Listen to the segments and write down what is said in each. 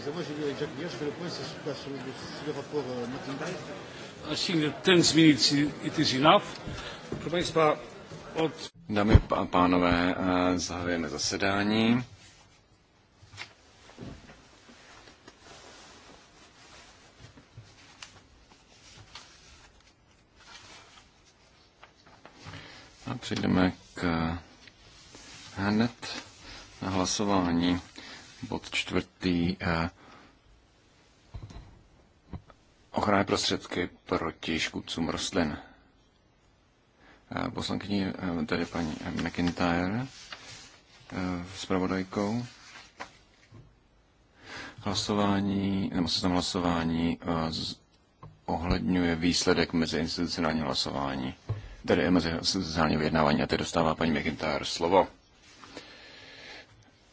spécialisée. Moi, j'ai dit avec Jacques Bière, je fais le point sur, sur, sur, le rapport euh, McIntyre. I think that 10 minutes it is enough. Proszę Państwa, od... Dámy a pánové, eh, zahajujeme zasedání. A přejdeme k eh, hned na hlasování. Bod čtvrtý. Eh, ochranné prostředky proti škůdcům rostlin. Eh, Poslankyní, eh, tedy paní McIntyre, s pravodajkou. Hlasování, nebo tam hlasování ohledňuje výsledek mezi institucionální hlasování, tedy mezi institucionální vyjednávání a teď dostává paní McIntyre slovo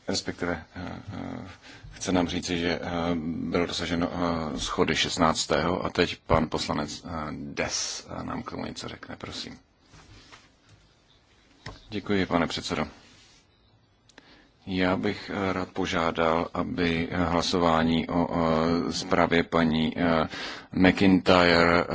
respektive eh, eh, chce nám říci, že eh, bylo dosaženo schody 16. a teď pan poslanec Des nám k tomu něco řekne, prosím. Děkuji, pane předsedo. Já bych rád požádal, aby hlasování o zprávě paní McIntyre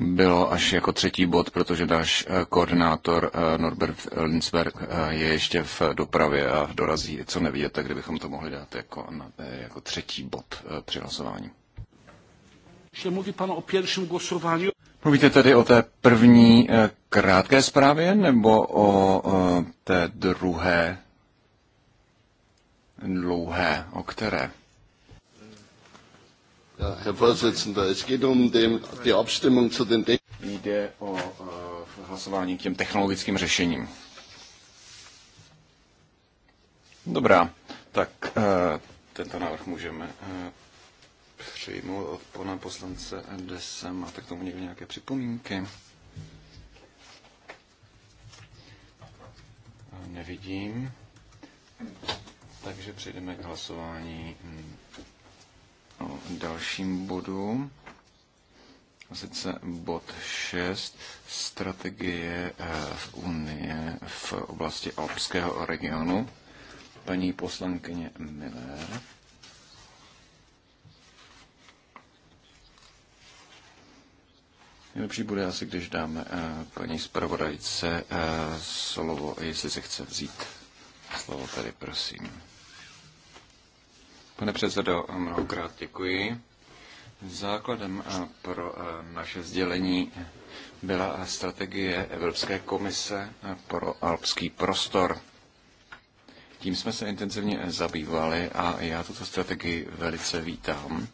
bylo až jako třetí bod, protože náš eh, koordinátor eh, Norbert Linsberg eh, je ještě v dopravě a dorazí, co nevíte, tak kdybychom to mohli dát jako, jako třetí bod při hlasování. Mluví pan o prvním hlasování. Mluvíte tedy o té první krátké zprávě nebo o té druhé dlouhé, o které? Ja, Herr Vorsitzender, es geht um den, die Abstimmung zu den Jde o uh, hlasování k těm technologickým řešením. Dobrá, tak uh, tento návrh můžeme uh, přijmout od pana poslance Dese. Máte k tomu někdo nějaké připomínky? Nevidím. Takže přejdeme k hlasování hm, o dalším bodu, a sice bod 6, strategie v eh, Unie v oblasti Alpského regionu. Paní poslankyně Miller. Nejlepší bude asi, když dáme eh, paní zpravodajce eh, slovo, jestli se chce vzít slovo tady, prosím. Pane předsedo, mnohokrát děkuji. Základem eh, pro eh, naše sdělení byla strategie Evropské komise eh, pro alpský prostor. Tím jsme se intenzivně zabývali a já tuto strategii velice vítám,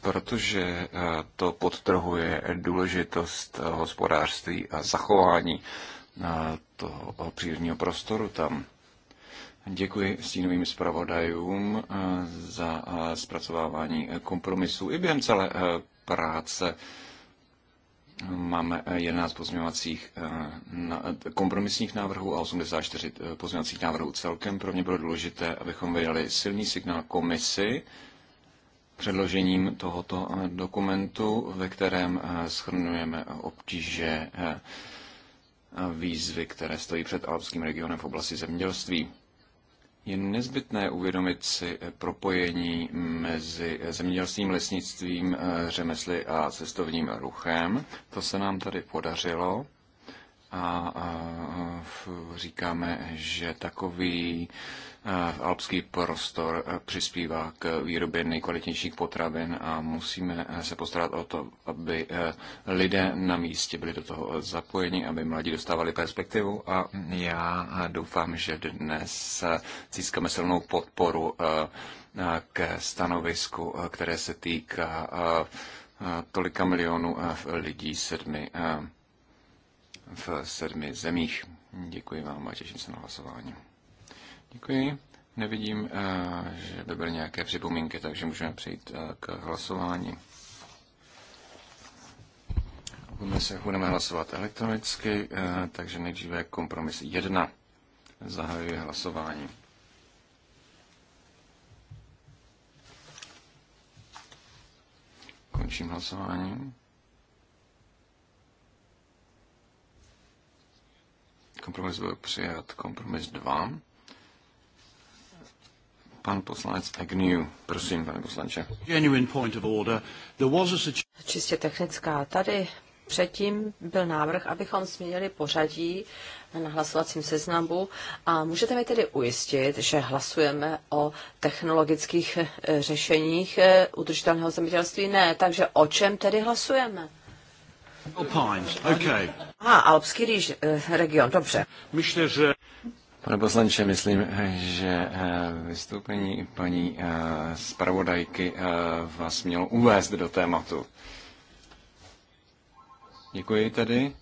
protože to podtrhuje důležitost hospodářství a zachování toho přírodního prostoru tam. Děkuji stínovým zpravodajům eh, za eh, zpracovávání eh, kompromisů i během celé práce. Máme 11 pozměňovacích kompromisních návrhů a 84 pozměňovacích návrhů celkem. Pro mě bylo důležité, abychom vydali silný signál komisi předložením tohoto dokumentu, ve kterém schrnujeme obtíže výzvy, které stojí před alpským regionem v oblasti zemědělství. Je nezbytné uvědomit si eh, propojení mezi eh, zemědělstvím, lesnictvím, eh, řemesly a cestovním ruchem. To se nám tady podařilo a říkáme, že takový alpský prostor eh, přispívá k výrobě nejkvalitnějších potravin a musíme eh, se postarat o to, aby eh, lidé na místě byli do toho zapojeni, aby mladí dostávali perspektivu a já doufám, že dnes získáme silnou podporu k stanovisku, které se týká tolika milionů lidí sedmi, v sedmi zemích. Děkuji vám a těším se na hlasování. Děkuji. Nevidím, eh, že by byly nějaké připomínky, takže můžeme přejít eh, k hlasování. My se budeme hlasovat elektronicky, eh, takže nejdříve kompromis 1. Zahajuji hlasování. Končím hlasování. Kompromis byl přijat. Kompromis 2 pan poslanec Agnew. Prosím, pane poslanče. Čistě technická. Tady předtím byl návrh, abychom změnili pořadí na hlasovacím seznamu a můžete mi tedy ujistit, že hlasujeme o technologických eh, řešeních eh, udržitelného zemědělství? Ne, takže o čem tedy hlasujeme? Alpines, okay. A, Alpský eh, region, dobře. Myslím, že Pane poslanče, myslím, že eh, vystoupení paní eh, zpravodajky eh, vás mělo uvést do tématu. Děkuji tedy.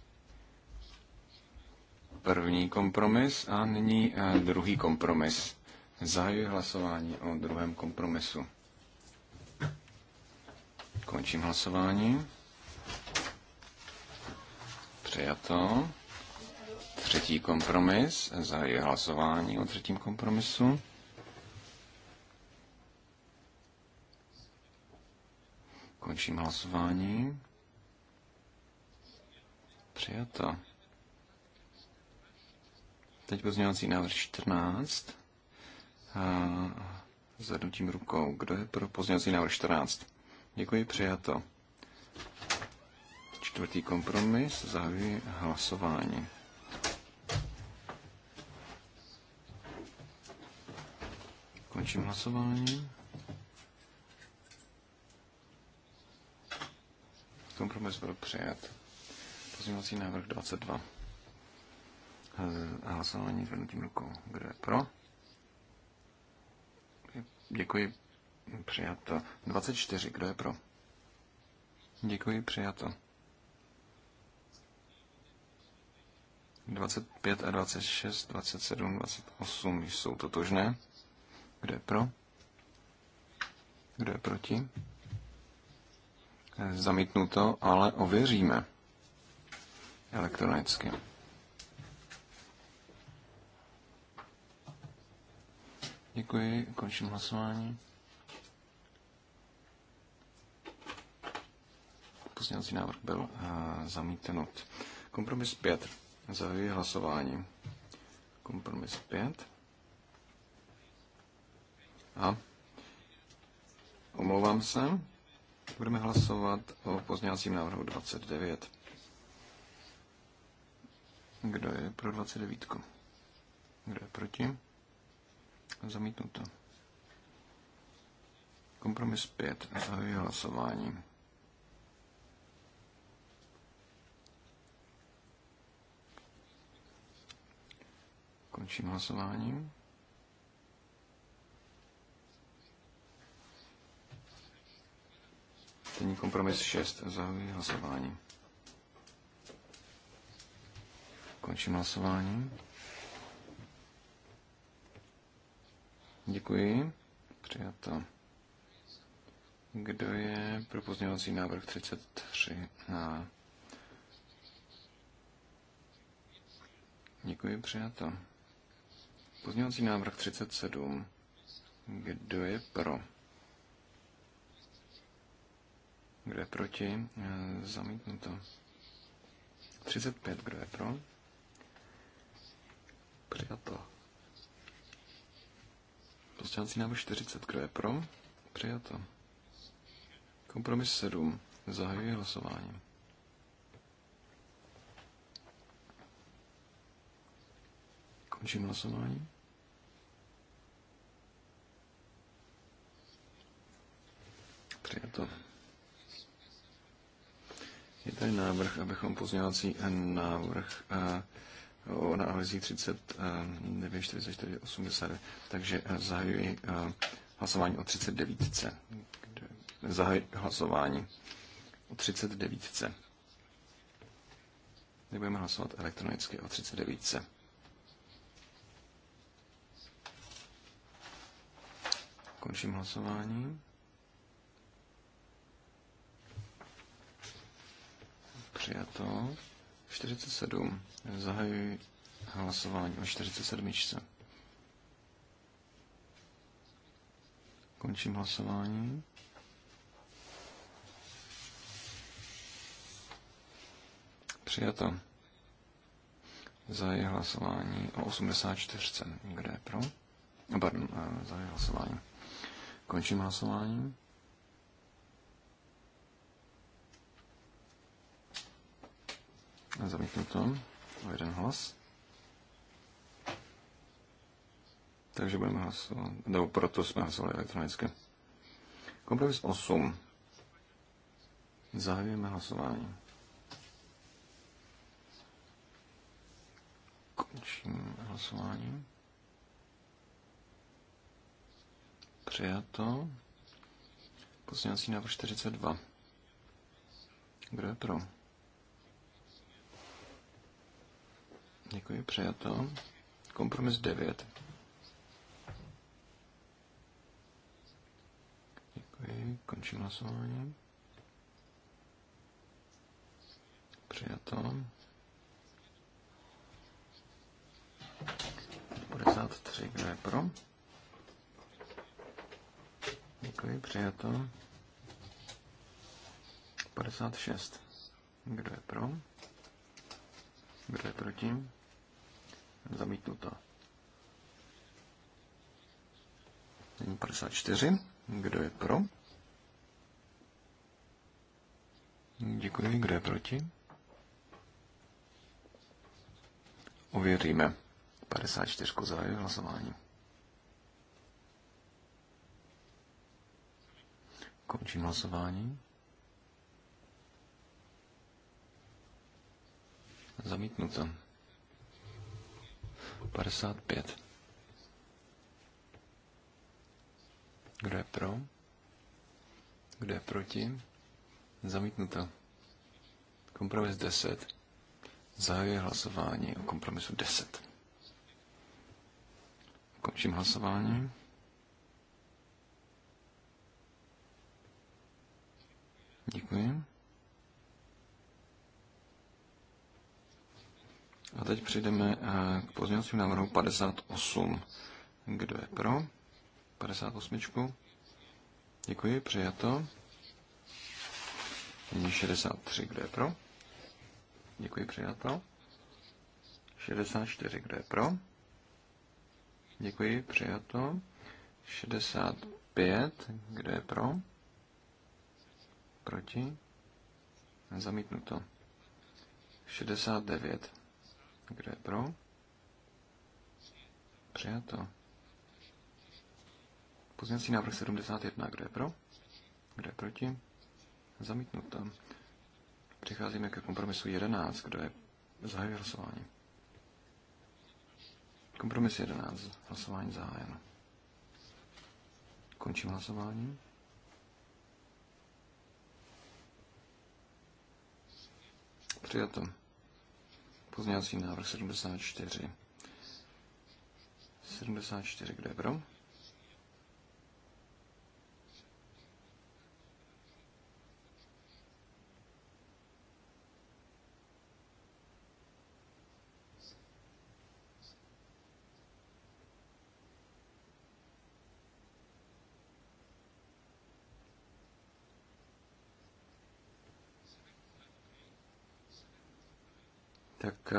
První kompromis a nyní druhý kompromis. Zahajuji hlasování o druhém kompromisu. Končím hlasování. Přijato. Třetí kompromis. Zahajuji hlasování o třetím kompromisu. Končím hlasování. Přijato. Teď pozměňovací návrh 14. A zadnutím rukou. Kdo je pro pozměňovací návrh 14? Děkuji, přijato. Čtvrtý kompromis. Zahajuji hlasování. Končím hlasování. Kompromis byl přijat. Pozměňovací návrh 22. Eh, hlasování s zvednutím rukou. Kdo je pro? Děkuji. Přijato. 24. Kdo je pro? Děkuji. Přijato. 25 a 26, 27, 28 jsou totožné. Kdo je pro? Kdo je proti? Zamítnuto, ale ověříme elektronicky. Děkuji, končím hlasování. Pozdělací návrh byl uh, zamítnut. Kompromis 5. Zahajuji hlasování. Kompromis 5. A omlouvám se. Budeme hlasovat o pozněvacím návrhu 29. Kdo je pro 29? Kdo je proti? Zamítnuto. Kompromis 5. Zahajuji hlasování. Končím hlasování. Nyní kompromis 6. Zahajuji hlasování. Končím hlasování. Děkuji. Přijato. Kdo je pro pozměňovací návrh 33? na Děkuji, přijato. Pozměňovací návrh 37. Kdo je pro? Kdo je proti? E, zamítnuto. 35. Kdo je pro? Přijato. Poslanci návrh 40. Kdo je pro? Přijato. Kompromis 7. Zahajuji hlasování. Končím hlasování. Přijato. Je tady návrh, abychom pozměňovací eh, návrh eh, o analýzí 39.44.80. Eh, Takže zahajuji hlasování o 39. Zahajuji hlasování o 39. Nebudeme hlasovat elektronicky o 39. Končím hlasování. Přijato. 47. Zahajuji hlasování o 47. Končím hlasování. Přijato. Zahajuji hlasování o 84. Kde je pro? Pardon, eh, zahajuji hlasování. Končím hlasování. to O jeden hlas. Takže budeme hlasovat, nebo proto jsme hlasovali elektronicky. Kompromis 8. Zahajujeme hlasování. Končím hlasování. Přijato. Pozměňovací návrh 42. Kdo je pro? Děkuji, přijato. Kompromis 9. Děkuji, končím hlasování. Přijato. 53, kdo je pro? Děkuji, přijato. 56, kdo je pro? Kdo je proti? Zamítnuto. Není 54. Kdo je pro? Děkuji. Kdo je proti? Uvěříme. 54. Zahajuji hlasování. Končím hlasování. Zamítnuto. 55. Kdo je pro? Kdo je proti? Zamítnuto. Kompromis 10. Zahajuje hlasování o kompromisu 10. Končím hlasování. Děkuji. A teď přijdeme eh, k pozměňovacímu návrhu 58. Kdo je pro? 58. Děkuji, přijato. Nyní 63, kdo je pro? Děkuji, přijato. 64, kdo je pro? Děkuji, přijato. 65, kdo je pro? Proti? Zamítnuto. 69. Kdo je pro? Přijato. Pozměňovací návrh 71. Kdo je pro? Kdo je proti? Zamítnuto. Přicházíme ke kompromisu 11. Kdo je zahajuje hlasování? Kompromis 11. Hlasování zahájeno. Končím hlasování. Přijato. Pozměňovací návrh 74. 74, kdo je pro?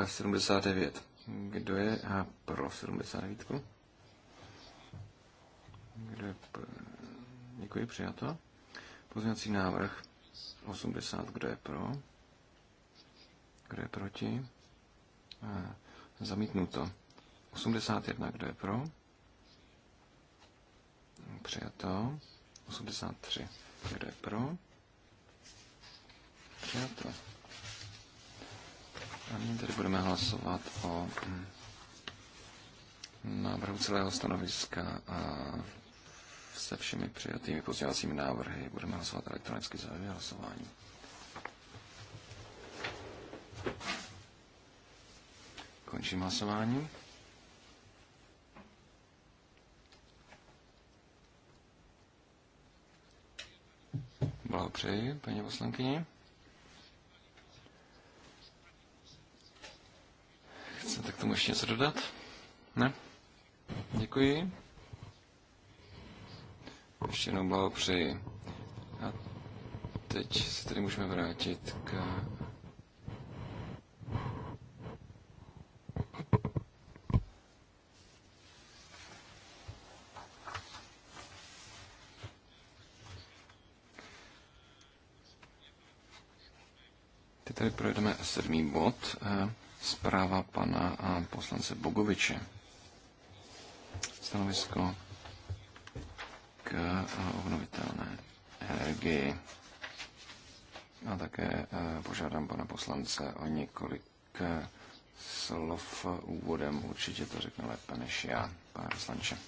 79. Kdo je a pro 79? Kdo je pro? Děkuji, přijato. Pozměňovací návrh 80. Kdo je pro? Kdo je proti? Zamítnuto. 81. Kdo je pro? Přijato. 83. Kdo je pro? Přijato. A nyní tady budeme hlasovat o hm, návrhu celého stanoviska a se všemi přijatými pozdělacími návrhy. Budeme hlasovat elektronicky za hlasování. Končím hlasování. Blahopřeji, paní poslankyně. k tomu ještě něco dodat? Ne? Děkuji. Ještě jednou blahopřeji. A teď se tedy můžeme vrátit k Teď tady projedeme sedmý bod. Eh, Zpráva pana a poslance Bogoviče. Stanovisko k obnovitelné energii. A také požádám pana poslance o několik slov úvodem. Určitě to řekne lépe než já, pane poslanče.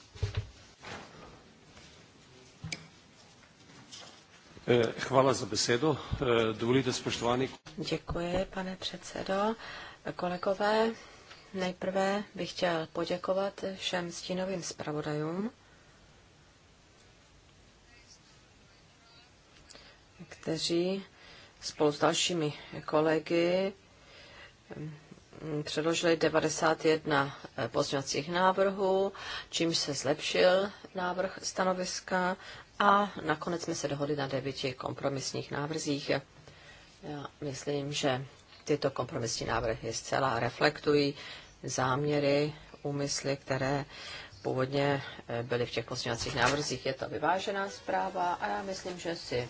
Chvala e, za besedu. E, dovolíte spoštovaný. Děkuji, pane předsedo. Kolegové, nejprve bych chtěl poděkovat všem stínovým zpravodajům, kteří spolu s dalšími kolegy mm, předložili 91 eh, pozměňovacích návrhů, čímž se zlepšil návrh stanoviska a nakonec jsme se dohodli na devíti kompromisních návrzích. Já myslím, že tyto kompromisní návrhy zcela reflektují záměry, úmysly, které původně eh, byly v těch pozměňovacích návrzích. Je to vyvážená zpráva a já myslím, že si,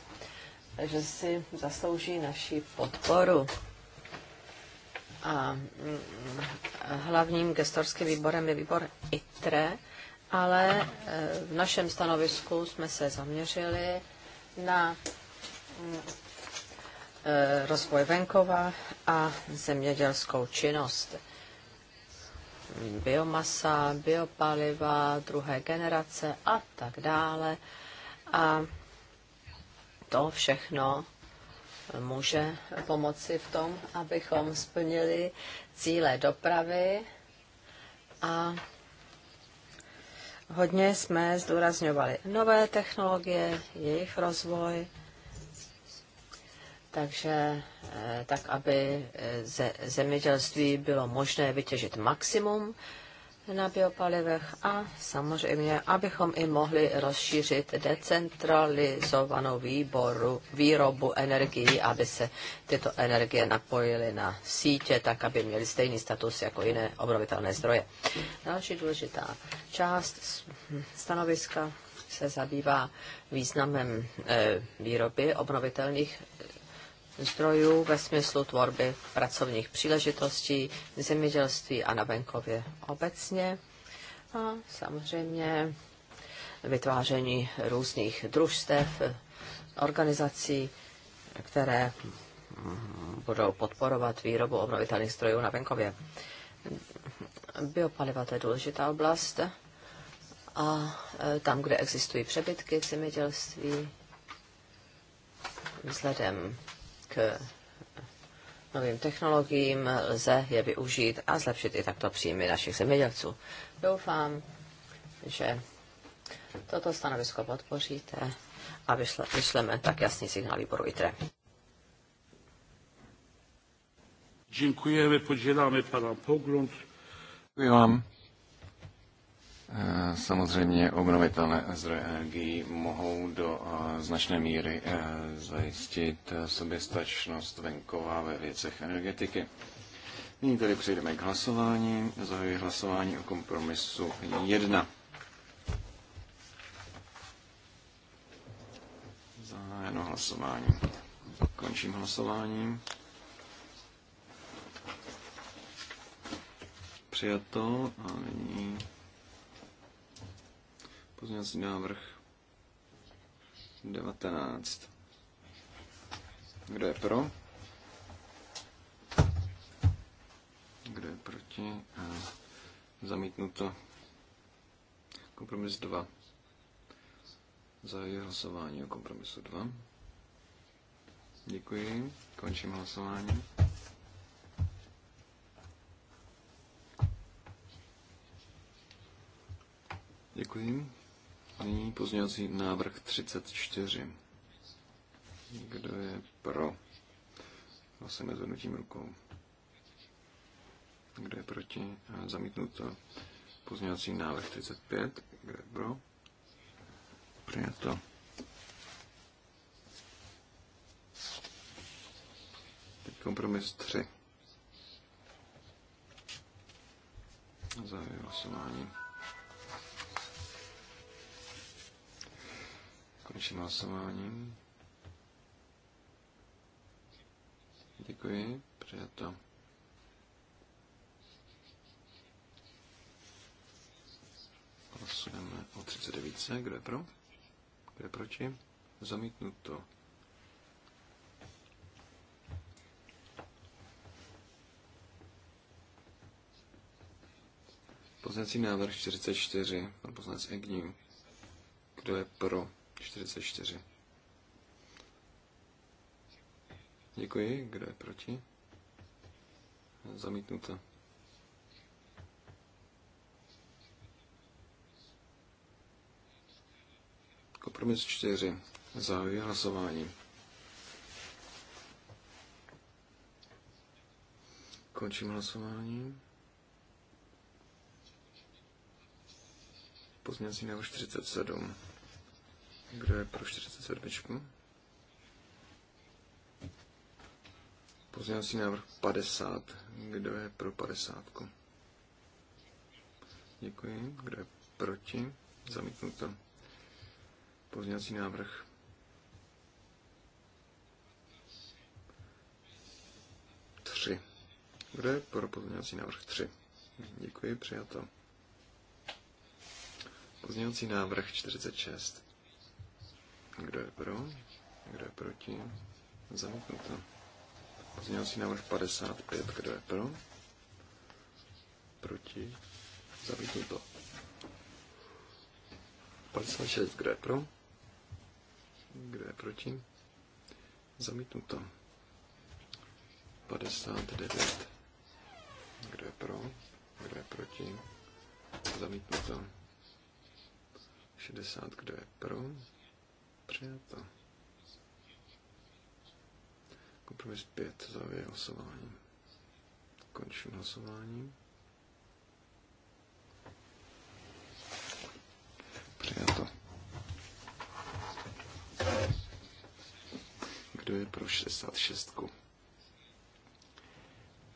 že si zaslouží naši podporu. A mm, hlavním gestorským výborem je výbor ITRE, ale eh, v našem stanovisku jsme se zaměřili na mm, E, rozvoj venkova a zemědělskou činnost. Biomasa, biopaliva, druhé generace a tak dále. A to všechno může pomoci v tom, abychom splnili cíle dopravy a hodně jsme zdůrazňovali nové technologie, jejich rozvoj takže eh, tak, aby eh, ze zemědělství bylo možné vytěžit maximum na biopalivech a samozřejmě, abychom i mohli rozšířit decentralizovanou výboru, výrobu energií, aby se tyto energie napojily na sítě, tak aby měly stejný status jako jiné obnovitelné zdroje. Další důležitá část stanoviska se zabývá významem eh, výroby obnovitelných zdrojů ve smyslu tvorby pracovních příležitostí v zemědělství a na venkově obecně. A samozřejmě vytváření různých družstev, organizací, které budou podporovat výrobu obnovitelných strojů na venkově. Biopaliva to je důležitá oblast a e, tam, kde existují přebytky v zemědělství, vzhledem Eh, novým technologiím lze je využít a zlepšit i takto příjmy našich zemědělců. Doufám, že toto stanovisko podpoříte a vyšle, vyšleme tak jasný signál výboru ITRE. Děkujeme, poděláme pana pogląd. Děkuji vám. Eh, samozřejmě obnovitelné zdroje energií mohou do eh, značné míry eh, zajistit soběstačnost venková ve věcech energetiky. Nyní tedy přejdeme k hlasování. Zahajuji hlasování o kompromisu 1. Zahájeno hlasování. Končím hlasování. Přijato a nyní Pozměňovací návrh 19. Kdo je pro? Kdo je proti? A zamítnuto. Kompromis 2. Zahajuji hlasování o kompromisu 2. Děkuji. Končím hlasování. Děkuji. Nyní pozměňovací návrh 34. Kdo je pro? Vlastně nezvednutím rukou. Kdo je proti? Zamítnuto. Pozměňovací návrh 35. Kdo je pro? Přijato. Teď kompromis 3. Zahajuji hlasování. Končím hlasováním. Děkuji, přijato. Hlasujeme o 39. Kdo je pro? Kdo je proti? Zamítnuto. Poznací návrh 44, pan poslanec Egniu. Kdo je pro? 44. Děkuji. Kdo je proti? Zamítnuto. Kompromis 4. Zahajuji hlasování. Končím hlasování. Pozměňovací návrh 47. Kdo je pro 47? Pozměňovací návrh 50. Kdo je pro 50? Děkuji. Kdo je proti? Zamítnuto. Pozměňovací návrh 3. Kdo je pro pozměňovací návrh 3? Děkuji, přijato. Pozměňovací návrh 46. Kdo je pro? Kdo je proti? Zamítnuto. Pozměňovací návrh 55. Kdo je pro? Proti? Zamítnuto. 56. Kdo je pro? Kdo je proti? Zamítnuto. 59. Kdo je pro? Kdo je proti? Zamítnuto. 60. Kdo je pro? Přijato. Kompromis 5. Závěr hlasování. Končím hlasování. Přijato. Kdo je pro 66?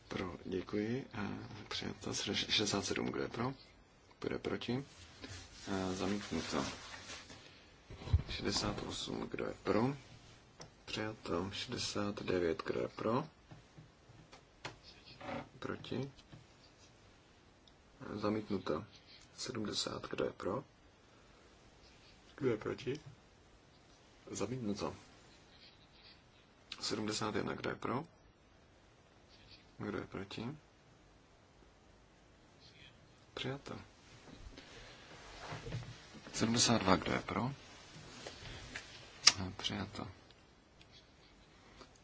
Pro, děkuji. Eh, přijato 67, kdo je pro? Kdo je proti? Eh, zamítnuto. 68, kdo je pro? Přijato. 69, kdo je pro? Proti? Zamítnuto. 70, kdo je pro? Kdo je proti? Zamítnuto. 71, kdo je pro? Kdo je proti? Přijato. 72, kdo je pro? přijato.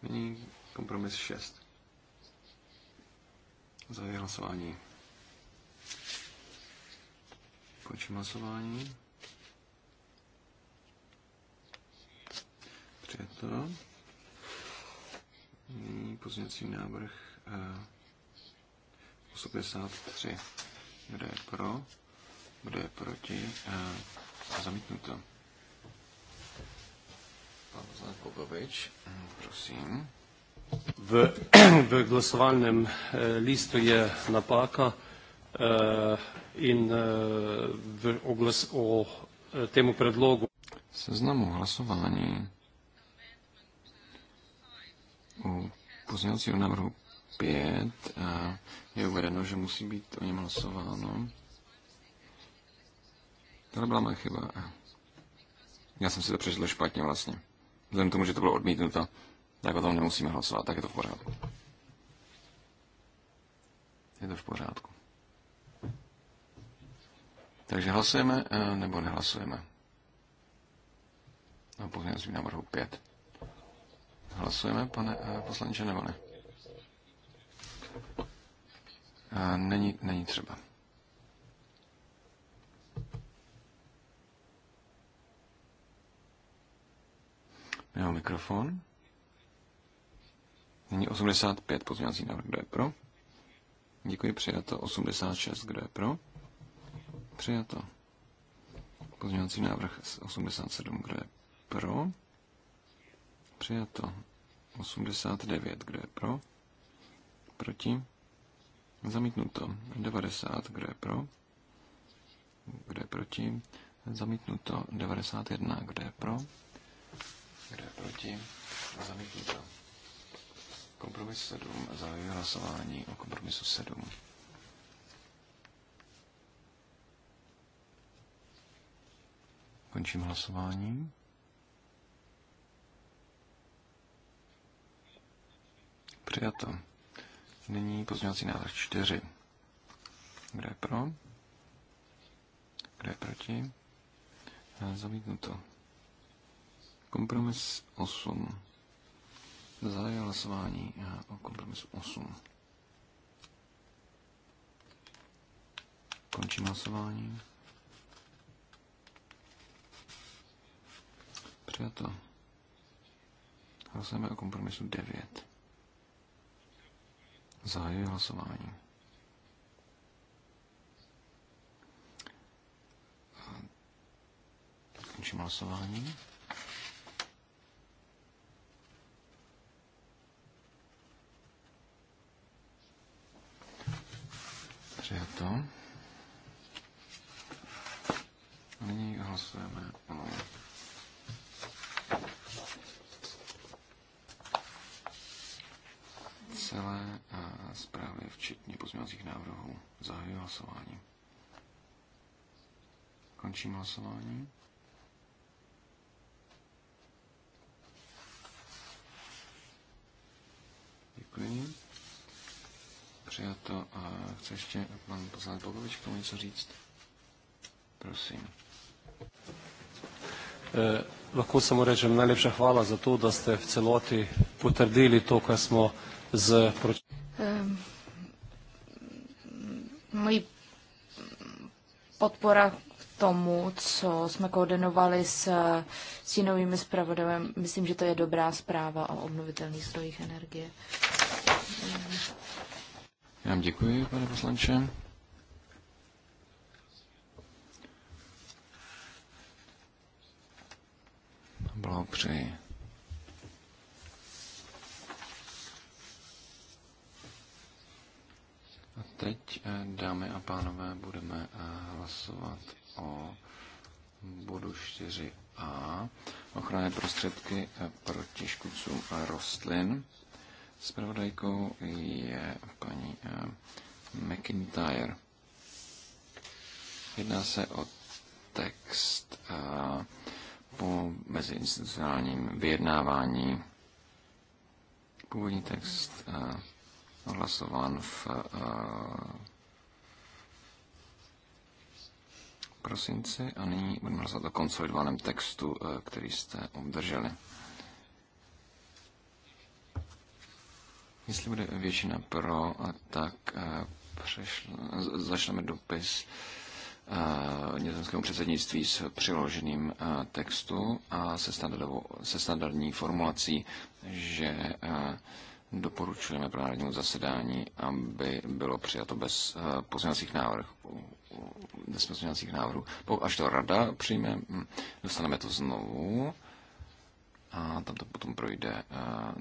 Nyní kompromis 6. Za hlasování. Končím hlasování. Přijato. Nyní pozměňovací návrh 83. Eh, Kdo je pro? Kdo je proti? Eh, zamítnuto. Pan prosím. V, v glasovalnem eh, listu je napaka eh, in eh, v oglas o tému predlogu. Seznamu hlasování u pozměňovacího návrhu 5 je uvedeno, že musí být o něm hlasováno. Tady byla moje chyba. Já jsem si to přečetl špatně vlastně vzhledem k tomu, že to bylo odmítnuto, tak o tom nemusíme hlasovat, tak je to v pořádku. Je to v pořádku. Takže hlasujeme eh, nebo nehlasujeme? O no, pozměňovacím návrhu 5. Hlasujeme, pane eh, poslanče, nebo ne? Eh, není, není třeba. Jeho mikrofon. Není 85 pozměňovací návrh, kdo je pro. Děkuji, přijato 86, kdo je pro. Přijato. Pozměňovací návrh 87, kdo je pro. Přijato 89, kdo je pro. Proti. Zamítnuto 90, kdo je pro. Kdo je proti. Zamítnuto 91, kdo je pro. Kdo je proti? a zamítnu to. Kompromis 7. Zahajuji hlasování o kompromisu 7. Končím hlasování. Přijato. Nyní pozměňovací návrh 4. Kdo je pro? Kdo je proti? Zamítnu to. Kompromis 8. Zahajuji hlasování o kompromisu 8. Končím hlasování. Přijato. Hlasujeme o kompromisu 9. Zahajuji hlasování. Končím hlasování. Přijato. Nyní hlasujeme o celé a zprávy, včetně pozměňovacích návrhů. Zahajuji hlasování. Končím hlasování. Děkuji přijato. A chce ještě pan poslanec Bogovič k tomu něco říct? Prosím. E, lahko samo rečem najlepša hvala za to, da ste v celoti potrdili to, kar smo z... proč... moji podpora k tomu, co jsme koordinovali s sínovými zpravodajem, myslím, že to je dobrá zpráva o obnovitelných zdrojích energie. Já vám děkuji, pane poslanče. Blahopřeji. A teď, eh, dámy a pánové, budeme eh, hlasovat o bodu 4a, ochranné prostředky eh, proti škůdcům rostlin zpravodajkou je paní eh, McIntyre. Jedná se o text eh, po meziinstitucionálním vyjednávání. Původní text eh, hlasován v prosinci a nyní budeme hlasovat o konsolidovaném textu, který jste obdrželi. Jestli bude většina pro, tak eh, přešl, zašleme dopis eh, nizozemskému předsednictví s přiloženým eh, textu a se, se standardní formulací, že doporučujeme plenárnímu zasedání, aby bylo přijato bez pozměňovacích návrhů. Bez pozměňovacích návrhů. Až to rada přijme, hm, dostaneme to znovu a tam to potom projde eh,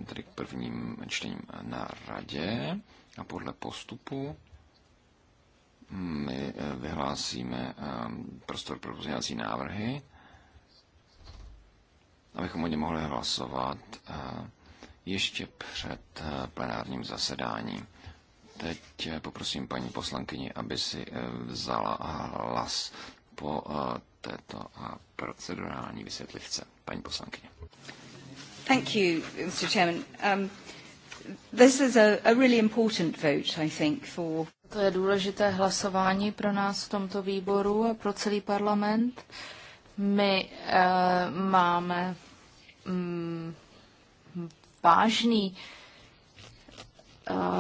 tedy k prvním čtením na radě a podle postupu my eh, vyhlásíme eh, prostor pro pozměňovací návrhy, abychom o ně mohli hlasovat ještě před plenárním zasedáním. Teď poprosím paní poslankyni, aby si vzala hlas po této a procedurální vysvětlivce. Paní poslankyně. Thank you, Mr. Chairman. Um, this is a, a really important vote, I think, for... To je důležité hlasování pro nás v tomto výboru a pro celý parlament. My uh, máme um, vážný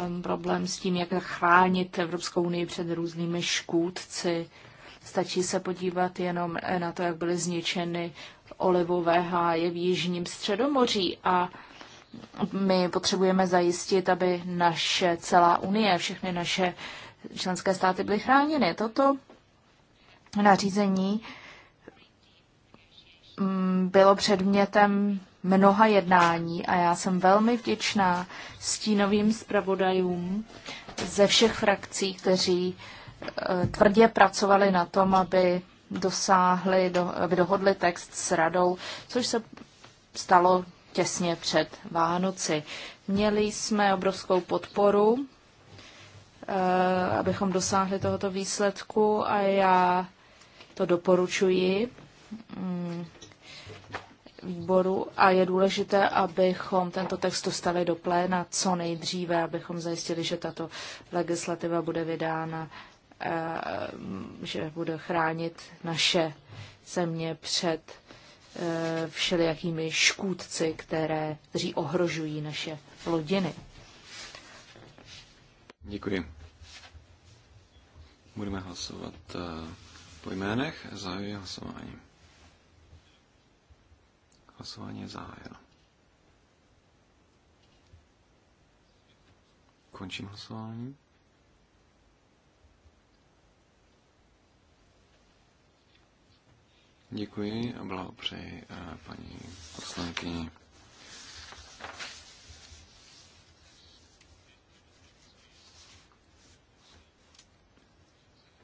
um, problém s tím, jak chránit Evropskou unii před různými škůdci, uh, Stačí se podívat jenom na to, jak byly zničeny olivové háje v Jižním Středomoří a my potřebujeme zajistit, aby naše celá Unie, všechny naše členské státy byly chráněny. Toto nařízení mm, bylo předmětem mnoha jednání a já jsem velmi vděčná stínovým zpravodajům ze všech frakcí, kteří tvrdě pracovali na tom, aby dosáhli, do, aby dohodli text s radou, což se stalo těsně před Vánoci. Měli jsme obrovskou podporu, eh, abychom dosáhli tohoto výsledku a já to doporučuji mm, výboru a je důležité, abychom tento text dostali do pléna co nejdříve, abychom zajistili, že tato legislativa bude vydána Eh, že bude chránit naše země před eh, všelijakými škůdci, které, kteří ohrožují naše plodiny. Děkuji. Budeme hlasovat eh, po jménech. Zahajuji hlasování. Hlasování je zahájeno. Končím hlasování. Děkuji a blahopřeji eh, paní poslankyni.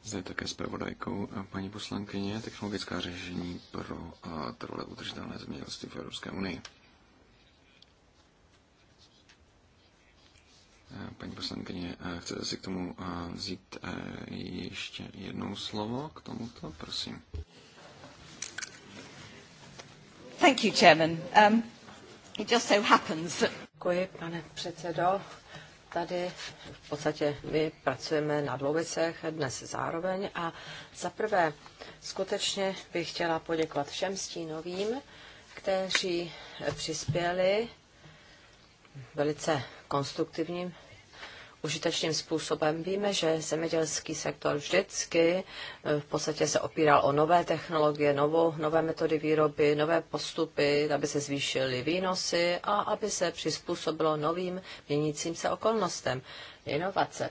Zde je také zpravodajkou eh, paní poslankyně technologická řešení pro eh, trole udržitelné zemědělství v Evropské unii. Paní poslankyně, chcete si k tomu vzít ještě jednou slovo k tomuto? Prosím. Thank you, Chairman. Um, it just so happens that... Děkuji, pane předsedo. Tady v podstatě my pracujeme na dvou věcech dnes zároveň a za prvé skutečně bych chtěla poděkovat všem stínovým, kteří přispěli velice konstruktivním užitečným způsobem. Víme, že zemědělský sektor vždycky eh, v podstatě se opíral o nové technologie, novou, nové metody výroby, nové postupy, aby se zvýšily výnosy a aby se přizpůsobilo novým měnícím se okolnostem. Inovace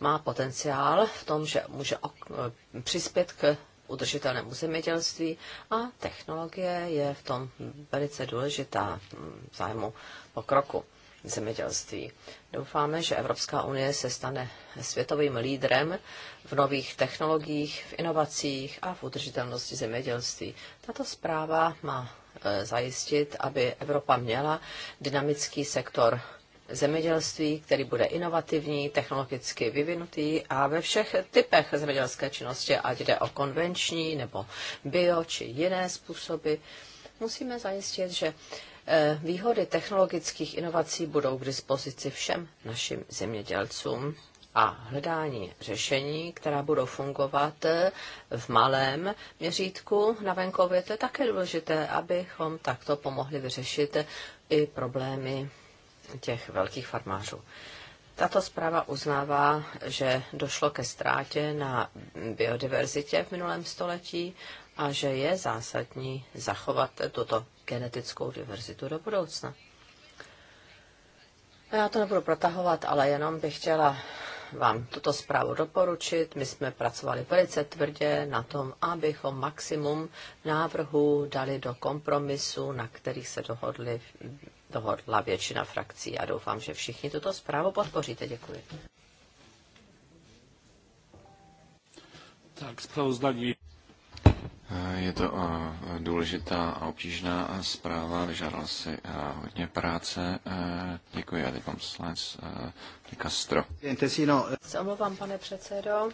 má potenciál v tom, že může ok- eh, přispět k udržitelnému zemědělství a technologie je v tom velice důležitá hm, v zájmu pokroku zemědělství. Doufáme, že Evropská unie se stane světovým lídrem v nových technologiích, v inovacích a v udržitelnosti zemědělství. Tato zpráva má e, zajistit, aby Evropa měla dynamický sektor zemědělství, který bude inovativní, technologicky vyvinutý a ve všech typech zemědělské činnosti, ať jde o konvenční nebo bio či jiné způsoby Musíme zajistit, že eh, výhody technologických inovací budou k dispozici všem našim zemědělcům a hledání řešení, která budou fungovat eh, v malém měřítku na venkově, to je také důležité, abychom takto pomohli vyřešit eh, i problémy těch velkých farmářů. Tato zpráva uznává, že došlo ke ztrátě na biodiverzitě v minulém století a že je zásadní zachovat tuto genetickou diverzitu do budoucna. No, já to nebudu protahovat, ale jenom bych chtěla vám tuto zprávu doporučit. My jsme pracovali velice tvrdě na tom, abychom maximum návrhů dali do kompromisu, na kterých se dohodli, dohodla většina frakcí. A doufám, že všichni tuto zprávu podpoříte. Děkuji. Tak, zpravodaj. Je to eh, důležitá a obtížná zpráva, vyžádala si eh, hodně práce. Eh, děkuji, a teď pan poslanec Castro. Se omlouvám, pane předsedo.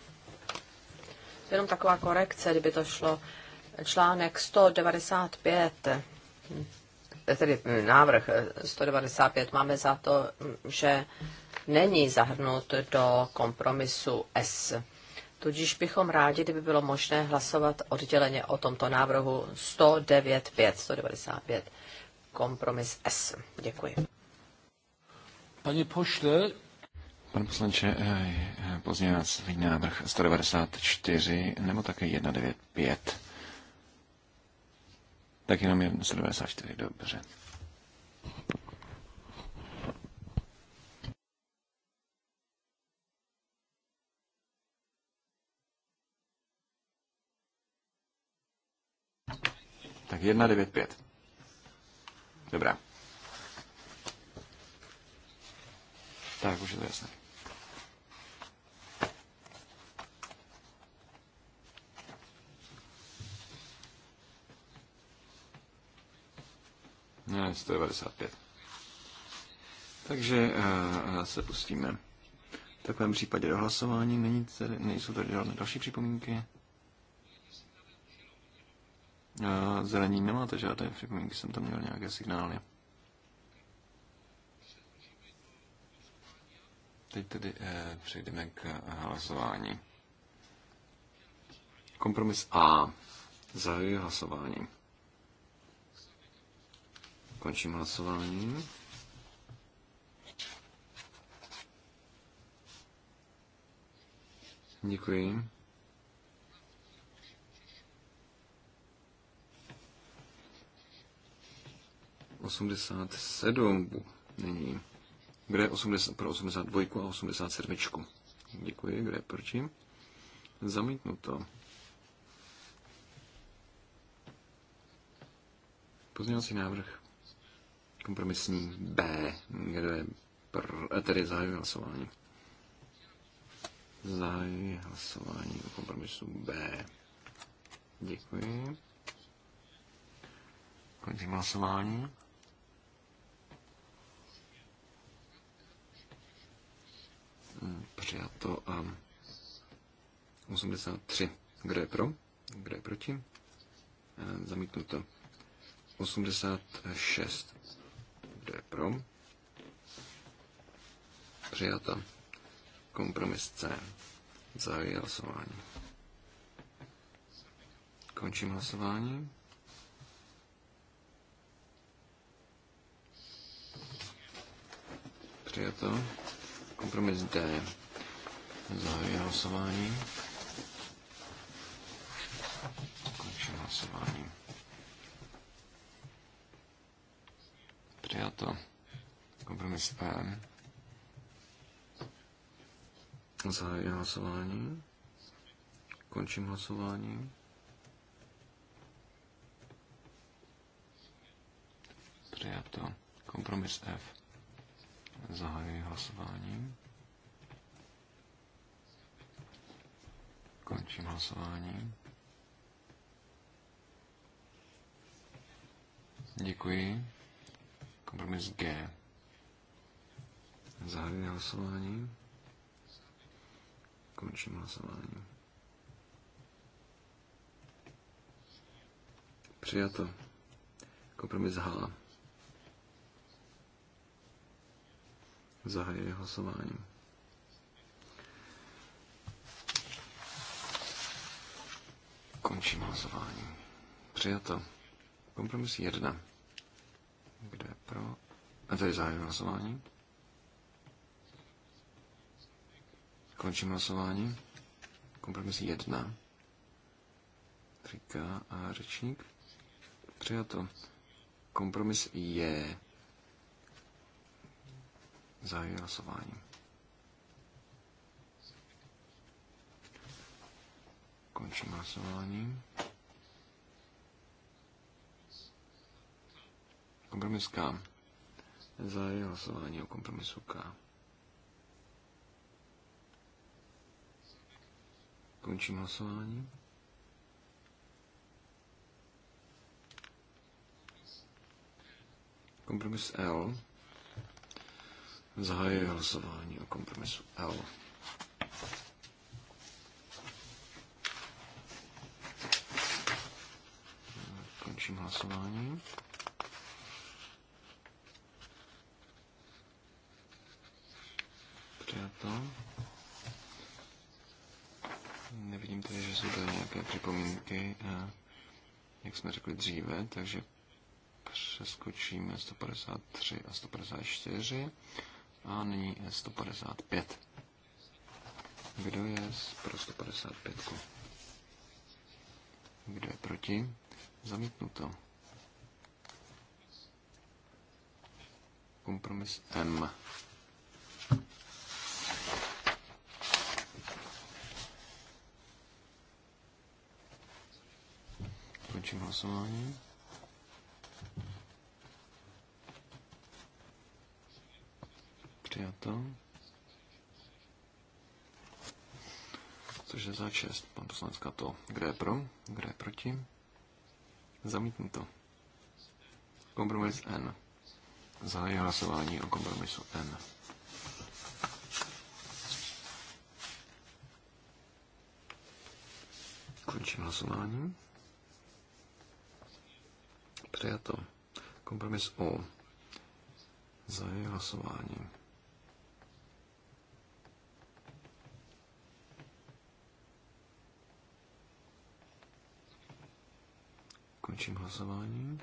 Jenom taková korekce, kdyby to šlo. Článek 195, tedy hm, návrh 195, máme za to, hm, že není zahrnut do kompromisu S Tudíž bychom rádi, kdyby bylo možné hlasovat odděleně o tomto návrhu 195, 195, kompromis S. Děkuji. Pani pošle, Pane poslanče, nás eh, eh, návrh 194 nebo také 195. Tak jenom 194, dobře. Tak 195. Dobrá. Tak, už je to jasné. Ne, 195. Takže uh, se pustíme. V takovém případě do hlasování není tady, nejsou tady další připomínky. Zelení nemáte žádné připomínky, jsem tam měl nějaké signály. Teď tedy eh, přejdeme k hlasování. Kompromis A. Zahajuji hlasování. Končím hlasování. Děkuji. 87 není. Kde je 80, pro 82 a 87? Děkuji, kde je proti? Zamítnuto. Pozměňovací návrh kompromisní B, kde je pr, eh, tedy zahajuji hlasování. Zahajuji hlasování o kompromisu B. Děkuji. Končím hlasování. přijato a 83. Kdo je pro? Kdo je proti? E, zamítnuto. 86. Kdo je pro? Přijato Kompromis C. Zahajuji hlasování. Končím hlasování. Přijato. Kompromis D. Zahajuji hlasování. Končím hlasování. Přijato. Kompromis P. E. Zahajuji hlasování. Končím hlasování. Přijato. Kompromis F. Zahajuji hlasování. Končím hlasování. Děkuji. Kompromis G. Zahajuji hlasování. Končím hlasování. Přijato. Kompromis H. Zahajuji hlasování. Končím hlasování. Přijato. Kompromis jedna. Kde je pro? A tady zájem hlasování. Končím hlasování. Kompromis jedna. Říká a řečník. Přijato. Kompromis je zájem hlasování. Končím hlasování. Kompromis K. Zahajuji hlasování o kompromisu K. Končím hlasování. Kompromis L. Zahajuji hlasování o kompromisu L. Končím hlasování. Přijato. Nevidím tady, že jsou tady nějaké připomínky, eh, jak jsme řekli dříve, takže přeskočíme 153 a 154 a nyní 155. Kdo je pro 155? Kdo je proti? Zamítnuto. Kompromis M. Končím hlasování. Přijato. Což je za 6. Pan poslanec Kato. Kdo je pro? Kdo je proti? Zamítnuto. Kompromis N. Zahájí hlasování o kompromisu N. Končím hlasování. Přijato. Kompromis O. Zahájí hlasování. Končím hlasování.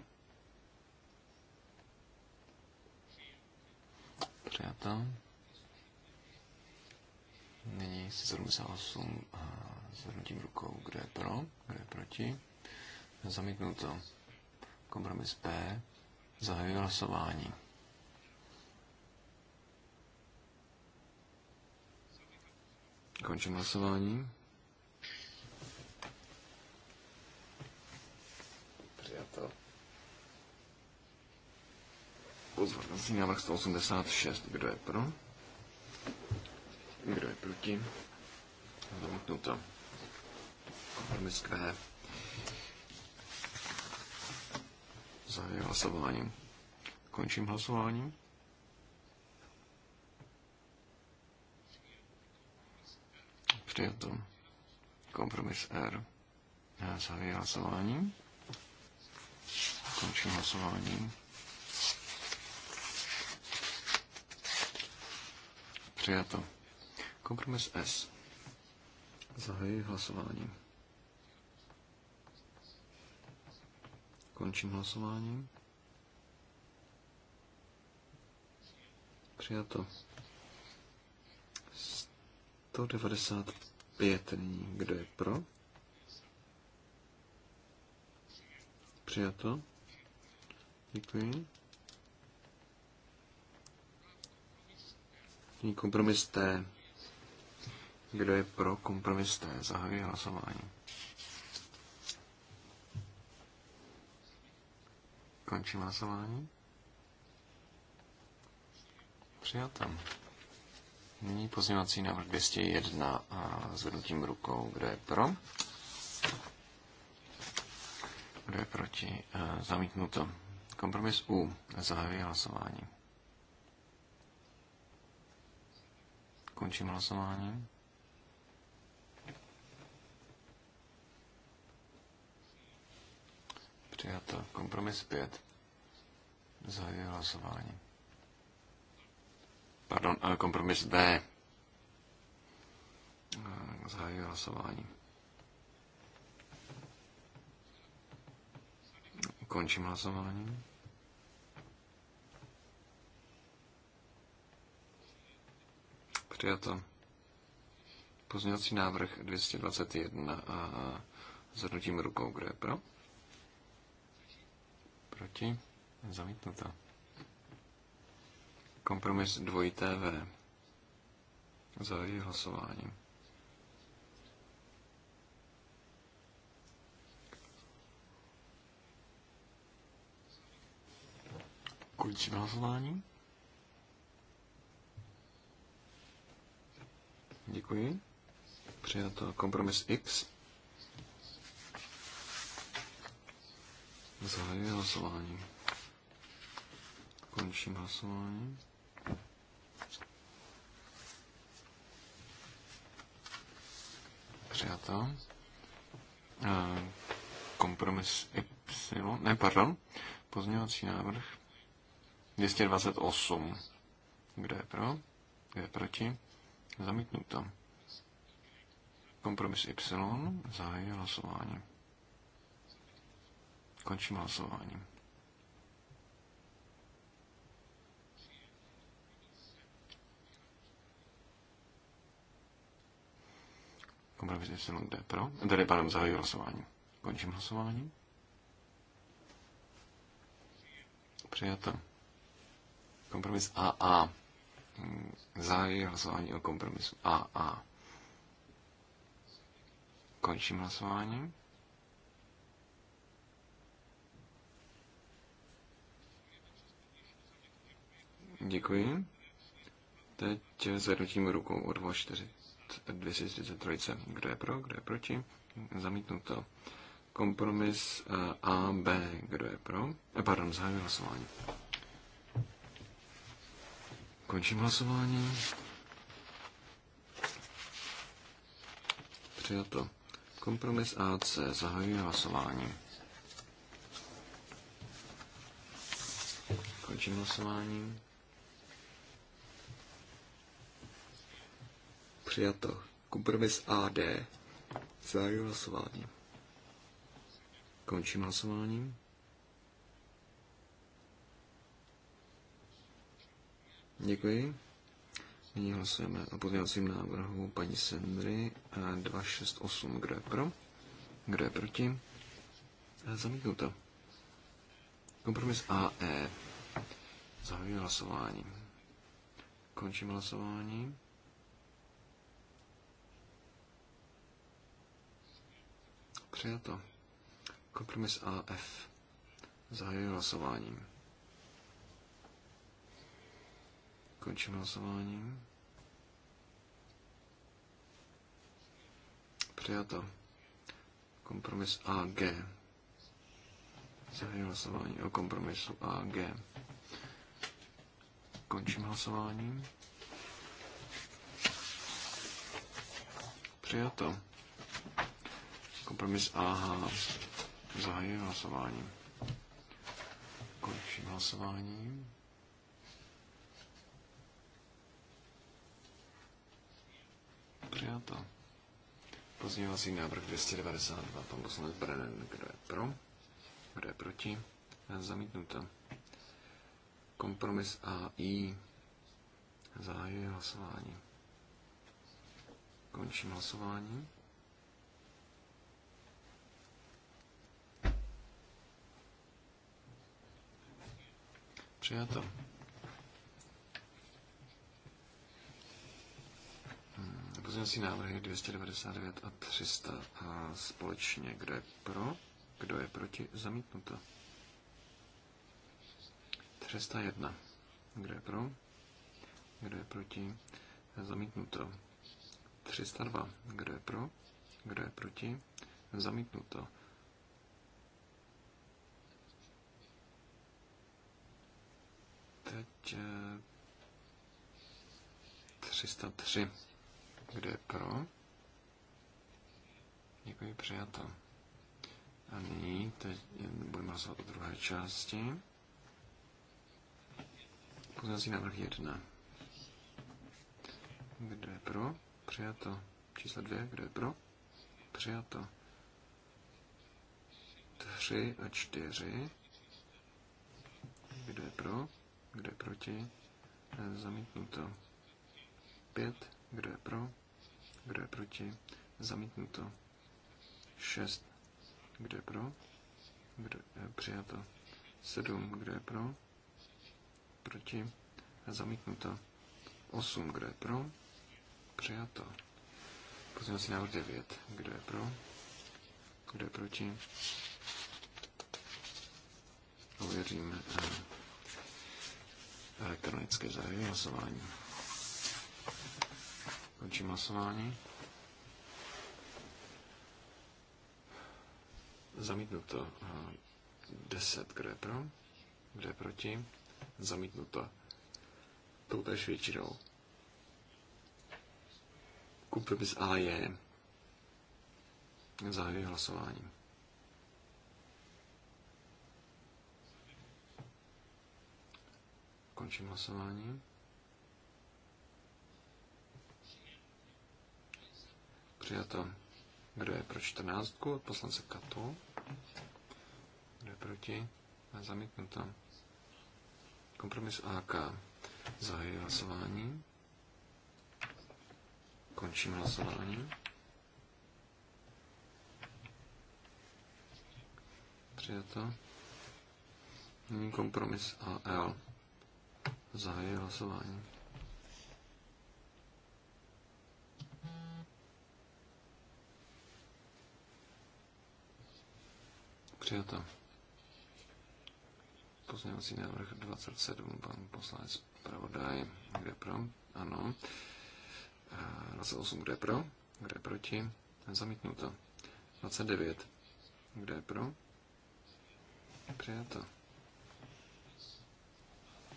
Přijata. Nyní se 78 a zhrnutím rukou, kdo je pro, kdo je proti. Zamítnuto. Kompromis B. Zahajuji hlasování. Končím hlasování. Pozvrací návrh 186. Kdo je pro? Kdo je proti? Zamknuto. Kompromis Q. Zahajuji hlasování. Končím hlasování. Přijato. Kompromis R. Zahajuji hlasování. Končím hlasování. Přijato. Kompromis S. Zahajuji hlasování. Končím hlasování. Přijato. 195 nyní. Kdo je pro? Přijato. Děkuji. Nyní kompromis T. Kdo je pro kompromis T? Zahajuji hlasování. Končím hlasování. Přijatem. Nyní pozměňovací návrh 201 a zvednutím rukou, kdo je pro. Kdo je proti? E, zamítnuto. Kompromis U. Zahajuji hlasování. Končím hlasování. Přijato. Kompromis 5. Zahajuji hlasování. Pardon, eh, kompromis D. Eh, zahajuji hlasování. Končím hlasování. Přijato. Pozměňovací návrh 221 a zhrnutím rukou, kdo je pro? Proti? Zamítnuto. Kompromis 2 tv. Zahajuji hlasování. Končím hlasování. Děkuji. Přijato kompromis X. Zahajuji hlasování. Končím hlasování. Přijata. Kompromis Y, ne, pardon, pozměňovací návrh 228. Kdo je pro? Kdo je proti? Zamítnuto. Kompromis Y. Zahajuji hlasování. Končím hlasování. Kompromis Y D pro. Tady pádem zahajuji hlasování. Končím hlasování. Přijato. Kompromis AA. Zahajuji hlasování o kompromisu AA. Končím hlasování. Děkuji. Teď zvednutím rukou o 243. Kdo je pro, kdo je proti? Zamítnuto. Kompromis eh, A, B. Kdo je pro? Eh, pardon, zahajuji hlasování. Končím hlasování. Přijato. Kompromis AC. Zahajuji hlasování. Končím hlasování. Přijato. Kompromis AD. Zahajuji hlasování. Končím hlasování. Děkuji. Nyní hlasujeme o pozměňovacím návrhu paní Sendry 268. Kdo je pro? Kdo je proti? Eh, Zamítnuto. Kompromis AE. Zahajuji hlasování. Končím hlasování. Přijato. Kompromis AF. Zahajuji hlasování. Končím hlasování. Přijato. Kompromis AG. Zahajuji hlasování o kompromisu AG. Končím hlasování. Přijato. Kompromis AH. Zahajuji hlasování. Končím hlasování. přijato. Pozměňovací návrh 292, pan poslanec Brennan, kdo je pro, kdo je proti, zamítnuto. Kompromis AI, zahajuje hlasování. Končím hlasování. Přijato. Pozměňovací návrhy 299 a 300 a společně. Kdo je pro? Kdo je proti? Zamítnuto. 301. Kdo je pro? Kdo je proti? Zamítnuto. 302. Kdo je pro? Kdo je proti? Zamítnuto. 303. Kdo je pro? Děkuji, přijato. A nyní teď budeme hlasovat o druhé části. Poznací návrh 1. Kdo je pro? Přijato. Číslo 2. Kdo je pro? Přijato. 3 a 4. Kdo je pro? Kdo je proti? Zamítnuto. 5. Kdo je pro? Kdo je proti? Zamítnuto. 6. Kdo je pro? Kdo je eh, přijato? 7. Kdo je pro? Proti? Zamítnuto. 8. Kdo je pro? Přijato. Pozměňovací návrh 9. Kdo je pro? Kdo je proti? Ověříme eh, elektronické zahájení hlasování. Končím hlasování. Zamítnuto 10, eh, kdo je pro, kdo je proti. Zamítnuto toutéž většinou. Kompromis A je zahajuji hlasování. Končím hlasování. Přijato. Kdo je pro čtrnáctku od poslance Katu? Kdo je proti? zamítnu to. Kompromis AK. Zahajuji hlasování. Končím hlasování. Přijato. Nyní kompromis AL. Zahajuji hlasování. Přijato. Pozměňovací návrh 27, pan poslanec Pravodaj, kde pro? Ano. 28, eh, kde pro? Kde proti? Zamítnuto. 29, kde pro? Přijato.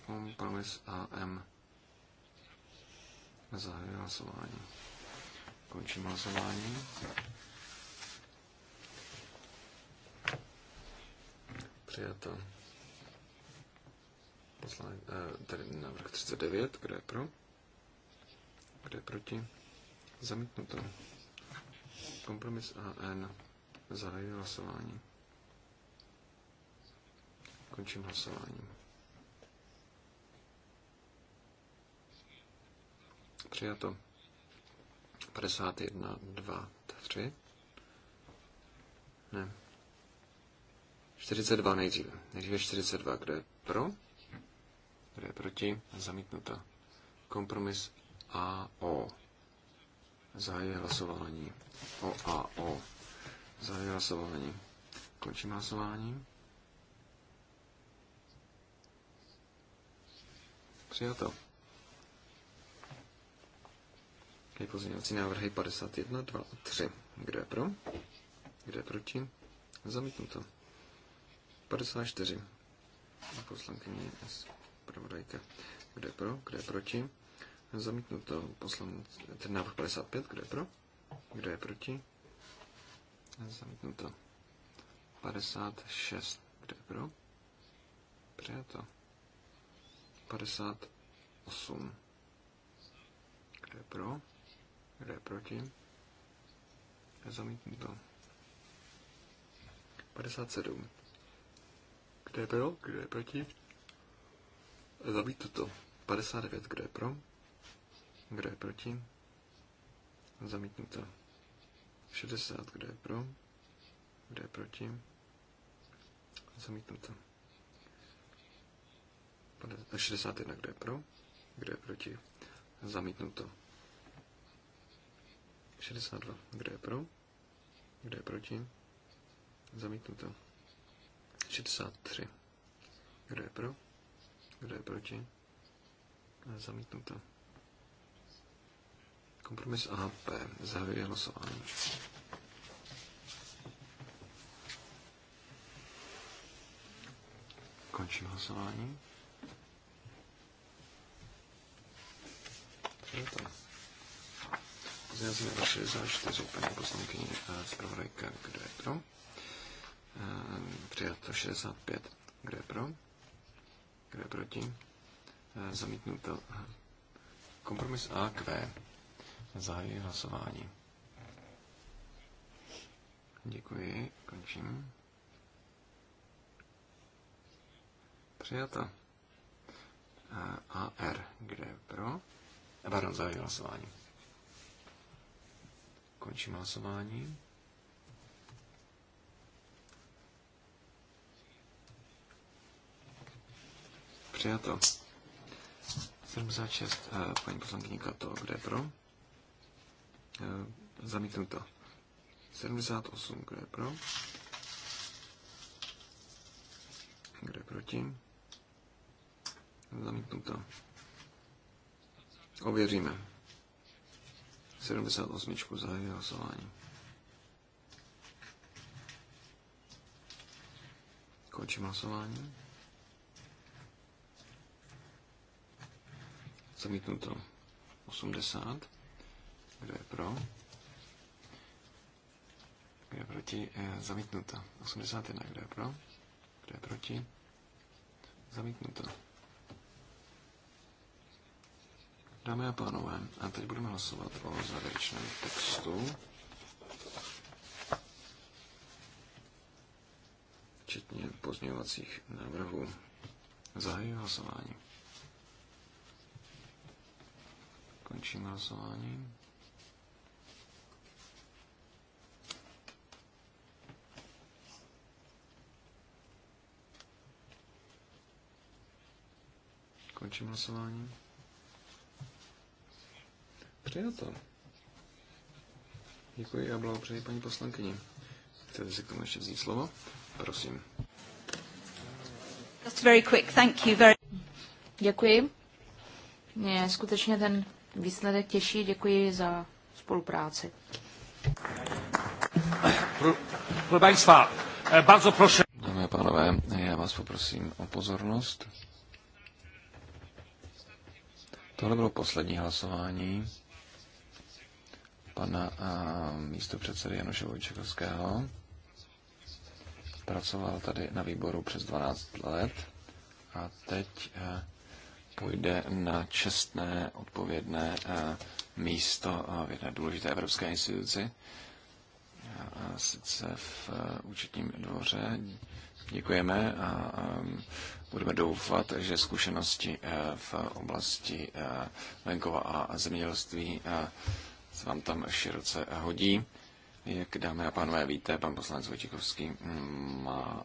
Kompromis AM. Zahajuji hlasování. Končím hlasování. Přijato. Poslanec, eh, tady návrh 39, kdo je pro? Kdo je proti? Zamítnuto. Kompromis AN. Zahajuji hlasování. Končím hlasování. Přijato. 51, 2, 3. Ne. 42 nejdříve. Nejdříve 42. Kdo je pro? Kdo je proti? Zamítnuta. Kompromis AO. Zahajuji hlasování. O A O. Zahajuji hlasování. Končím hlasování. Přijato. Je pozměňovací návrhy 51, 2 a 3. Kdo je pro? Kdo je proti? Zamítnuto. 54. Poslankyně S. Pravodajka. Kdo je pro? Kdo je proti? Zamítnuto poslanec, ten návrh 55. Kdo je pro? Kdo je proti? Zamítnuto. 56. Kdo je pro? Přijato. 58. Kdo je pro? Kdo je proti? Zamítnuto. 57. Kdo je pro? Kdo je proti? toto. 59. Kdo je pro? Kdo je proti? Zamítnuto. 60. Kdo je pro? Kdo je proti? Zamítnuto. 61. Kdo je pro? Kdo je proti? Zamítnuto. 62. Kdo je pro? Kdo je proti? Zamítnuto. 63. Kdo je pro? Kdo je proti? Zamítnuto. Kompromis AP. Zahajuji hlasování. Končím hlasování. Přijato. Zjazněno 64 paní poslankyně a zpravodajka, kdo je pro? Eh, přijato 65. Kdo je pro? Kdo je proti? Eh, zamítnuto. Kompromis V. Zahajuji hlasování. Děkuji, končím. Eh, A R, kde je pro? Pardon, zahajuji hlasování. Končím hlasování. Přijato. 76. Eh, paní poslankyně Kato, kde pro? Eh, zamítnuto. 78, kdo je pro? Kdo je proti? Zamítnuto. Ověříme. 78. zahajuje hlasování. Končím hlasování. Zamítnuto 80. Kdo je pro? Kdo je proti? E, zamítnuto 81. Kdo je pro? Kdo je proti? Zamítnuto. Dámy a pánové, a teď budeme hlasovat o závěrečném textu. Včetně pozměňovacích návrhů. Zahajuji hlasování. Končím hlasování. Končím hlasování. Přijato. Děkuji a blahopřeji paní poslankyni. Chcete si k tomu ještě vzít slovo? Prosím. Just very quick. Thank you very... Děkuji. Mě skutečně ten výsledek těší. Děkuji za spolupráci. E, bardzo proszę. Dámy a pánové, já vás poprosím o pozornost. Tohle bylo poslední hlasování pana a, místo předsedy Janoše Vojčekovského. Pracoval tady na výboru přes 12 let a teď a, e, půjde na čestné, odpovědné eh, místo eh, v jedné důležité evropské instituci, a sice v eh, účetním dvoře. Děkujeme a ehm, budeme doufat, že zkušenosti v oblasti venkova a zemědělství se vám tam široce hodí. Jak dámy a pánové víte, pan poslanec Vojtěchovský mm, má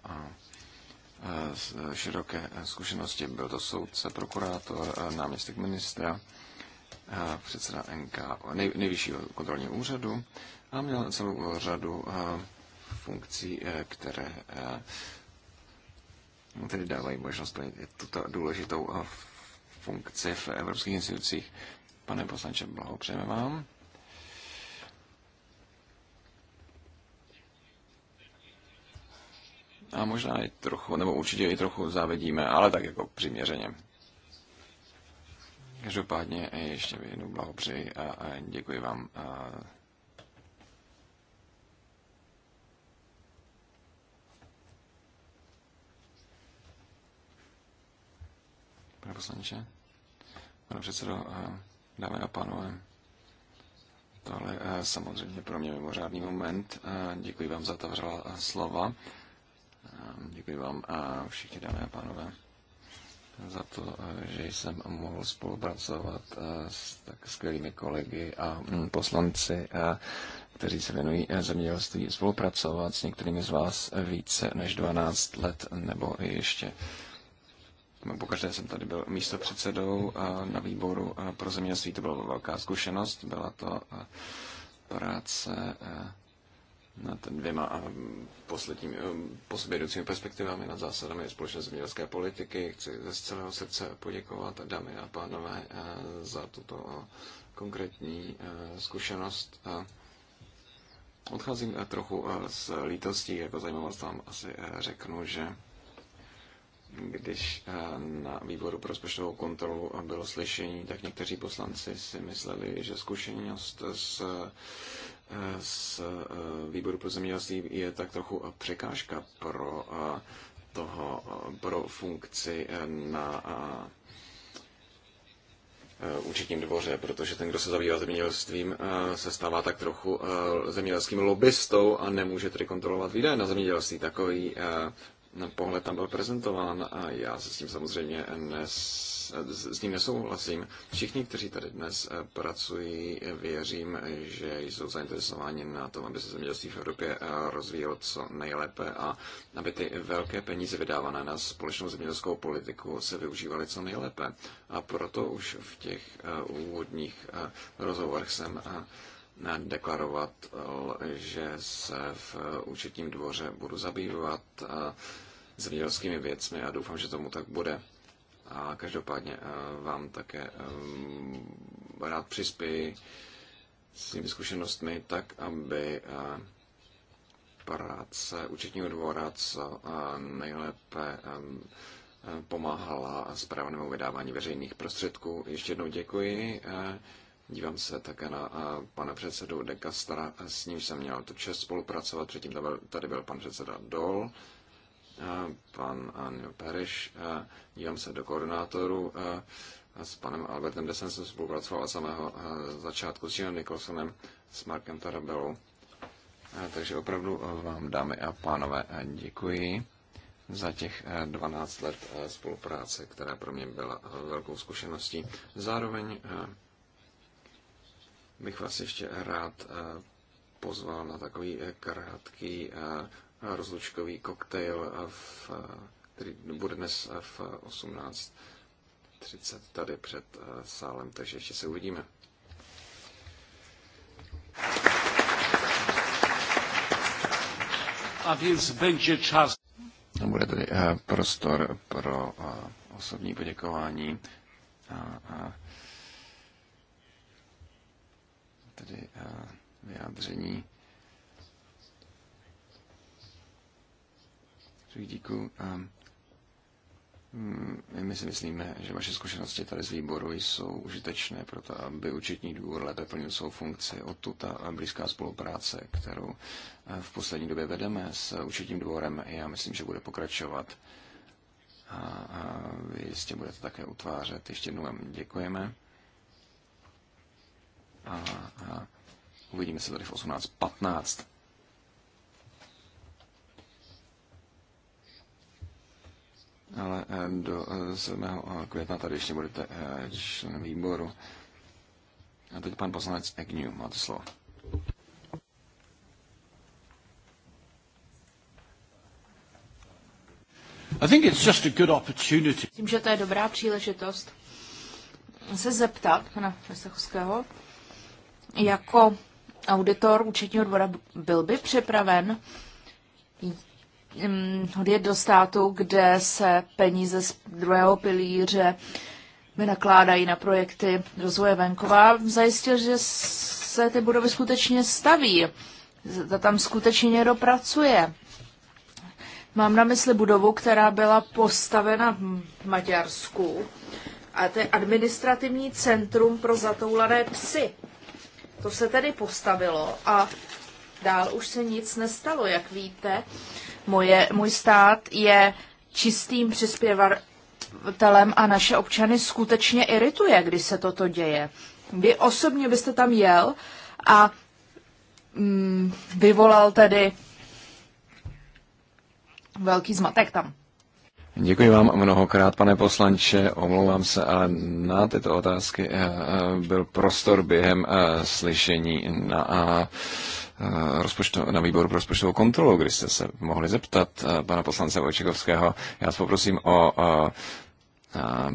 široké zkušenosti. Byl to soudce, prokurátor, náměstek ministra, předseda NK, nej, nejvyššího kontrolního úřadu a měl celou řadu funkcí, e, které e, tedy dávají možnost plnit tuto důležitou funkci v evropských institucích. Pane poslanče, blahopřejeme vám. A možná i trochu, nebo určitě i trochu závidíme, ale tak jako přiměřeně. Každopádně ještě jednou blahopřeji a, a děkuji vám. A... Pane poslanče, pane předsedo, dámy a pánové, tohle je samozřejmě pro mě mimořádný moment. Děkuji vám za ta slova. Děkuji vám a všichni dámy a pánové za to, že jsem mohl spolupracovat eh, s tak skvělými kolegy a mm, poslanci, eh, kteří se věnují eh, zemědělství, spolupracovat s některými z vás více než 12 let nebo i ještě. No, pokaždé jsem tady byl místo předsedou na výboru pro zemědělství. To byla velká zkušenost, byla to práce nad dvěma eh, posledními, eh, posledními perspektivami, nad zásadami společné zemědělské politiky. Chci ze celého srdce poděkovat, dámy a pánové, eh, za tuto konkrétní zkušenost. Odcházím trochu s lítostí, jako zajímavost vám asi řeknu, že když na výboru pro rozpočtovou kontrolu bylo slyšení, tak někteří poslanci si mysleli, že zkušenost s z eh, výboru pro zemědělství je tak trochu překážka pro eh, toho, eh, pro funkci na účetním dvoře, protože ten, kdo se zabývá zemědělstvím, se stává tak trochu zemědělským lobbystou a nemůže tedy kontrolovat výdaje na zemědělství. Takový pohled tam byl prezentován a já se s tím samozřejmě nes, s ním nesouhlasím. Všichni, kteří tady dnes eh, pracují, eh, věřím, že jsou zainteresováni na tom, aby se zemědělství v Evropě eh, rozvíjelo co nejlépe a aby ty velké peníze vydávané na společnou zemědělskou politiku se využívaly co nejlépe. A proto už v těch úvodních rozhovorech jsem deklarovat, že se v účetním dvoře budu zabývat eh, zemědělskými věcmi a doufám, že tomu tak bude. A každopádně eh, vám také eh, rád přispěji s těmi zkušenostmi tak, aby práce účetního dvora co nejlépe pomáhala správnému vydávání veřejných prostředků. Ještě jednou děkuji Dívám se také na eh, pana předsedu De Castra, eh, s ním jsem měl tu čest spolupracovat, předtím tady byl pan předseda Dol, eh, pan Anil Periš, dívám se do koordinátoru, s panem Albertem Desen jsem spolupracoval od samého začátku s Jinem Nicholsonem, s Markem Tarabelou. Takže opravdu vám, dámy a pánové, děkuji za těch 12 let spolupráce, která pro mě byla velkou zkušeností. Zároveň bych vás ještě rád eh, pozval na takový eh, krátký eh, rozlučkový koktejl, v, který bude dnes v 18.30 tady před sálem, takže ještě se uvidíme. A Bude tady prostor pro osobní poděkování. A, a, tedy eh, vyjádření Řídíku. Eh, hm, my si myslíme, že vaše zkušenosti tady z výboru jsou užitečné pro to, aby účetní důvod lépe plnil svou funkci. Odtud ta blízká spolupráce, kterou eh, v poslední době vedeme s účetním dvorem, já myslím, že bude pokračovat. A, a vy jistě budete také utvářet. Ještě jednou vám děkujeme a, a uvidíme se tady v 18.15. Ale eh, do 7. Eh, eh, května tady ještě budete členem výboru. A teď pan poslanec Agnew, máte slovo. I think it's just a good opportunity. Myslím, že to je dobrá příležitost se zeptat pana Vesehovského, jako auditor účetního dvora byl by připraven mm, odjet do státu, kde se peníze z druhého pilíře nakládají na projekty rozvoje venkova, zajistil, že se ty budovy skutečně staví, tam skutečně někdo pracuje. Mám na mysli budovu, která byla postavena v Maďarsku a to je administrativní centrum pro zatoulané psy. To se tedy postavilo a dál už se nic nestalo, jak víte. Moje, můj stát je čistým přispěvatelem a naše občany skutečně irituje, když se toto děje. Vy osobně byste tam jel a mm, vyvolal tedy velký zmatek tam. Děkuji vám mnohokrát, pane poslanče. Omlouvám se, ale na tyto otázky eh, eh, byl prostor během eh, slyšení na, na výboru pro rozpočtovou kontrolu, kdy jste se mohli zeptat pana poslance Vojčekovského. Já vás poprosím o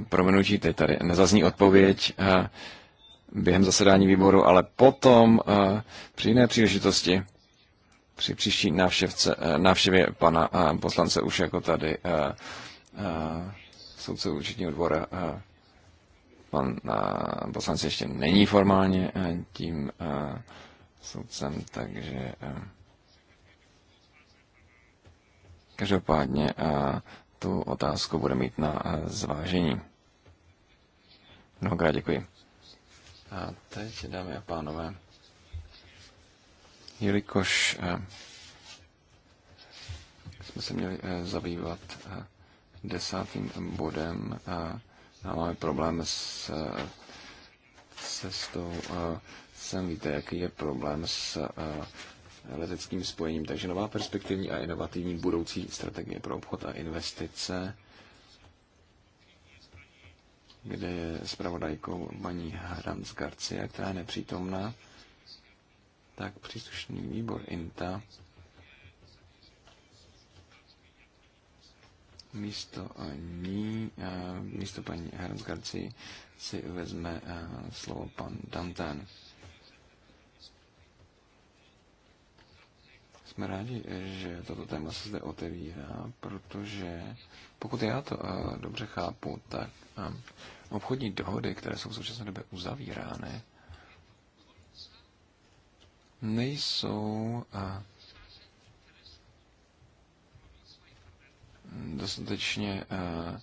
prominutí, teď tady nezazní odpověď během zasedání výboru, ale potom při jiné příležitosti při příští návštěvce, návštěvě pana poslance už jako tady soudce určitního dvora. Pan poslanec ještě není formálně tím soudcem, takže každopádně a tu otázku bude mít na zvážení. Mnohokrát děkuji. A teď, dámy a pánové, jelikož jsme se měli eh, zabývat eh, desátým bodem a máme problém s cestou. Sem víte, jaký je problém s leteckým spojením. Takže nová perspektivní a inovativní budoucí strategie pro obchod a investice, kde je zpravodajkou paní Hrans Garcia, která je nepřítomná, tak příslušný výbor INTA místo ní, eh, místo paní Hermsgarci si vezme eh, slovo pan Dantan. Jsme rádi, že toto téma se zde otevírá, protože pokud já to eh, dobře chápu, tak obchodní dohody, které jsou v současné době uzavírány, nejsou dostatečně eh,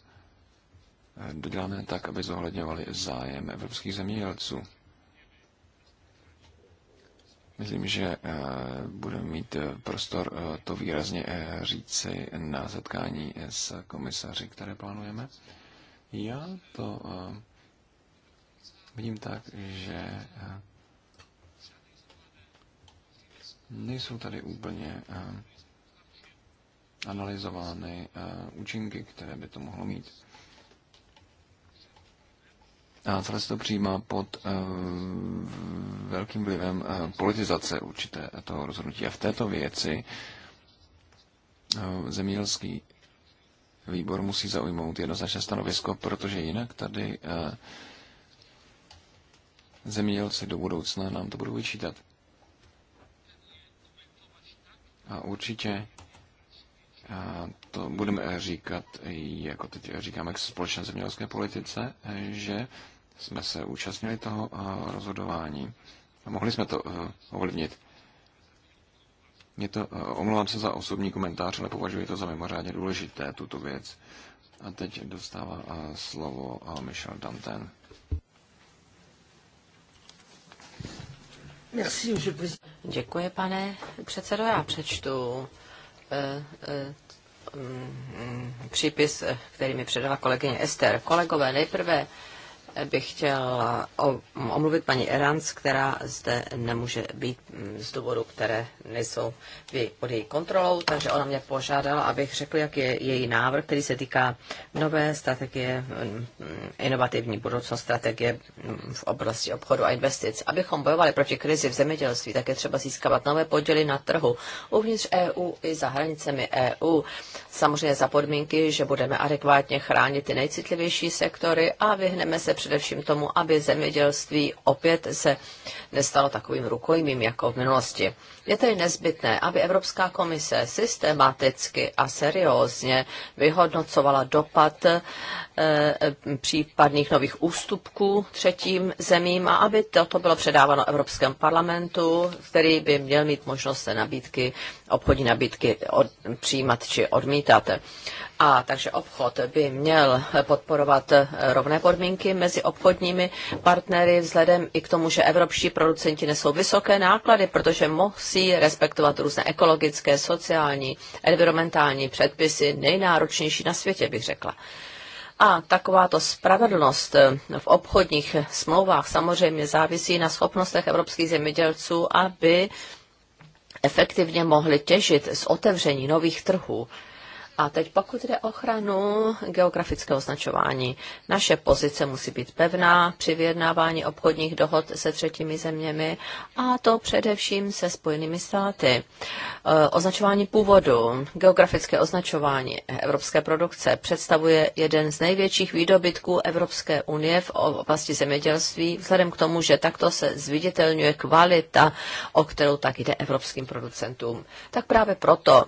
dodělané tak, aby zohledňovali zájem evropských zemědělců. Myslím, že eh, budeme mít eh, prostor to výrazně říci na setkání s komisaři, které plánujeme. Já to vidím tak, že nejsou tady úplně analyzovány eh, účinky, které by to mohlo mít. A celé se to přijímá pod eh, velkým vlivem eh, politizace určité toho rozhodnutí. A v této věci zemědělský výbor musí zaujmout jednoznačné stanovisko, protože jinak tady zemědělci do budoucna nám to budou vyčítat. A určitě to budeme říkat, jako teď říkáme k společné zemědělské politice, že jsme se účastnili toho eh, rozhodování a mohli jsme to eh, ovlivnit. Mě to, eh, omlouvám se za osobní komentář, ale považuji to za mimořádně důležité, tuto věc. A teď dostává slovo Michel Danten. Děkuji, pane předsedo. Já přečtu Eh, eh, mm, mm, přípis, eh, který mi předala kolegyně Ester. Kolegové, nejprve bych chtěl omluvit paní Erans, která zde nemůže být mm, z důvodu, které nejsou pod její kontrolou, takže ona mě požádala, abych řekl, jak je její návrh, který se týká nové strategie, mm, inovativní budoucnost strategie mm, v oblasti obchodu a investic. Abychom bojovali proti krizi v zemědělství, tak je třeba získávat nové podíly na trhu uvnitř EU i za hranicemi EU. Samozřejmě za podmínky, že budeme adekvátně chránit ty nejcitlivější sektory a vyhneme se především tomu, aby zemědělství opět se nestalo takovým rukojmím jako v minulosti. Je tedy nezbytné, aby Evropská komise systematicky a seriózně vyhodnocovala dopad e, případných nových ústupků třetím zemím a aby toto bylo předáváno Evropskému parlamentu, který by měl mít možnost se nabídky obchodní nabídky od, přijímat či odmítat. A takže obchod by měl podporovat rovné podmínky mezi obchodními partnery vzhledem i k tomu, že evropští producenti nesou vysoké náklady, protože musí respektovat různé ekologické, sociální, environmentální předpisy, nejnáročnější na světě, bych řekla. A takováto spravedlnost v obchodních smlouvách samozřejmě závisí na schopnostech evropských zemědělců, aby efektivně mohli těžit z otevření nových trhů a teď pokud jde o ochranu geografického označování, naše pozice musí být pevná při vyjednávání obchodních dohod se třetími zeměmi a to především se Spojenými státy. E, označování původu, geografické označování evropské produkce představuje jeden z největších výdobytků Evropské unie v oblasti zemědělství, vzhledem k tomu, že takto se zviditelňuje kvalita, o kterou tak jde evropským producentům. Tak právě proto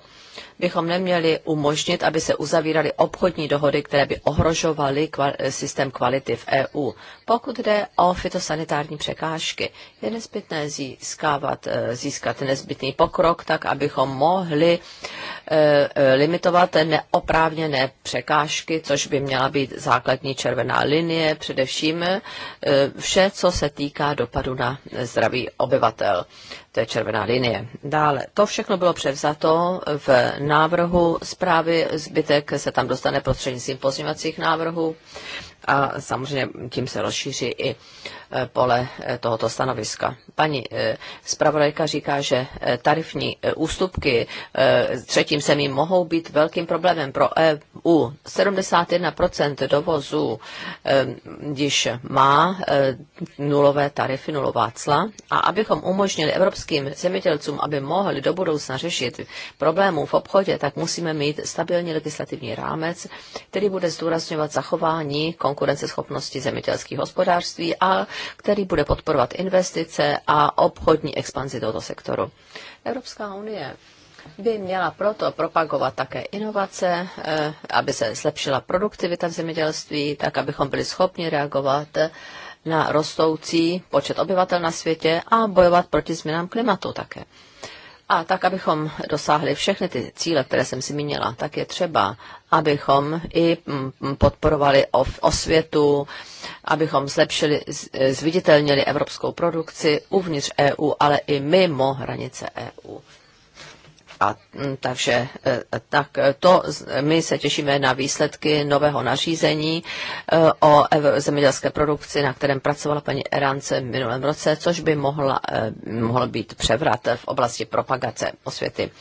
bychom neměli umožnit umožnit, aby se uzavíraly obchodní dohody, které by ohrožovaly kval- systém kvality v EU. Pokud jde o fitosanitární překážky, je nezbytné získávat, eh, získat nezbytný pokrok, tak abychom mohli Eh, eh, limitovat neoprávněné překážky, což by měla být základní červená linie, především eh, vše, co se týká dopadu na zdraví obyvatel. To je červená linie. Dále, to všechno bylo převzato v návrhu zprávy, zbytek se tam dostane prostřednictvím pozměňovacích návrhů a samozřejmě tím se rozšíří i e, pole e, tohoto stanoviska. Paní e, zpravodajka říká, že tarifní ústupky třetím zemím mohou být velkým problémem pro EU. 71% dovozů již má nulové tarify, nulová cla a abychom umožnili evropským zemědělcům, aby mohli do budoucna řešit problémů v obchodě, tak musíme mít stabilní legislativní rámec, který bude zdůrazňovat zachování konkurence konkurenceschopnosti zemědělských hospodářství a který bude podporovat investice a obchodní expanzi tohoto sektoru. Evropská unie by měla proto propagovat také inovace, eh, aby se zlepšila produktivita v zemědělství, tak abychom byli schopni reagovat eh, na rostoucí počet obyvatel na světě a bojovat proti změnám klimatu také. A tak, abychom dosáhli všechny ty cíle, které jsem si zmínila, tak je třeba, abychom i mm, podporovali osvětu, abychom zlepšili, zviditelnili evropskou produkci uvnitř EU, ale i mimo hranice EU. A mm, takže e, tak e, to, my se těšíme na výsledky nového nařízení e, o zemědělské produkci, na kterém pracovala paní Erance v minulém roce, což by mohla, mohl být převrat v oblasti propagace osvěty.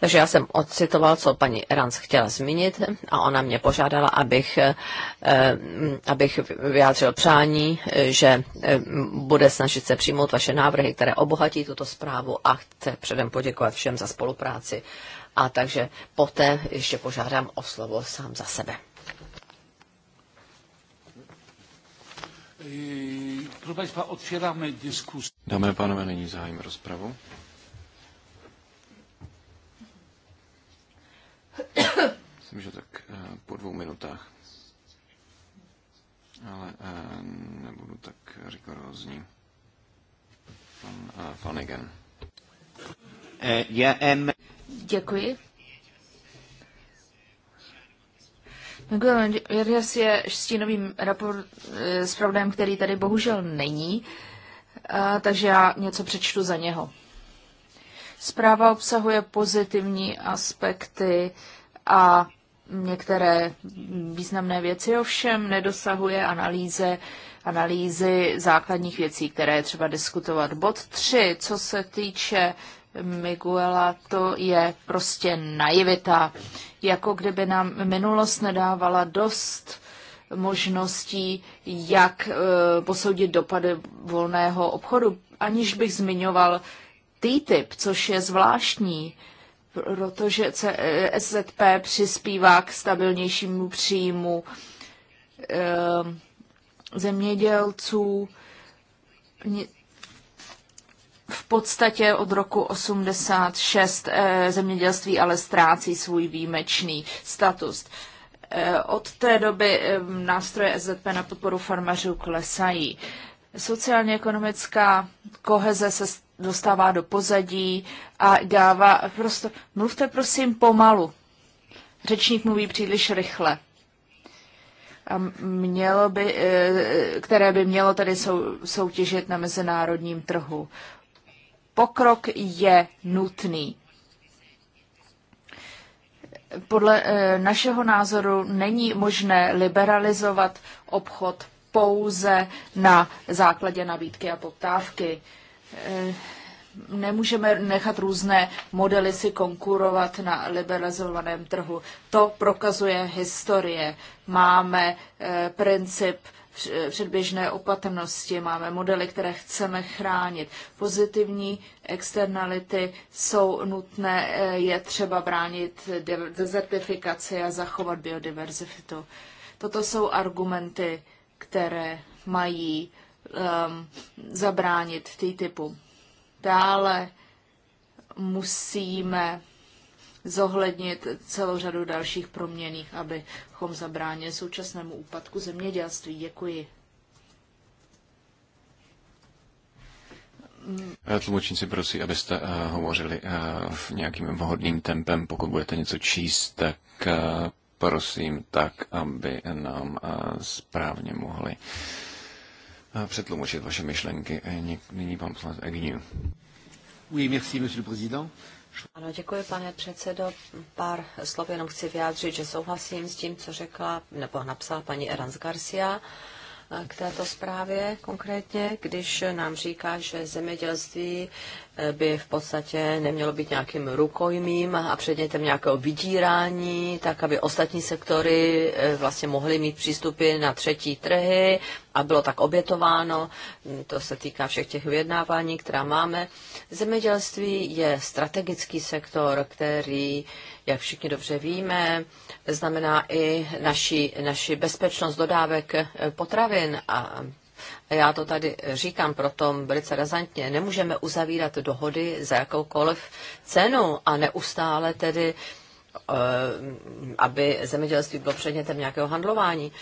Takže já jsem odcitoval, co paní Erance chtěla zmínit a ona mě požádala, abych, abych vyjádřil přání, že bude snažit se přijmout vaše návrhy, které obohatí tuto zprávu a chce předem poděkovat všem za spolupráci práci. A takže poté ještě požádám o slovo sám za sebe. Proszę Państwa, otwieramy dyskusję. Dámy a pánové, není zájem rozpravu. Myslím, že tak eh, po dvou minutách. Ale eh, nebudu tak rigorózní. Pan Flanagan. Eh, já, Děkuji. Miguel Jerez je stínovým raport, eh, který tady bohužel není, takže já něco přečtu za něho. Zpráva obsahuje pozitivní aspekty a některé významné věci, ovšem nedosahuje analýze, analýzy základních věcí, které je třeba diskutovat. Bod 3, co se týče Miguela, to je prostě naivita. Jako kdyby nám minulost nedávala dost možností, jak eh, posoudit dopady volného obchodu, aniž bych zmiňoval TTIP, což je zvláštní, protože eh, SZP přispívá k stabilnějšímu příjmu eh, zemědělců v podstatě od roku 86 eh, zemědělství ale ztrácí svůj výjimečný status. Eh, od té doby eh, nástroje SZP na podporu farmařů klesají. Sociálně-ekonomická koheze se dostává do pozadí a dává prostě, mluvte prosím pomalu. Řečník mluví příliš rychle. A mělo by, které by mělo tedy soutěžit na mezinárodním trhu. Pokrok je nutný. Podle eh, našeho názoru není možné liberalizovat obchod pouze na základě nabídky a poptávky. Eh, nemůžeme nechat různé modely si konkurovat na liberalizovaném trhu. To prokazuje historie. Máme eh, princip Eh, předběžné opatrnosti, máme modely, které chceme chránit. Pozitivní externality jsou nutné, eh, je třeba bránit dezertifikaci a zachovat biodiverzitu. Toto jsou argumenty, které mají um, zabránit té typu. Dále musíme zohlednit celou řadu dalších proměných, abychom zabránili současnému úpadku zemědělství. Děkuji. Eh, tlumočníci prosí, abyste uh, hovořili uh, v nějakým vhodným tempem. Pokud budete něco číst, tak uh, prosím tak, aby nám uh, správně mohli uh, přetlumočit vaše myšlenky. Nyní pan poslanec Agnew. Oui, merci, monsieur le président. Ano, děkuji, pane předsedo. Pár slov jenom chci vyjádřit, že souhlasím s tím, co řekla nebo napsala paní Erans Garcia k této zprávě konkrétně, když nám říká, že zemědělství eh, by v podstatě nemělo být nějakým rukojmím a předmětem nějakého vydírání, tak aby ostatní sektory eh, vlastně mohly mít přístupy na třetí trhy a bylo tak obětováno. Mm, to se týká všech těch vyjednávání, která máme. Zemědělství je strategický sektor, který jak všichni dobře víme, znamená i naši, naši bezpečnost dodávek eh, potravin a já to tady říkám proto velice razantně. Nemůžeme uzavírat dohody za jakoukoliv cenu a neustále tedy, eh, aby zemědělství bylo předmětem nějakého handlování.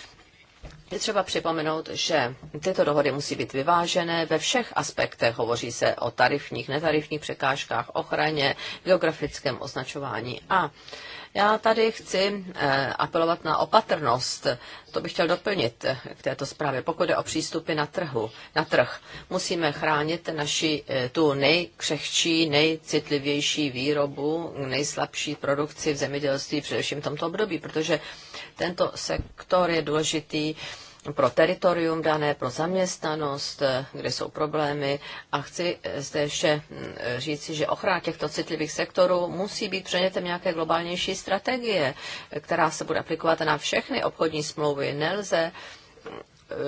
Je třeba připomenout, že tyto dohody musí být vyvážené ve všech aspektech. Hovoří se o tarifních, netarifních překážkách, ochraně, geografickém označování a já tady chci eh, apelovat na opatrnost. To bych chtěl doplnit eh, k této zprávě. Pokud je o přístupy na, trhu, na trh, musíme chránit naši eh, tu nejkřehčí, nejcitlivější výrobu, nejslabší produkci v zemědělství, především v tomto období, protože tento sektor je důležitý pro teritorium dané, pro zaměstnanost, eh, kde jsou problémy. A chci eh, zde ještě mm, říci, že ochrana těchto citlivých sektorů musí být předmětem nějaké globálnější strategie, která se bude aplikovat na všechny obchodní smlouvy. Nelze eh,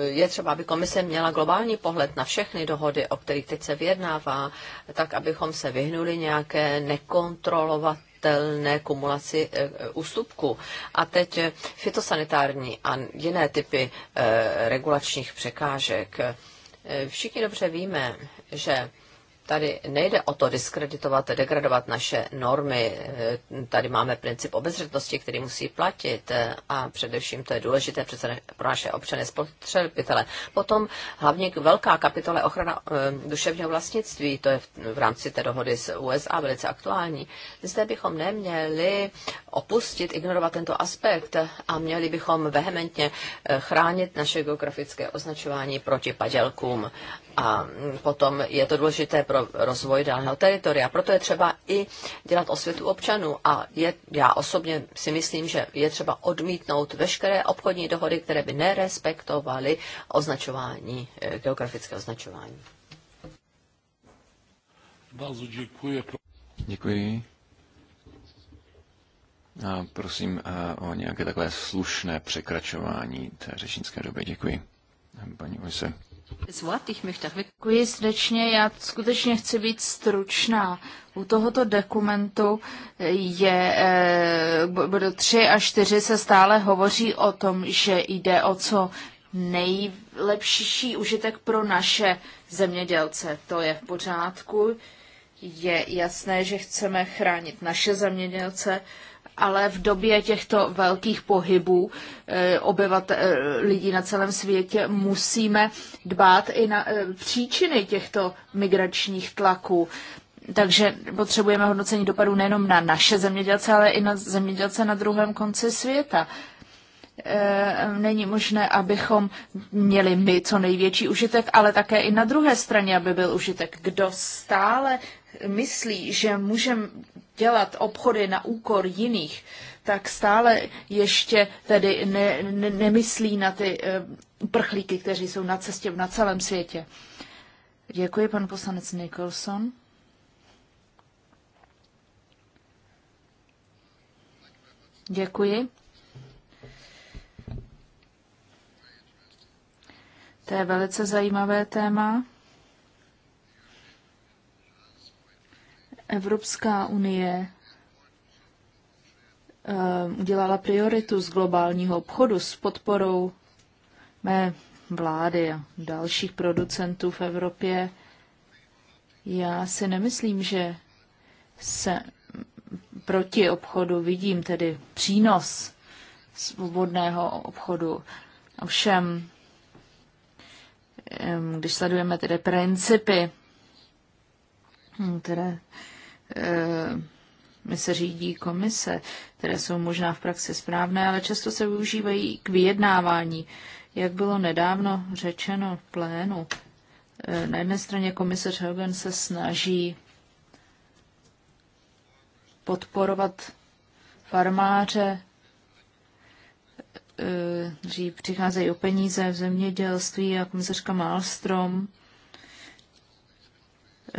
je třeba, aby komise měla globální pohled na všechny dohody, o kterých teď se vyjednává, tak abychom se vyhnuli nějaké nekontrolovat udržitelné kumulaci eh, eh, ústupků. A teď eh, fitosanitární a jiné typy regulačních překážek. Všichni dobře víme, že tady nejde o to diskreditovat, degradovat naše normy. Tady máme princip obezřetnosti, který musí platit a především to je důležité přece pro naše občany spotřebitele. Potom hlavně velká kapitola ochrana eh, duševního vlastnictví, to je v rámci té dohody s USA velice aktuální. Zde bychom neměli opustit, ignorovat tento aspekt a měli bychom vehementně eh, chránit naše geografické označování proti padělkům a potom je to důležité pro rozvoj daného teritoria. Proto je třeba i dělat osvětu občanů a je, já osobně si myslím, že je třeba odmítnout veškeré obchodní dohody, které by nerespektovaly označování, eh, geografické označování. děkuji. Děkuji. A prosím eh, o nějaké takové slušné překračování té řečnické doby. Děkuji. Paní Ojse. Děkuji srdečně, já skutečně chci být stručná. U tohoto dokumentu je, eh, bodu tři a čtyři, se stále hovoří o tom, že jde o co nejlepší užitek pro naše zemědělce. To je v pořádku. Je jasné, že chceme chránit naše zemědělce, ale v době těchto velkých pohybů eh, obyvat eh, lidí na celém světě musíme dbát i na eh, příčiny těchto migračních tlaků. Takže potřebujeme hodnocení dopadů nejenom na naše zemědělce, ale i na zemědělce na druhém konci světa. Není možné, abychom měli my co největší užitek, ale také i na druhé straně, aby byl užitek. Kdo stále myslí, že můžeme dělat obchody na úkor jiných, tak stále ještě tedy ne, ne, nemyslí na ty eh, uprchlíky, kteří jsou na cestě na celém světě. Děkuji, pan poslanec Nicholson. Děkuji. To je velice zajímavé téma. Evropská unie eh, udělala prioritu z globálního obchodu s podporou mé vlády a dalších producentů v Evropě, já si nemyslím, že se proti obchodu vidím tedy přínos svobodného obchodu. Ovšem, když sledujeme tedy principy, které Eh, se řídí komise, které jsou možná v praxi správné, ale často se využívají k vyjednávání. Jak bylo nedávno řečeno v plénu, eh, na jedné straně komisař Hogan se snaží podporovat farmáře, eh, kteří přicházejí o peníze v zemědělství a komisařka Malstrom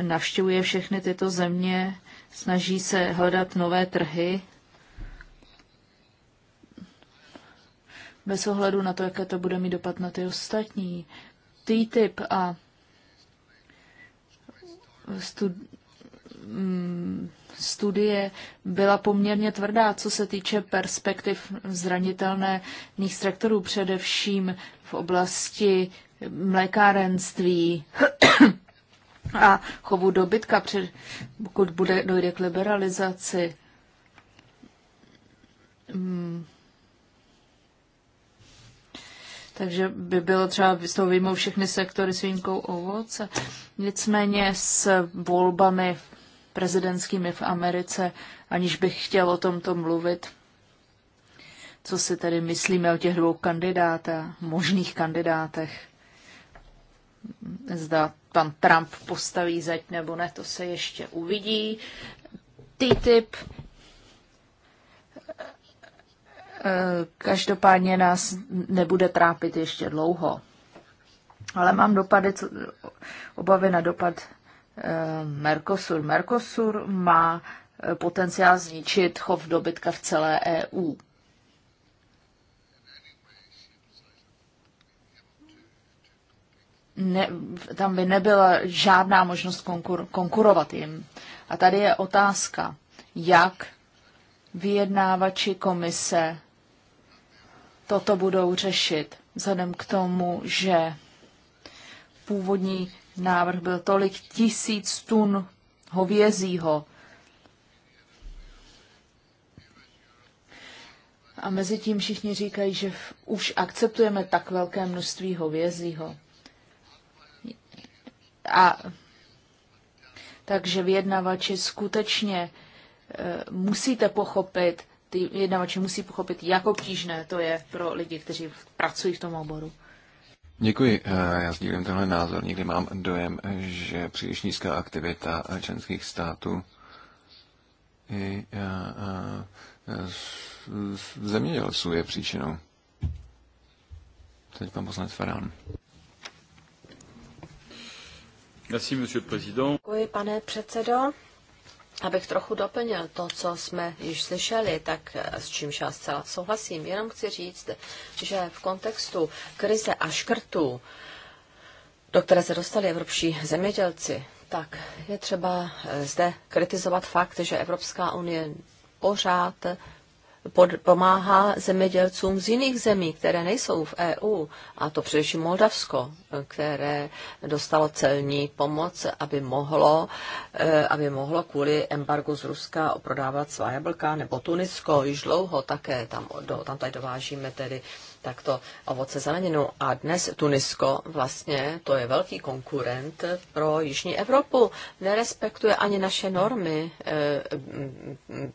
navštěvuje všechny tyto země snaží se hledat nové trhy bez ohledu na to, jaké to bude mít dopad na ty ostatní. TTIP a stud, mm, studie byla poměrně tvrdá, co se týče perspektiv zranitelných sektorů, především v oblasti mlékárenství a chovu dobytka, před, pokud bude, dojde k liberalizaci. Hmm. Takže by bylo třeba s tou výjimou všechny sektory s výjimkou ovoce. Nicméně s volbami prezidentskými v Americe, aniž bych chtěl o tomto mluvit, co si tedy myslíme o těch dvou kandidátech, možných kandidátech. Zda pan Trump postaví zeď nebo ne, to se ještě uvidí. TTIP každopádně nás nebude trápit ještě dlouho. Ale mám dopady, obavy na dopad eh, Mercosur. Mercosur má eh, potenciál zničit chov dobytka v celé EU. ne, tam by nebyla žádná možnost konkur, konkurovat jim. A tady je otázka, jak vyjednávači komise toto budou řešit, vzhledem k tomu, že původní návrh byl tolik tisíc tun hovězího. A mezi tím všichni říkají, že už akceptujeme tak velké množství hovězího. A takže vyjednavači skutečně e, musíte pochopit, ty vyjednavači musí pochopit, jak obtížné to je pro lidi, kteří pracují v tom oboru. Děkuji. E, já sdílím tenhle názor. Někdy mám dojem, že příliš nízká aktivita členských států i e, zemědělců je příčinou. Teď pan poslanec Farán. Děkuji, pane předsedo. Abych trochu doplnil to, co jsme již slyšeli, tak eh, s čímž já zcela souhlasím. Jenom chci říct, že v kontextu krize a škrtů, do které se dostali evropští zemědělci, tak je třeba eh, zde kritizovat fakt, že Evropská unie pořád pod, pomáhá zemědělcům z jiných zemí, které nejsou v EU, a to především Moldavsko, které dostalo celní pomoc, aby mohlo, eh, aby mohlo kvůli embargu z Ruska prodávat svá jablka, nebo Tunisko již dlouho také, tam, do, tam tady dovážíme tedy takto ovoce zeleninu. A dnes Tunisko vlastně to je velký konkurent pro Jižní Evropu. Nerespektuje ani naše normy. Eh,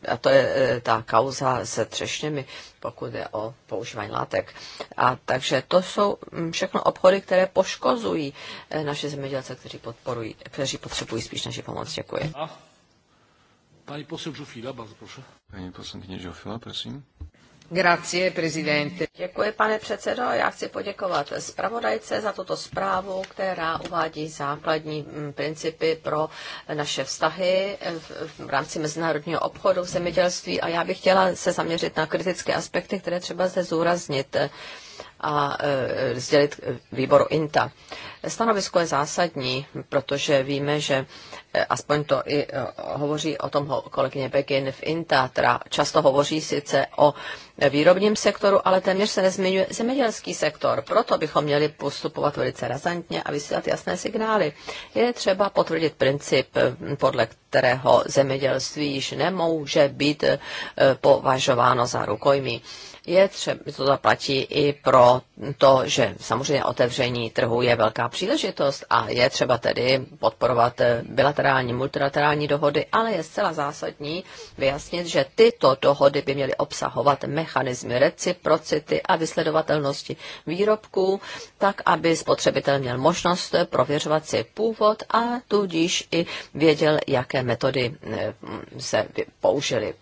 a to je eh, ta kauza se třešněmi, pokud je o používání látek. A takže to jsou hm, všechno obchody, které poškozují eh, naše zemědělce, kteří, podporují, kteří potřebují spíš naši pomoc. Děkuji. Pani poseł Żufila, bardzo proszę. Pani poseł Żufila, prosím. Grazie, Děkuji, pane předsedo. Já chci poděkovat zpravodajce za tuto zprávu, která uvádí základní mm, principy pro naše vztahy v rámci mezinárodního obchodu v zemědělství a já bych chtěla se zaměřit na kritické aspekty, které třeba zde zúraznit a e, sdělit výboru INTA. Stanovisko je zásadní, protože víme, že e, aspoň to i e, hovoří o tom kolegyně Begin v INTA, která často hovoří sice o výrobním sektoru, ale téměř se nezmiňuje zemědělský sektor. Proto bychom měli postupovat velice razantně a vysílat jasné signály. Je třeba potvrdit princip, podle kterého zemědělství již nemůže být e, považováno za rukojmí je třeba, to zaplatí i pro to, že samozřejmě otevření trhu je velká příležitost a je třeba tedy podporovat eh, bilaterální, multilaterální dohody, ale je zcela zásadní vyjasnit, že tyto dohody by měly obsahovat mechanizmy reciprocity a vysledovatelnosti výrobků, tak aby spotřebitel měl možnost prověřovat si původ a tudíž i věděl, jaké metody eh, se použily.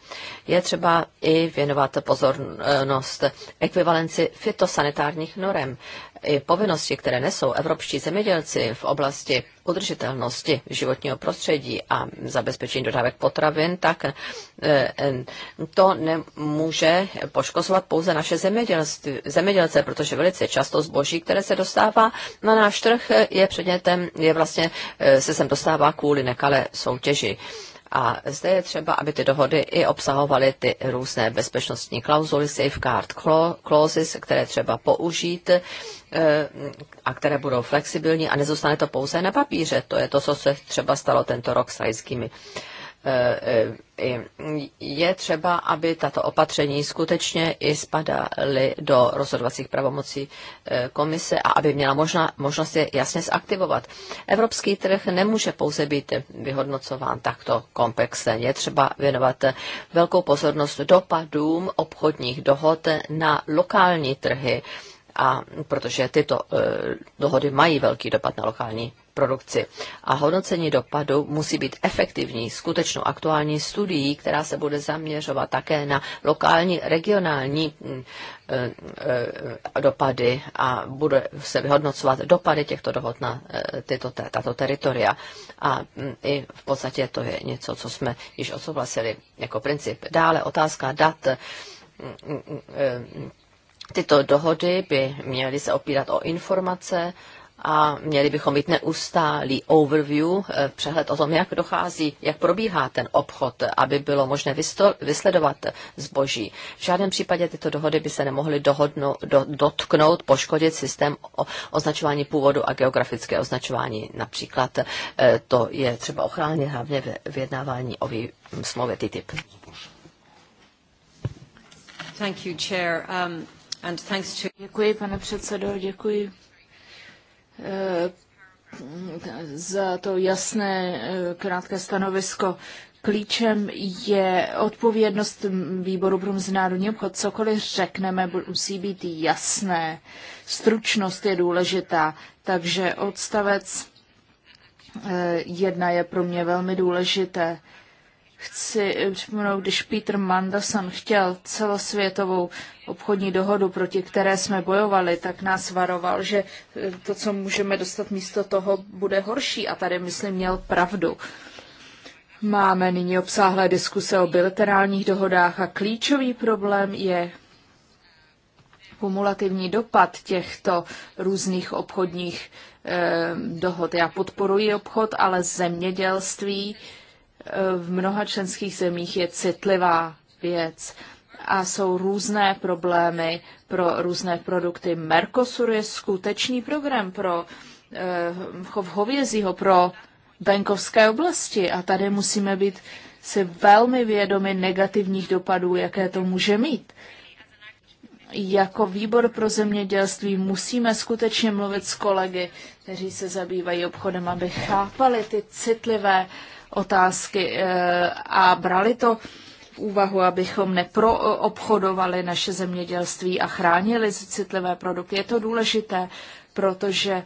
Je třeba i věnovat pozornost eh, udržitelnost, ekvivalenci fitosanitárních norem, i povinnosti, které nesou evropští zemědělci v oblasti udržitelnosti životního prostředí a zabezpečení dodávek potravin, tak e, e, to nemůže poškozovat pouze naše zemědělce, protože velice často zboží, které se dostává na náš trh, je předmětem, je vlastně e, se sem dostává kvůli nekalé soutěži. A zde je třeba, aby ty dohody i obsahovaly ty různé bezpečnostní klauzuly, safeguard clauses, které třeba použít eh, a které budou flexibilní a nezůstane to pouze na papíře. To je to, co se třeba stalo tento rok s rajskými Eh, eh, je třeba, aby tato opatření skutečně i spadaly do rozhodovacích pravomocí eh, komise a aby měla možná, možnost je jasně zaktivovat. Evropský trh nemůže pouze být vyhodnocován takto komplexně. Je třeba věnovat velkou pozornost dopadům obchodních dohod na lokální trhy, a protože tyto dohody mají velký dopad na lokální produkci. A hodnocení dopadu musí být efektivní, skutečnou aktuální studií, která se bude zaměřovat také na lokální, regionální mm, e, e, dopady a bude se vyhodnocovat dopady těchto dohod na e, tyto, tato teritoria. A mm, i v podstatě to je něco, co jsme již odsouhlasili jako princip. Dále otázka dat. Mm, tyto dohody by měly se opírat o informace, a měli bychom mít neustálý overview, eh, přehled o tom, jak dochází, jak probíhá ten obchod, aby bylo možné vysledovat zboží. V žádném případě tyto dohody by se nemohly dohodnout, do, dotknout, poškodit systém o, označování původu a geografické označování. Například eh, to je třeba ochránit hlavně ve vyjednávání o vý, smlouvě TTIP. Thank you, chair. Um, and thanks to... Děkuji, pane předsedo, děkuji Eh, za to jasné eh, krátké stanovisko. Klíčem je odpovědnost výboru pro mezinárodní obchod. Cokoliv řekneme, musí být jasné. Stručnost je důležitá, takže odstavec eh, jedna je pro mě velmi důležité chci eh, připomenout, když Peter Mandelson chtěl celosvětovou obchodní dohodu, proti které jsme bojovali, tak nás varoval, že eh, to, co můžeme dostat místo toho, bude horší. A tady, myslím, měl pravdu. Máme nyní obsáhlé diskuse o bilaterálních dohodách a klíčový problém je kumulativní dopad těchto různých obchodních eh, dohod. Já podporuji obchod, ale zemědělství eh, v mnoha členských zemích je citlivá věc a jsou různé problémy pro různé produkty. Mercosur je skutečný program pro eh, chov hovězího, pro venkovské oblasti a tady musíme být si velmi vědomi negativních dopadů, jaké to může mít. Jako výbor pro zemědělství musíme skutečně mluvit s kolegy, kteří se zabývají obchodem, aby chápali ty citlivé uh, otázky eh, a brali to v úvahu, abychom neproobchodovali naše zemědělství a chránili citlivé produkty. Je to důležité, protože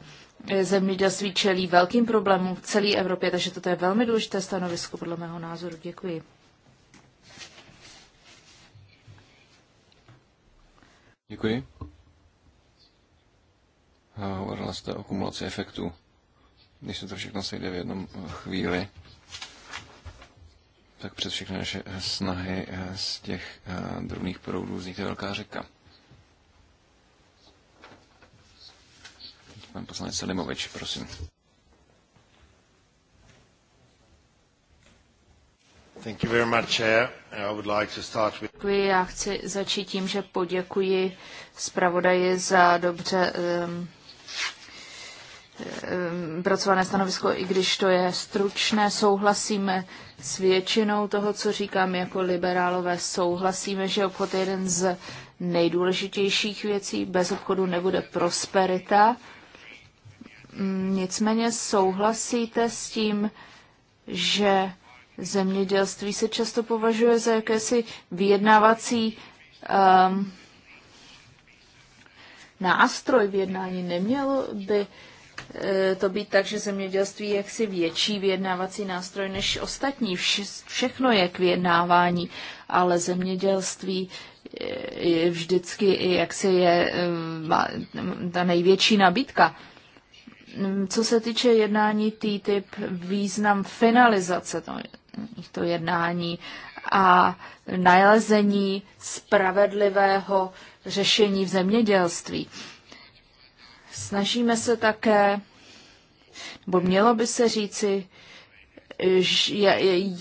eh, zemědělství čelí velkým problémům v celé Evropě, takže toto je velmi důležité stanovisko podle mého názoru. Děkuji. Děkuji. Hovorila jste o kumulaci efektů. Když se to všechno sejde v jednom eh, chvíli, tak přes všechny naše snahy eh, z těch eh, drobných proudů vznikne velká řeka. Pan poslanec Selimovič, prosím. Thank you very much, I would like to start with... Děkuji. Já chci začít tím, že poděkuji zpravodaji za dobře um, Eh, pracované stanovisko, i když to je stručné, souhlasíme s většinou toho, co říkám jako liberálové, souhlasíme, že obchod je jeden z nejdůležitějších věcí, bez obchodu nebude prosperita. Mm, nicméně souhlasíte s tím, že zemědělství se často považuje za jakési vyjednávací um, nástroj v jednání. Nemělo by Eh, to být tak, že zemědělství je jaksi větší vyjednávací nástroj než ostatní. Všechno je k vyjednávání, ale zemědělství eh, je vždycky jaksi je eh, ta největší nabídka. Mm, co se týče jednání TTIP, význam finalizace to jednání a nalezení spravedlivého řešení v zemědělství. Snažíme se také, nebo mělo by se říci,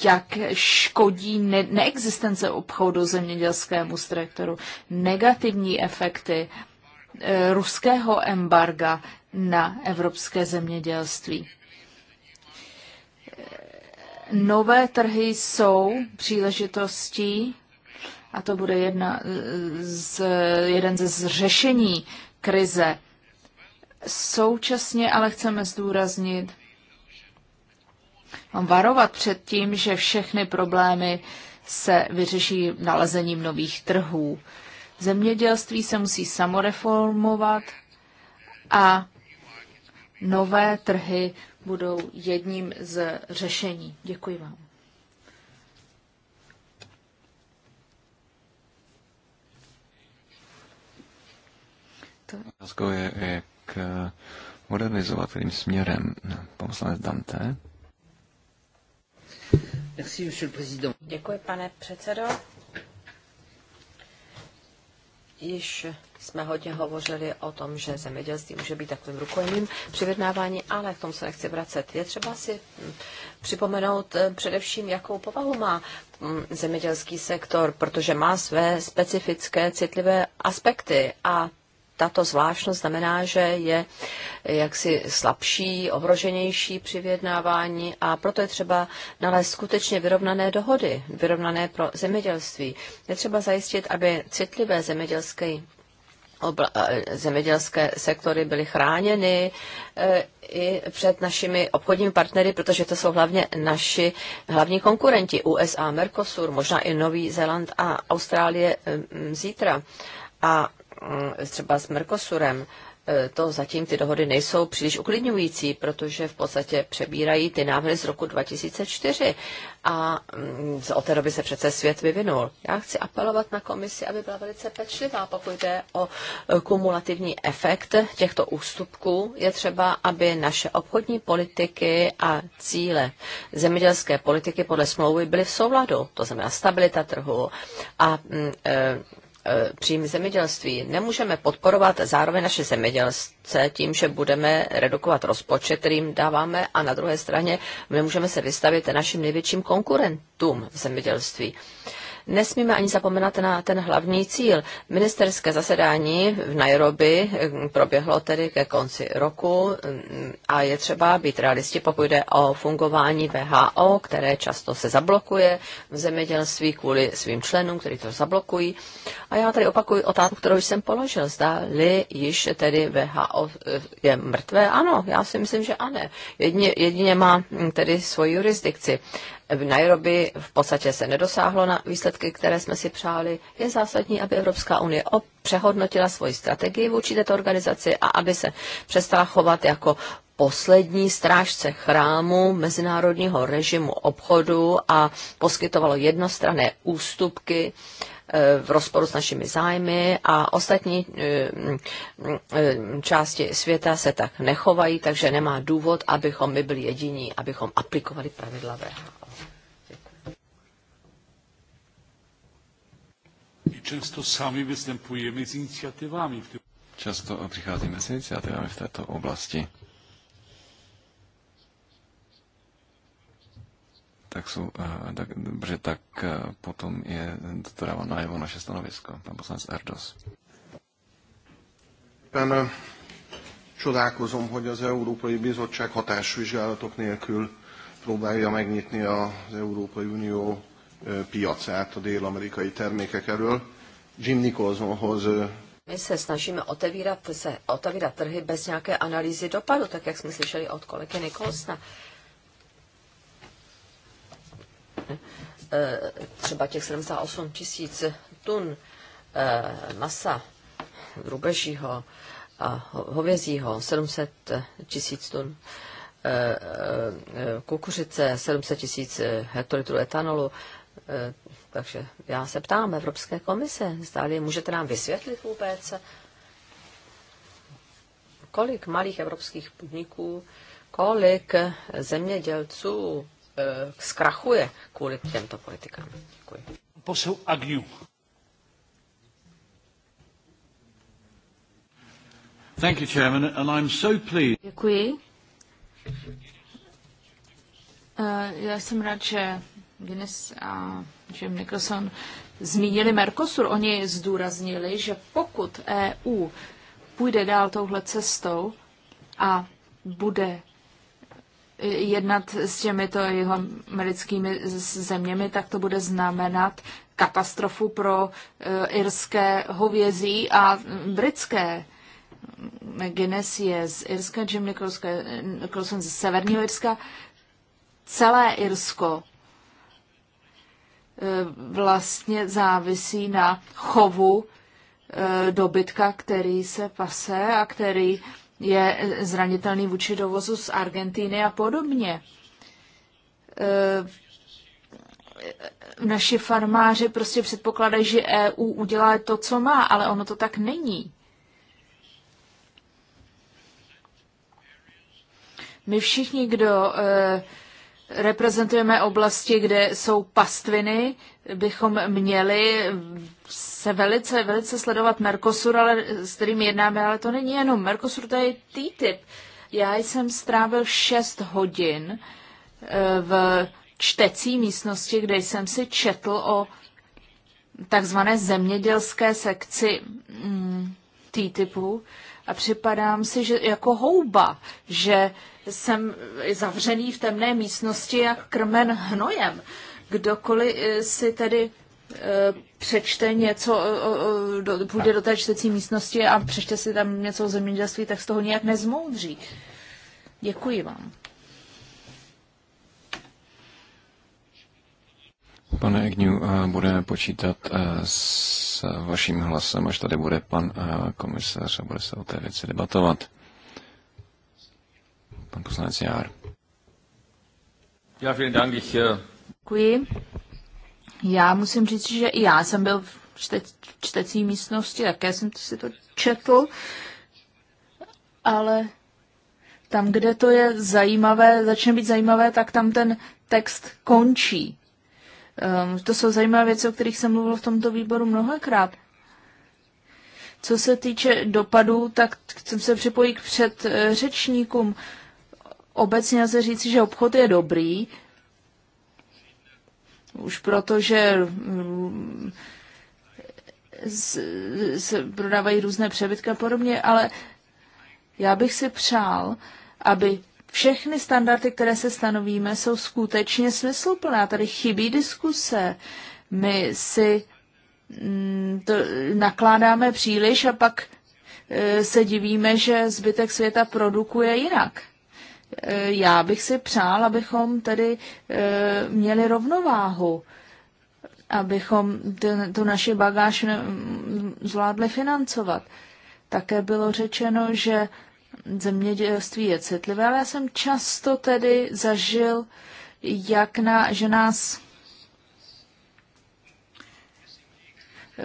jak škodí ne- neexistence obchodu zemědělskému sektoru, negativní efekty eh, ruského embarga na evropské zemědělství. Nové trhy jsou příležitostí, a to bude jedna z, jeden ze řešení krize Současně ale chceme zdůraznit, varovat před tím, že všechny problémy se vyřeší nalezením nových trhů. Zemědělství se musí samoreformovat a nové trhy budou jedním z řešení. Děkuji vám. je, je Eh, modernizovat, tím směrem. No, poslanec Dante. Děkuji, pane předsedo. Již jsme hodně hovořili o tom, že zemědělství může být takovým rukojmím při vyjednávání, ale k tomu se nechci vracet. Je třeba si mm, připomenout eh, především, jakou povahu má mm, zemědělský sektor, protože má své specifické citlivé aspekty a tato zvláštnost znamená, že je jaksi slabší, ohroženější při vyjednávání a proto je třeba nalézt skutečně vyrovnané dohody, vyrovnané pro zemědělství. Je třeba zajistit, aby citlivé zemědělské obla- eh, zemědělské sektory byly chráněny eh, i před našimi obchodními partnery, protože to jsou hlavně naši hlavní konkurenti USA, Mercosur, možná i Nový Zéland a Austrálie eh, zítra. A Eh, třeba s Mercosurem, eh, to zatím ty dohody nejsou příliš uklidňující, protože v podstatě přebírají ty návrhy z roku 2004 a mm, od té doby se přece svět vyvinul. Já chci apelovat na komisi, aby byla velice pečlivá, pokud jde o eh, kumulativní efekt těchto ústupků. Je třeba, aby naše obchodní politiky a cíle zemědělské politiky podle smlouvy byly v souladu, to znamená stabilita trhu a mm, E, příjmy zemědělství. Nemůžeme podporovat zároveň naše zemědělce tím, že budeme redukovat rozpočet, kterým dáváme, a na druhé straně nemůžeme se vystavit našim největším konkurentům v zemědělství. Uh, Nesmíme ani zapomenat na ten hlavní cíl. Ministerské zasedání v Nairobi eh, proběhlo tedy ke konci roku mm, a je třeba být realisti, pokud jde o fungování VHO, které často se zablokuje v zemědělství kvůli svým členům, kteří to zablokují. A já tady opakuju otázku, kterou jsem položil. Zda-li již tedy VHO eh, je mrtvé? Ano, já si myslím, že ano. Jedině, jedině má mm, tedy svoji jurisdikci v Nairobi v podstatě se nedosáhlo na výsledky, které jsme si přáli. Je zásadní, aby Evropská unie přehodnotila svoji strategii vůči této organizaci a aby se přestala chovat jako poslední strážce chrámu mezinárodního režimu obchodu a poskytovalo jednostrané ústupky eh, v rozporu s našimi zájmy a ostatní eh, mm, eh, části světa se tak nechovají, takže nemá důvod, abychom my byli jediní, abychom aplikovali pravidla VHO. často sami vystupujeme s iniciativami. Často přicházíme s iniciativami v této oblasti. tak jsou, eh, tak, dobře, tak eh, potom je to dává najevo naše stanovisko, pan poslanec Erdos. Pane, eh, čudákozom, hogy az Európai Bizottság hatásvizsgálatok nélkül próbálja megnyitni az Európai Unió piacát a dél-amerikai termékek erről. Jim Nicholsonhoz my se snažíme otevírat, se, otevírat trhy bez nějaké analýzy dopadu, tak jak jsme slyšeli od kolegy Nikolsna. Třeba těch 78 tisíc tun masa drubežího a hovězího, 700 tisíc tun kukuřice, 700 tisíc hektolitrů etanolu, Eh, takže já se ptám Evropské komise, zdali můžete nám vysvětlit vůbec, kolik malých evropských podniků, kolik zemědělců eh, zkrachuje kvůli těmto politikám. Děkuji. Posel Agnew. Thank you, Chairman, and I'm so pleased. Děkuji. Uh, Já jsem rád, že Guinness a Jim Nicholson zmínili Mercosur. Oni zdůraznili, že pokud EU půjde dál touhle cestou a bude jednat s těmito jeho americkými zeměmi, tak to bude znamenat katastrofu pro eh, irské hovězí a britské. Guinness je z Irska, Jim Nicholson ze Severního Irska. Celé Irsko Eh, vlastně závisí na chovu eh, dobytka, který se pase a který je eh, zranitelný vůči dovozu z Argentíny a podobně. Naši farmáři prostě předpokládají, že EU udělá to, co má, ale ono to tak není. My všichni, kdo reprezentujeme oblasti, kde jsou pastviny, bychom měli se velice, velice sledovat Mercosur, ale s kterým jednáme, ale to není jenom Mercosur, to je TTIP. Já jsem strávil 6 hodin eh, v čtecí místnosti, kde jsem si četl o takzvané zemědělské sekci mm, TTIPu a připadám si, že jako houba, že jsem zavřený v temné místnosti jak krmen hnojem. Kdokoliv eh, si tedy eh, přečte něco, eh, půjde do té čtecí místnosti a přečte si tam něco o zemědělství, tak z toho nějak nezmoudří. Děkuji vám. Pane Egniu, budeme počítat s vaším hlasem, až tady bude pan komisař a bude se o té věci debatovat. Pan poslanec Jár. Äh, Děkuji. Já musím říct, že i já jsem byl v čte, čtecí místnosti, také jsem si to četl, ale tam, kde to je zajímavé, začne být zajímavé, tak tam ten text končí. Um, to jsou zajímavé věci, o kterých jsem mluvil v tomto výboru mnohokrát. Co se týče dopadů, tak jsem se připojí k předřečníkům. Uh, obecně lze říci, že obchod je dobrý, už protože mm, se prodávají různé přebytky a podobně, ale já bych si přál, aby všechny standardy, které se stanovíme, jsou skutečně smysluplné. Tady chybí diskuse. My si mm, to nakládáme příliš a pak e, se divíme, že zbytek světa produkuje jinak. Eh, já bych si přál, abychom tedy eh, měli rovnováhu, abychom tu naši bagáž mm, zvládli financovat. Také bylo řečeno, že zemědělství je citlivé, ale já jsem často tedy zažil, jak na, že nás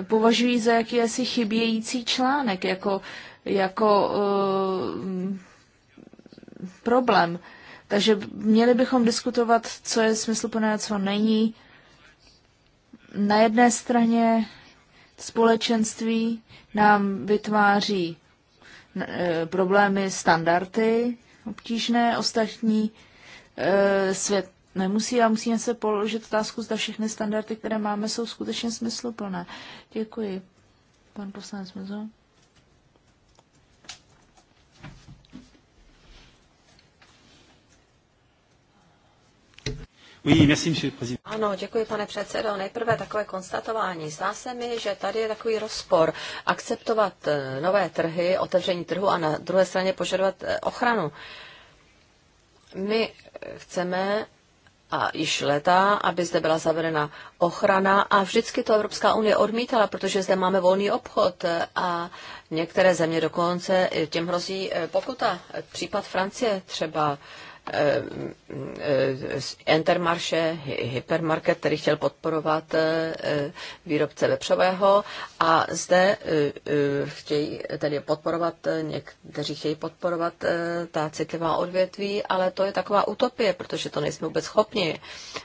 považují za jakýsi chybějící článek, jako, jako uh, problém. Takže měli bychom diskutovat, co je smysluplné, co není. Na jedné straně společenství nám vytváří e, problémy, standardy obtížné, ostatní e, svět nemusí a musíme se položit otázku, zda všechny standardy, které máme, jsou skutečně smysluplné. Děkuji. Pan poslanec Mezo. Oui, merci, Ano, děkuji, pane předsedo. Nejprve takové konstatování. Zdá se mi, že tady je takový rozpor akceptovat eh, nové trhy, otevření trhu a na druhé straně požadovat eh, ochranu. My chceme a již leta, aby zde byla zavedena ochrana a vždycky to Evropská unie odmítala, protože zde máme volný obchod eh, a některé země dokonce těm hrozí pokuta. Případ Francie třeba Eh, eh, eh, Entermarše, hypermarket, který chtěl podporovat výrobce vepřového a zde chtějí tedy podporovat, někteří chtějí podporovat ta citlivá odvětví, ale to je taková utopie, protože to nejsme vůbec schopni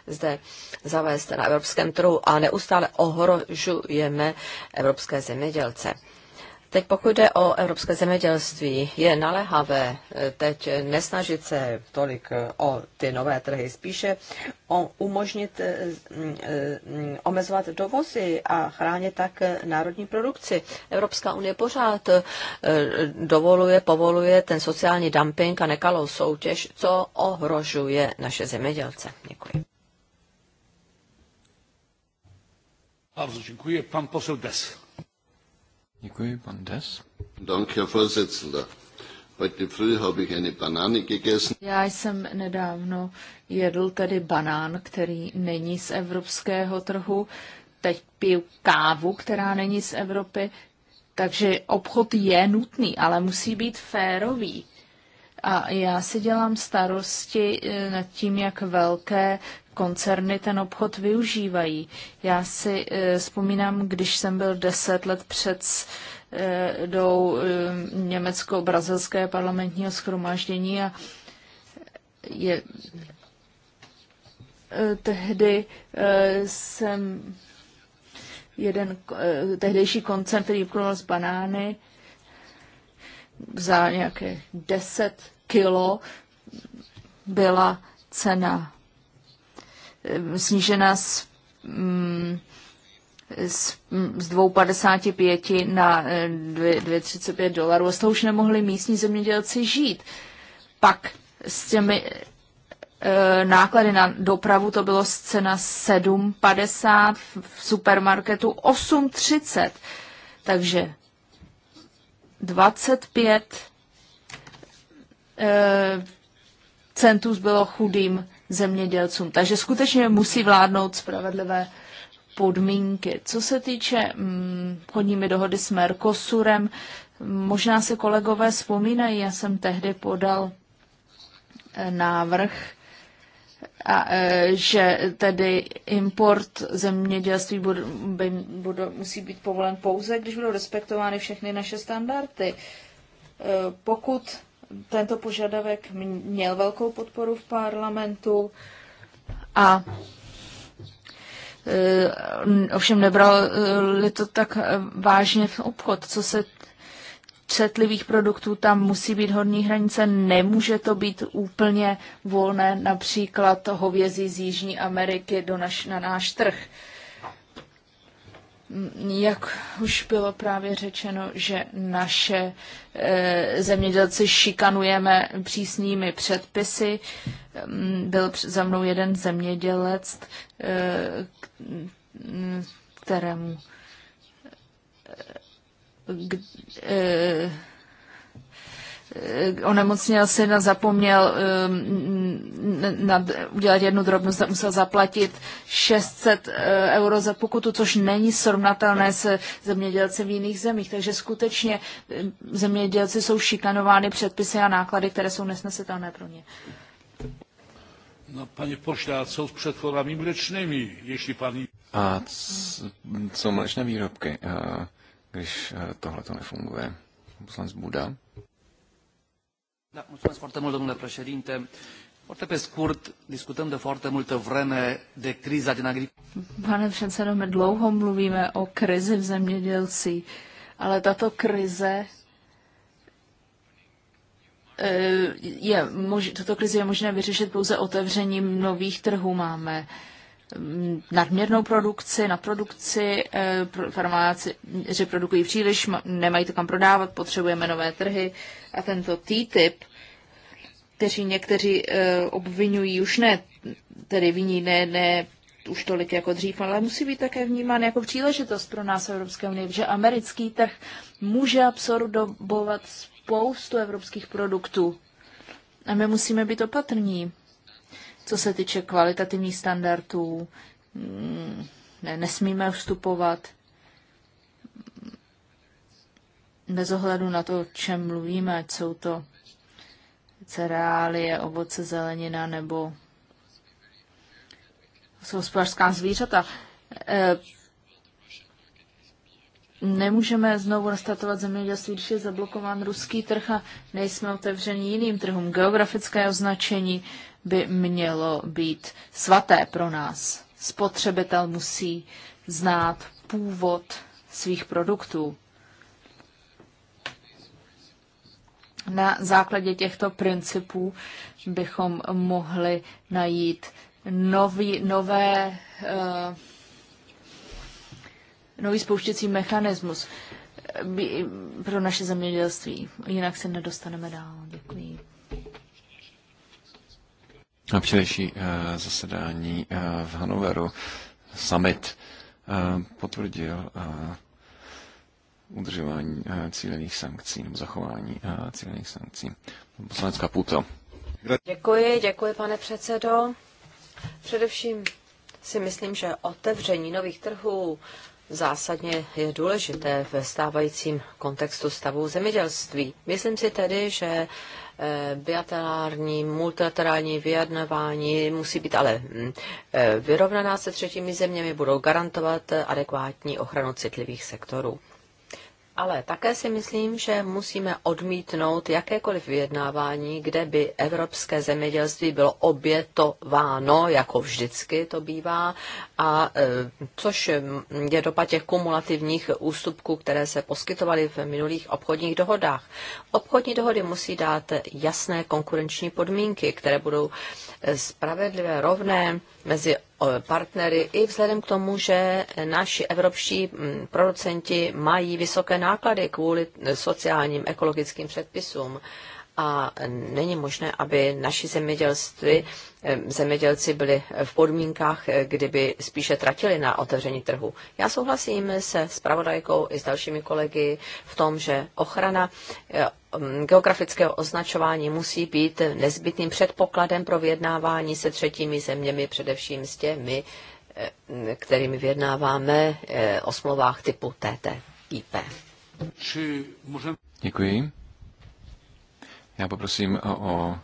zde zavést na evropském trhu a neustále ohrožujeme evropské zemědělce. Teď pokud jde o evropské zemědělství, je naléhavé eh, teď nesnažit se tolik eh, o ty nové trhy, spíše o umožnit eh, mm, omezovat dovozy a chránit tak národní produkci. Evropská unie pořád dovoluje, povoluje ten sociální dumping a nekalou soutěž, co ohrožuje naše zemědělce. Děkuji. Bardzo dziękuję. Pan poseł Des. Děkuji, pan Des. Dank, Herr Vorsitzender. Heute früh habe ich eine Banane gegessen. Já jsem nedávno jedl tedy banán, který není z evropského trhu. Teď piju kávu, která není z Evropy. Takže obchod je nutný, ale musí být férový. A já si dělám starosti e, nad tím, jak velké koncerny ten obchod využívají. Já si e, vzpomínám, když jsem byl deset let před do e, německo-brazilské parlamentního schromáždění a je, tehdy jsem jeden tehdejší koncern, který obchodoval s banány, za nějaké 10 kilo byla cena eh, snížena z, mm, z, z 2,55 na 2,35 eh, dolarů. A z toho už nemohli místní zemědělci žít. Pak s těmi eh, náklady na dopravu to bylo z cena 7,50, v supermarketu 8,30. Takže 25 eh, centů bylo chudým zemědělcům. Takže skutečně musí vládnout spravedlivé podmínky. Co se týče mm, chodními dohody s Mercosurem, možná se kolegové vzpomínají, já jsem tehdy podal eh, návrh a, e, že tedy import zemědělství bud, by, budu, musí být povolen pouze, když budou respektovány všechny naše standardy. E, pokud tento požadavek měl velkou podporu v parlamentu a e, ovšem nebral to tak vážně v obchod. Co se četlivých produktů tam musí být horní hranice, nemůže to být úplně volné, například hovězí z Jižní Ameriky do naš, na náš trh. Jak už bylo právě řečeno, že naše e, zemědělci šikanujeme přísnými předpisy. Mm, byl za mnou jeden zemědělec, e, kterému e, k, e, e onemocněl syna, zapomněl e, nad, udělat jednu drobnost a musel zaplatit 600 e, euro za pokutu, což není srovnatelné se zemědělci v jiných zemích. Takže skutečně zemědělci jsou šikanovány předpisy a náklady, které jsou nesnesitelné pro ně. No, pane pošta, a co s přetvorami mlečnými, jestli pan... A co mlečné výrobky? A když eh, tohle to nefunguje. Poslanec Buda. Da, mulțumesc foarte mult, domnule președinte. Foarte pe scurt, discutăm de foarte multă vreme de criza din agricultură. Pane předsedo, my dlouho mluvíme o krizi v zemědělci, ale tato krize eh, je, tuto krizi je možné vyřešit pouze otevřením nových trhů. Máme nadměrnou produkci, na produkci, eh, farmáci produkují příliš, nemají to kam prodávat, potřebujeme nové trhy a tento typ, kteří někteří eh, obvinují už ne, tedy viní ne, ne už tolik jako dřív, ale musí být také vnímán jako příležitost pro nás Evropské unie, že americký trh může absorbovat spoustu evropských produktů. A my musíme být opatrní co se týče kvalitativních standardů, mm, ne, nesmíme vstupovat bez ohledu na to, o čem mluvíme, ať jsou to cereálie, ovoce, zelenina nebo jsou hospodářská zvířata. E, nemůžeme znovu nastartovat zemědělství, když je zablokován ruský trh a nejsme otevřeni jiným trhům. Geografické označení, by mělo být svaté pro nás. Spotřebitel musí znát původ svých produktů. Na základě těchto principů bychom mohli najít nový, nové, uh, nový spouštěcí mechanismus eh, pro naše zemědělství. Jinak se nedostaneme dál. Děkuji na včerejší eh, zasedání eh, v Hanoveru summit eh, potvrdil udržování cílených sankcí nebo zachování cílených sankcí. Poslanec Kaputo. Děkuji, děkuji pane předsedo. Především si myslím, že otevření nových trhů zásadně je důležité ve stávajícím kontextu stavu zemědělství. Myslím si tedy, že Eh, bilaterální, multilaterální vyjednávání musí být ale mm, eh, vyrovnaná se třetími zeměmi, budou garantovat eh, adekvátní ochranu citlivých sektorů. Ale také si myslím, že musíme odmítnout jakékoliv vyjednávání, kde by evropské zemědělství bylo obětováno, jako vždycky to bývá, a e, což mm, je dopad těch kumulativních ústupků, které se poskytovaly v minulých obchodních dohodách. Obchodní dohody musí dát jasné konkurenční podmínky, které budou e, spravedlivé, rovné mezi partnery i vzhledem k tomu, že naši evropští mm, producenti mají vysoké náklady kvůli eh, sociálním ekologickým předpisům a není možné, aby naši zemědělství, eh, zemědělci byli v podmínkách, eh, kdyby spíše tratili na otevření trhu. Já souhlasím se spravodajkou i s dalšími kolegy v tom, že ochrana eh, geografického označování musí být nezbytným předpokladem pro vyjednávání se třetími zeměmi, především s těmi, kterými vyjednáváme o smlouvách typu TTIP. Děkuji. Já poprosím o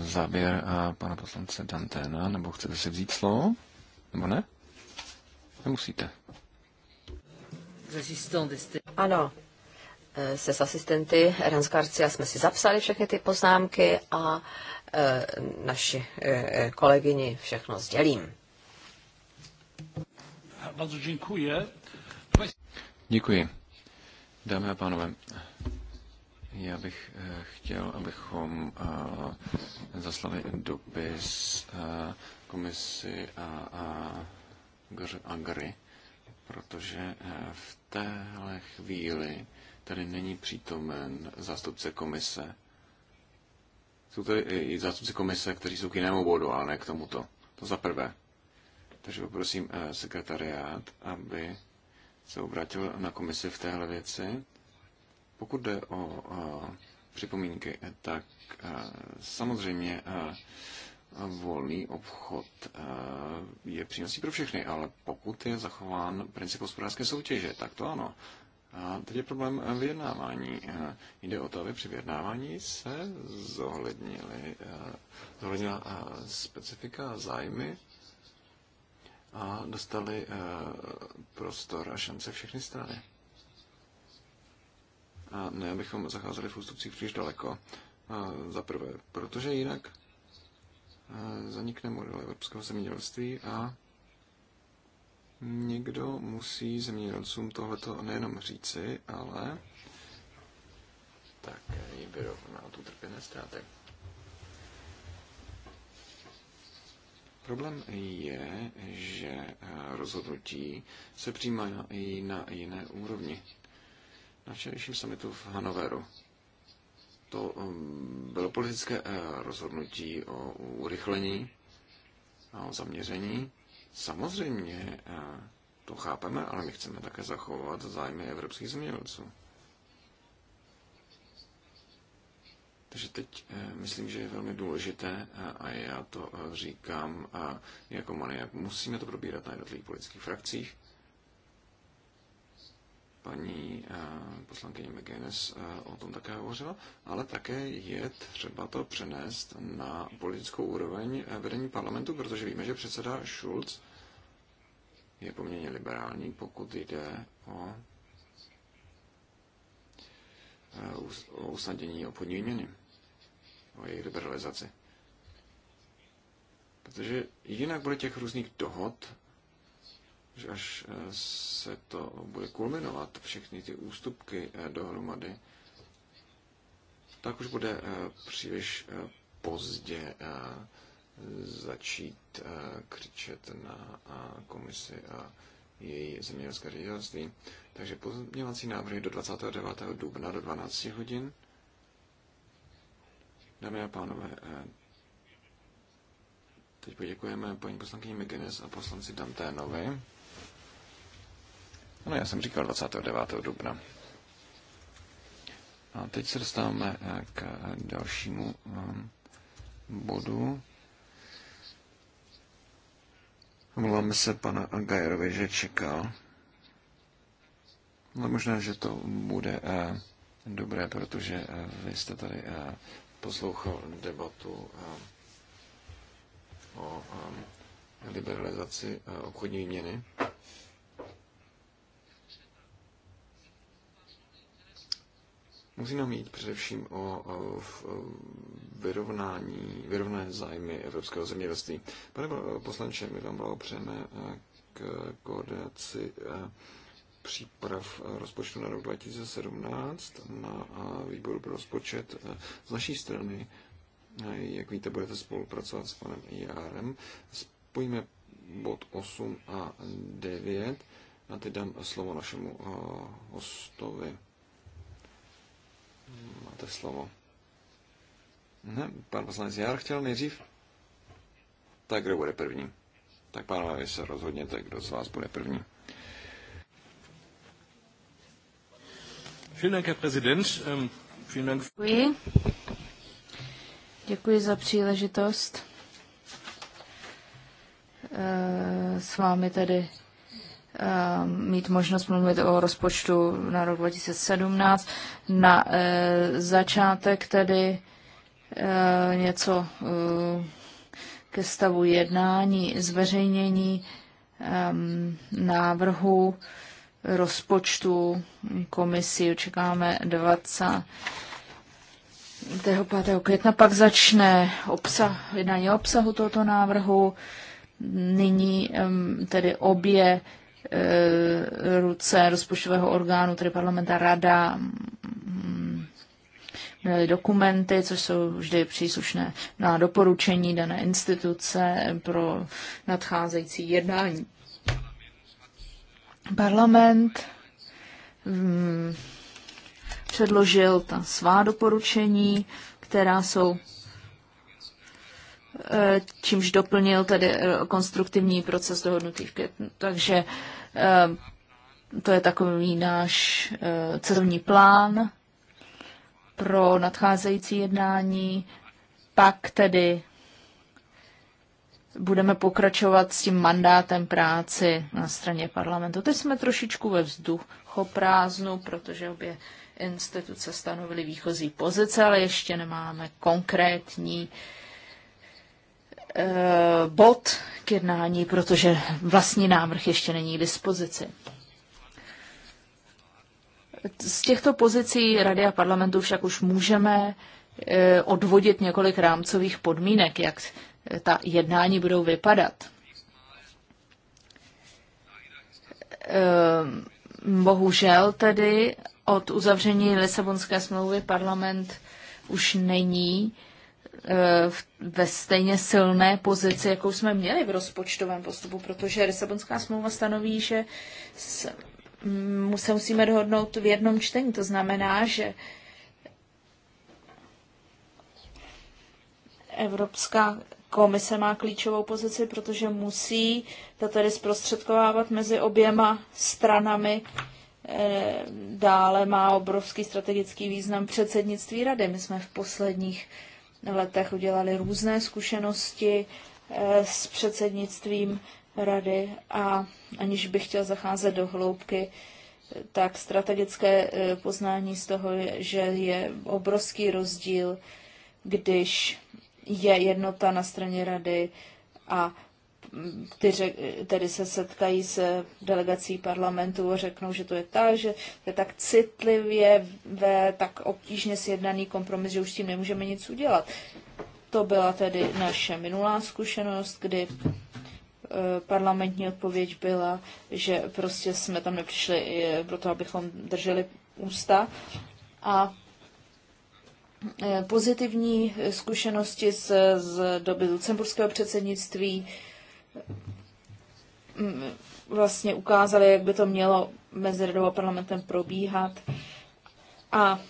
záběr pana poslance Danténa, nebo chcete si vzít slovo, nebo ne? Nemusíte. Ano, e, se s asistenty Rans Garcia jsme si zapsali všechny ty poznámky a e, naši e, kolegyni všechno sdělím. Děkuji. Děkuji. Dámy a pánové, já bych eh, chtěl, abychom eh, zaslali dopis eh, komisi a, agry, Agri, protože v téhle chvíli tady není přítomen zástupce komise. Jsou tady i zástupci komise, kteří jsou k jinému bodu, ale ne k tomuto. To za prvé. Takže poprosím sekretariát, aby se obrátil na komisi v téhle věci pokud jde o připomínky, tak eh, samozřejmě eh, volný obchod eh, je přínosný pro všechny, ale pokud je zachován princip hospodářské soutěže, tak to ano. A teď je problém vyjednávání. Jde o to, aby při vyjednávání se zohlednili, zohlednila specifika, zájmy a dostali prostor a šance všechny strany. A ne, abychom zacházeli v ústupcích příliš daleko. A za prvé, protože jinak zanikne model evropského zemědělství a někdo musí zemědělcům tohleto nejenom říci, ale tak jim tu trpěné ztráty. Problém je, že rozhodnutí se přijímá i na jiné úrovni na včerejším summitu v Hanoveru. To um, bylo politické eh, rozhodnutí o urychlení a o zaměření. Samozřejmě eh, to chápeme, ale my chceme také zachovat zájmy evropských zemědělců. Takže teď eh, myslím, že je velmi důležité, a já to říkám a jako maniak, musíme to probírat na jednotlivých politických frakcích paní eh, poslankyně McGuinness eh, o tom také hovořila, ale také je třeba to přenést na politickou úroveň eh, vedení parlamentu, protože víme, že předseda Schulz je poměrně liberální, pokud jde o, o usnadění obchodní výměny, o jejich liberalizaci. Protože jinak bude těch různých dohod že až eh, se to bude kulminovat, všechny ty ústupky eh, dohromady, tak už bude eh, příliš pozdě začít křičet na komisi a její zemědělské ředitelství. Takže pozměňovací návrhy do 29. dubna do 12 hodin. Dámy a pánové, teď poděkujeme paní poslankyni McGuinness a poslanci Danténovi. Ano, já jsem říkal 29. dubna. A teď se dostáváme eh, k eh, dalšímu eh, bodu. Omlouváme se pana Gajerovi, že čekal. No možná, že to bude dobré, protože vy jste tady poslouchal debatu o liberalizaci obchodní výměny. Musí nám jít především o, o vyrovnání, vyrovnané zájmy evropského zemědělství. Pane poslanče, my vám blahopřejeme eh, k koordinaci eh, příprav eh, rozpočtu na rok 2017 na výboru pro rozpočet z naší strany. Jak víte, budete spolupracovat s panem Jarem. Spojíme bod 8 a 9 a teď dám slovo našemu hostovi. Máte slovo. Ne, pan poslanec Jár chtěl nejdřív? Tak kdo bude první? Tak pánové, vy se rozhodněte, kdo z vás bude první. Ähm, Děkuji. Děkuji za příležitost äh, s vámi tady Eh, mít možnost mluvit o rozpočtu na rok 2017. Na eh, začátek tedy eh, něco ke stavu jednání, zveřejnění návrhu rozpočtu komisí. očekáme 20. 5. května pak začne obsah, jednání obsahu tohoto návrhu. Nyní tedy obě Eh, ruce rozpočtového orgánu, tedy parlamenta rada, mm, měly dokumenty, což jsou vždy příslušné na doporučení dané instituce pro nadcházející jednání. Parlament mm, předložil ta svá doporučení, která jsou Eh, čímž doplnil tedy eh, konstruktivní proces dohodnutý v květnu. Takže eh, to je takový náš cestovní plán pro nadcházející jednání. Pak tedy budeme pokračovat s tím mandátem práci na straně parlamentu. Teď jsme trošičku ve vzduchoprázdnu, protože obě instituce stanovily výchozí pozice, ale ještě nemáme konkrétní uh, Eh, bod k jednání, protože vlastní návrh ještě není k dispozici. Z těchto pozicí Rady a parlamentu však už můžeme eh, odvodit několik rámcových podmínek, jak ta jednání budou vypadat. Eh, bohužel tedy od uzavření Lisabonské smlouvy parlament už není Eh, ve stejně silné pozici, jakou jsme měli v rozpočtovém postupu, protože Lisabonská smlouva stanoví, že mm, se musíme dohodnout v jednom čtení. To znamená, že Evropská komise má klíčovou pozici, protože musí to tedy zprostředkovávat mezi oběma stranami. Eh, dále má obrovský strategický význam předsednictví rady. My jsme v posledních na letech udělali různé zkušenosti eh, s předsednictvím rady a aniž bych chtěl zacházet do hloubky, tak strategické eh, poznání z toho, že je obrovský rozdíl, když je jednota na straně rady a ty řek, tedy se setkají s delegací parlamentu a řeknou, že to je tak, že to je tak citlivě, ve, tak obtížně sjednaný kompromis, že už s tím nemůžeme nic udělat. To byla tedy naše minulá zkušenost, kdy eh, parlamentní odpověď byla, že prostě jsme tam nepřišli eh, proto, abychom drželi ústa. A eh, pozitivní zkušenosti z, z doby lucemburského předsednictví Mm, vlastně ukázali, jak by to mělo mezi radou a parlamentem probíhat. A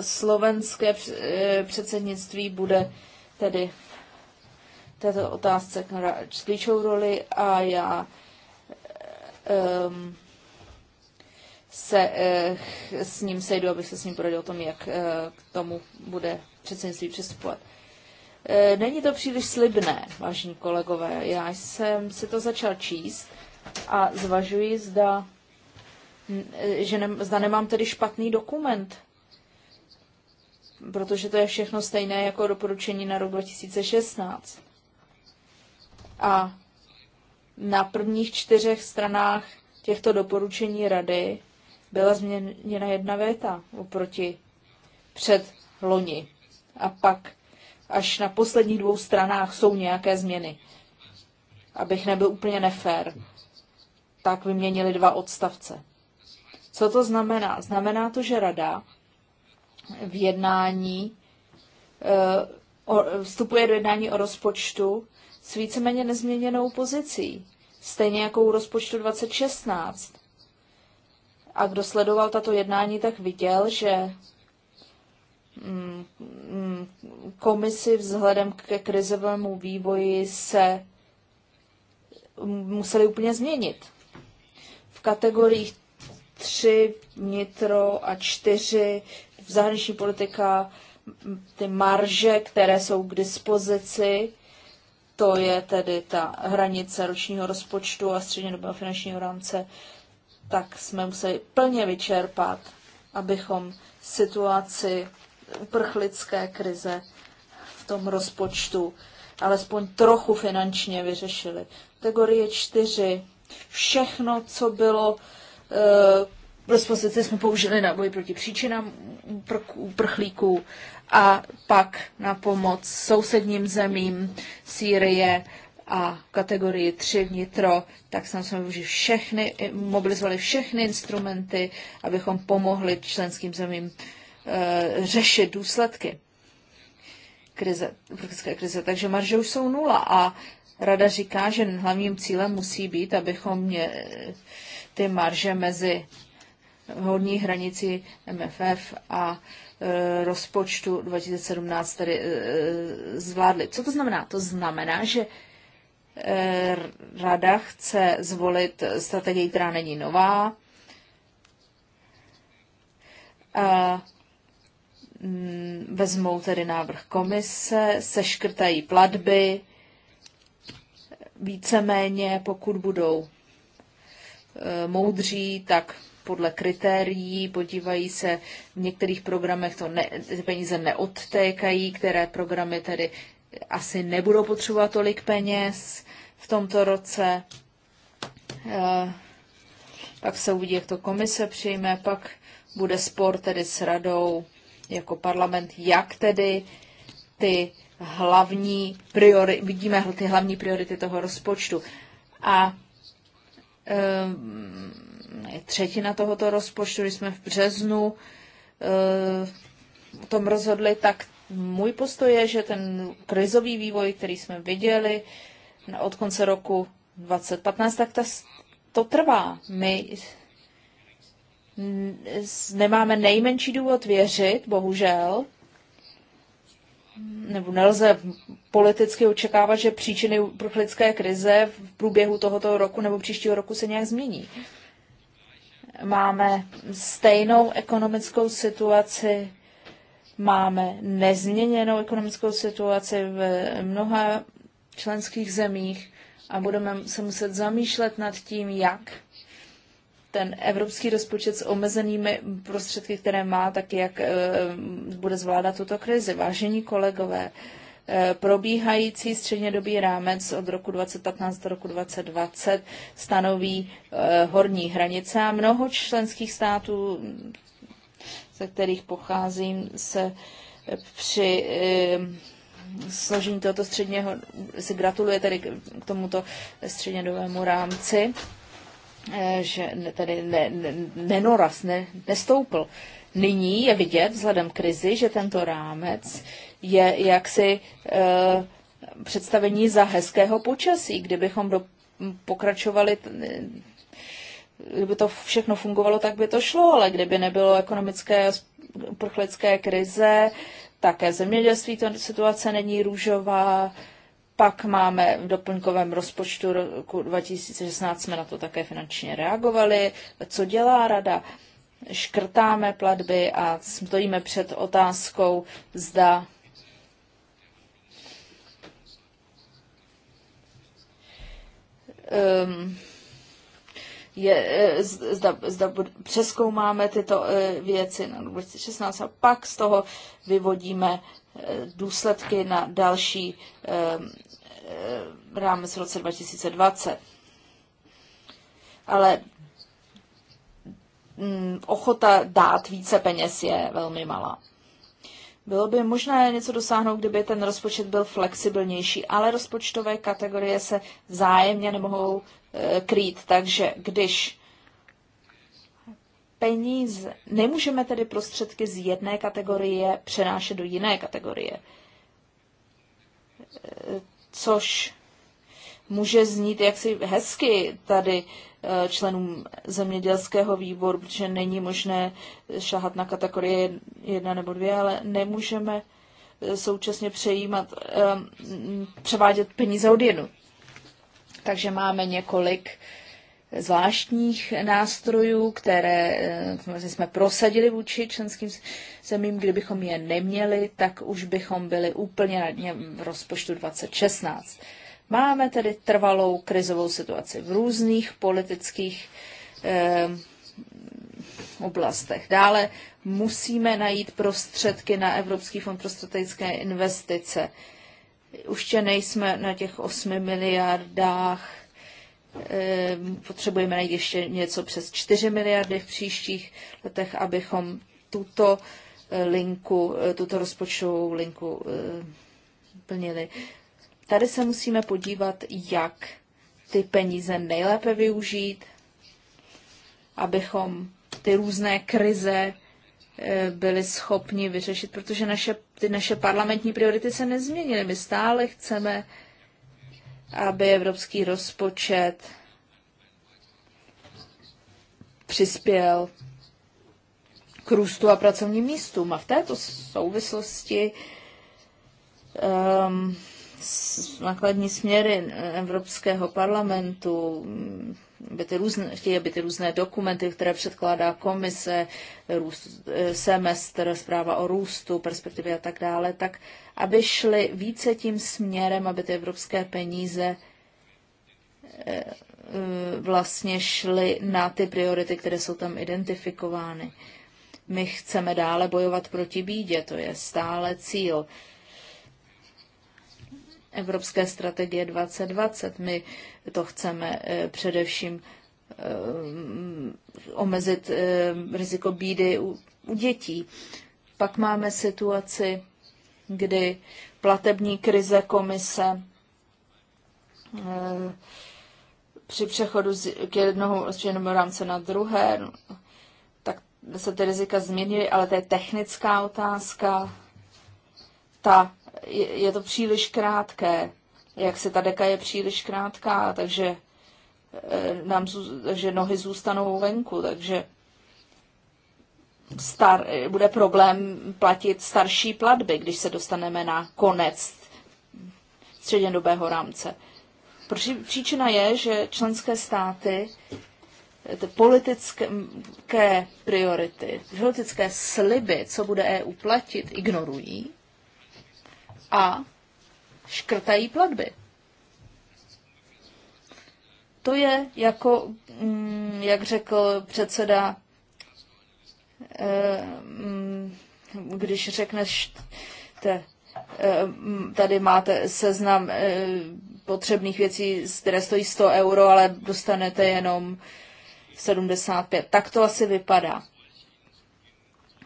slovenské eh, předsednictví bude tedy této otázce klíčovou roli a já um, se uh, s ním sejdu, abych se s ním poradil o tom, jak uh, k tomu bude předsednictví přistupovat. E, není to příliš slibné, vážní kolegové. Já jsem si to začal číst a zvažuji, zda, e, že ne, zda nemám tedy špatný dokument, protože to je všechno stejné jako doporučení na rok 2016. A na prvních čtyřech stranách těchto doporučení rady byla změněna jedna věta oproti před loni. A pak až na posledních dvou stranách jsou nějaké změny. Abych nebyl úplně nefér, tak vyměnili dva odstavce. Co to znamená? Znamená to, že rada v jednání eh, vstupuje do jednání o rozpočtu s víceméně nezměněnou pozicí, stejně jako u rozpočtu 2016. A kdo sledoval tato jednání, tak viděl, že komisi vzhledem ke krizovému vývoji se museli úplně změnit. V kategoriích 3 vnitro a 4 v zahraniční politika ty marže, které jsou k dispozici, to je tedy ta hranice ročního rozpočtu a střednědobého finančního rámce, tak jsme museli plně vyčerpat, abychom situaci uprchlické krize v tom rozpočtu alespoň trochu finančně vyřešili. Kategorie čtyři, Všechno, co bylo eh, v dispozici, jsme použili na boj proti příčinám uprchlíků a pak na pomoc sousedním zemím Sýrie, a kategorii 3 vnitro, tak jsme využili všechny, mobilizovali všechny instrumenty, abychom pomohli členským zemím Eh, řešit důsledky krize, uprchlické krize. Takže marže už jsou nula a rada říká, že hlavním cílem musí být, abychom mě, ty marže mezi horní hranici MFF a e, rozpočtu 2017 tedy e, zvládli. Co to znamená? To znamená, že e, rada chce zvolit strategii, která není nová, a Mm, vezmou tedy návrh komise, seškrtají platby, víceméně pokud budou e, moudří, tak podle kritérií, podívají se, v některých programech to ne, peníze neodtékají, které programy tedy asi nebudou potřebovat tolik peněz v tomto roce. E, pak se uvidí, jak to komise přijme, pak bude spor tedy s radou jako parlament, jak tedy ty hlavní priory, vidíme ty hlavní priority toho rozpočtu. A e, třetina tohoto rozpočtu, když jsme v březnu e, o tom rozhodli, tak můj postoj je, že ten krizový vývoj, který jsme viděli od konce roku 2015, tak ta, to trvá. My nemáme nejmenší důvod věřit, bohužel, nebo nelze politicky očekávat, že příčiny uprchlické krize v průběhu tohoto roku nebo příštího roku se nějak změní. Máme stejnou ekonomickou situaci, máme nezměněnou ekonomickou situaci v mnoha členských zemích a budeme se muset zamýšlet nad tím, jak ten evropský rozpočet s omezenými prostředky, které má, tak jak eh, bude zvládat tuto krizi. Vážení kolegové, eh, probíhající střednědobý rámec od roku 2015 do roku 2020 stanoví eh, horní hranice a mnoho členských států, ze kterých pocházím, se při složení tohoto středního, si gratuluje tedy k tomuto střednědobému rámci. Eh, že tedy ne, ne, nenoraz ne, nestoupl. Nyní je vidět, vzhledem krizi, že tento rámec je jaksi e, představení za hezkého počasí. Kdybychom do, pokračovali, kdyby to všechno fungovalo, tak by to šlo, ale kdyby nebylo ekonomické prchlické krize, také zemědělství to situace není růžová, pak máme v doplňkovém rozpočtu roku 2016 jsme na to také finančně reagovali. Co dělá rada? Škrtáme platby a stojíme před otázkou, zda um, je, eh, zda, zda přeskoumáme tyto eh, věci na 2016 a pak z toho vyvodíme eh, důsledky na další ehm, Eh, rámec v roce 2020. Ale mm, ochota dát více peněz je velmi malá. Bylo by možné něco dosáhnout, kdyby ten rozpočet byl flexibilnější, ale rozpočtové kategorie se vzájemně nemohou eh, krýt, takže když peníze, nemůžeme tedy prostředky z jedné kategorie přenášet do jiné kategorie. Eh, což může znít jaksi hezky tady e, členům zemědělského výboru, protože není možné šahat na kategorie jedna nebo dvě, ale nemůžeme e, současně přejímat, e, převádět peníze od jednu. Takže máme několik zvláštních nástrojů, eh, které jsme prosadili vůči členským zemím. Kdybychom je neměli, tak už bychom byli úplně na dně v rozpočtu 2016. Máme tedy trvalou krizovou situaci v různých politických eh, oblastech. Dále musíme najít prostředky na Evropský fond pro strategické investice. Už tě nejsme na těch 8 miliardách Ehm, potřebujeme najít ještě něco přes 4 miliardy v příštích letech, abychom tuto eh, linku, eh, tuto rozpočtovou linku eh, plnili. Tady se musíme podívat, jak ty peníze nejlépe využít, abychom ty různé krize byli schopni vyřešit, protože naše, ty naše parlamentní priority se nezměnily. My stále chceme aby evropský rozpočet přispěl k růstu a pracovním místům. A v této souvislosti um, základní směry Evropského parlamentu by ty různé, chtějí, aby ty různé dokumenty, které předkládá komise, růst, e, semestr, zpráva o růstu, perspektivy a tak dále, tak aby šly více tím směrem, aby ty evropské peníze e, e, vlastně šly na ty priority, které jsou tam identifikovány. My chceme dále bojovat proti bídě, to je stále cíl. Evropské strategie 2020. My to chceme eh, především eh, omezit eh, riziko bídy u dětí. Pak máme situaci, kdy platební krize komise při přechodu k jednoho rozšířenému rámce na druhé, no, tak se ty rizika změnily, ale to je technická otázka. Ta je to příliš krátké, jak se ta deka je příliš krátká, takže eh, nám, že nohy zůstanou venku, takže star, bude problém platit starší platby, když se dostaneme na konec střednědobého rámce. Příčina je, že členské státy eh, ty politické priority, politické sliby, co bude EU platit, ignorují a škrtají platby. To je jako, mm, jak řekl předseda, eh, mm, když řekneš, eh, tady máte seznam eh, potřebných věcí, které stojí 100 euro, ale dostanete jenom 75. Tak to asi vypadá.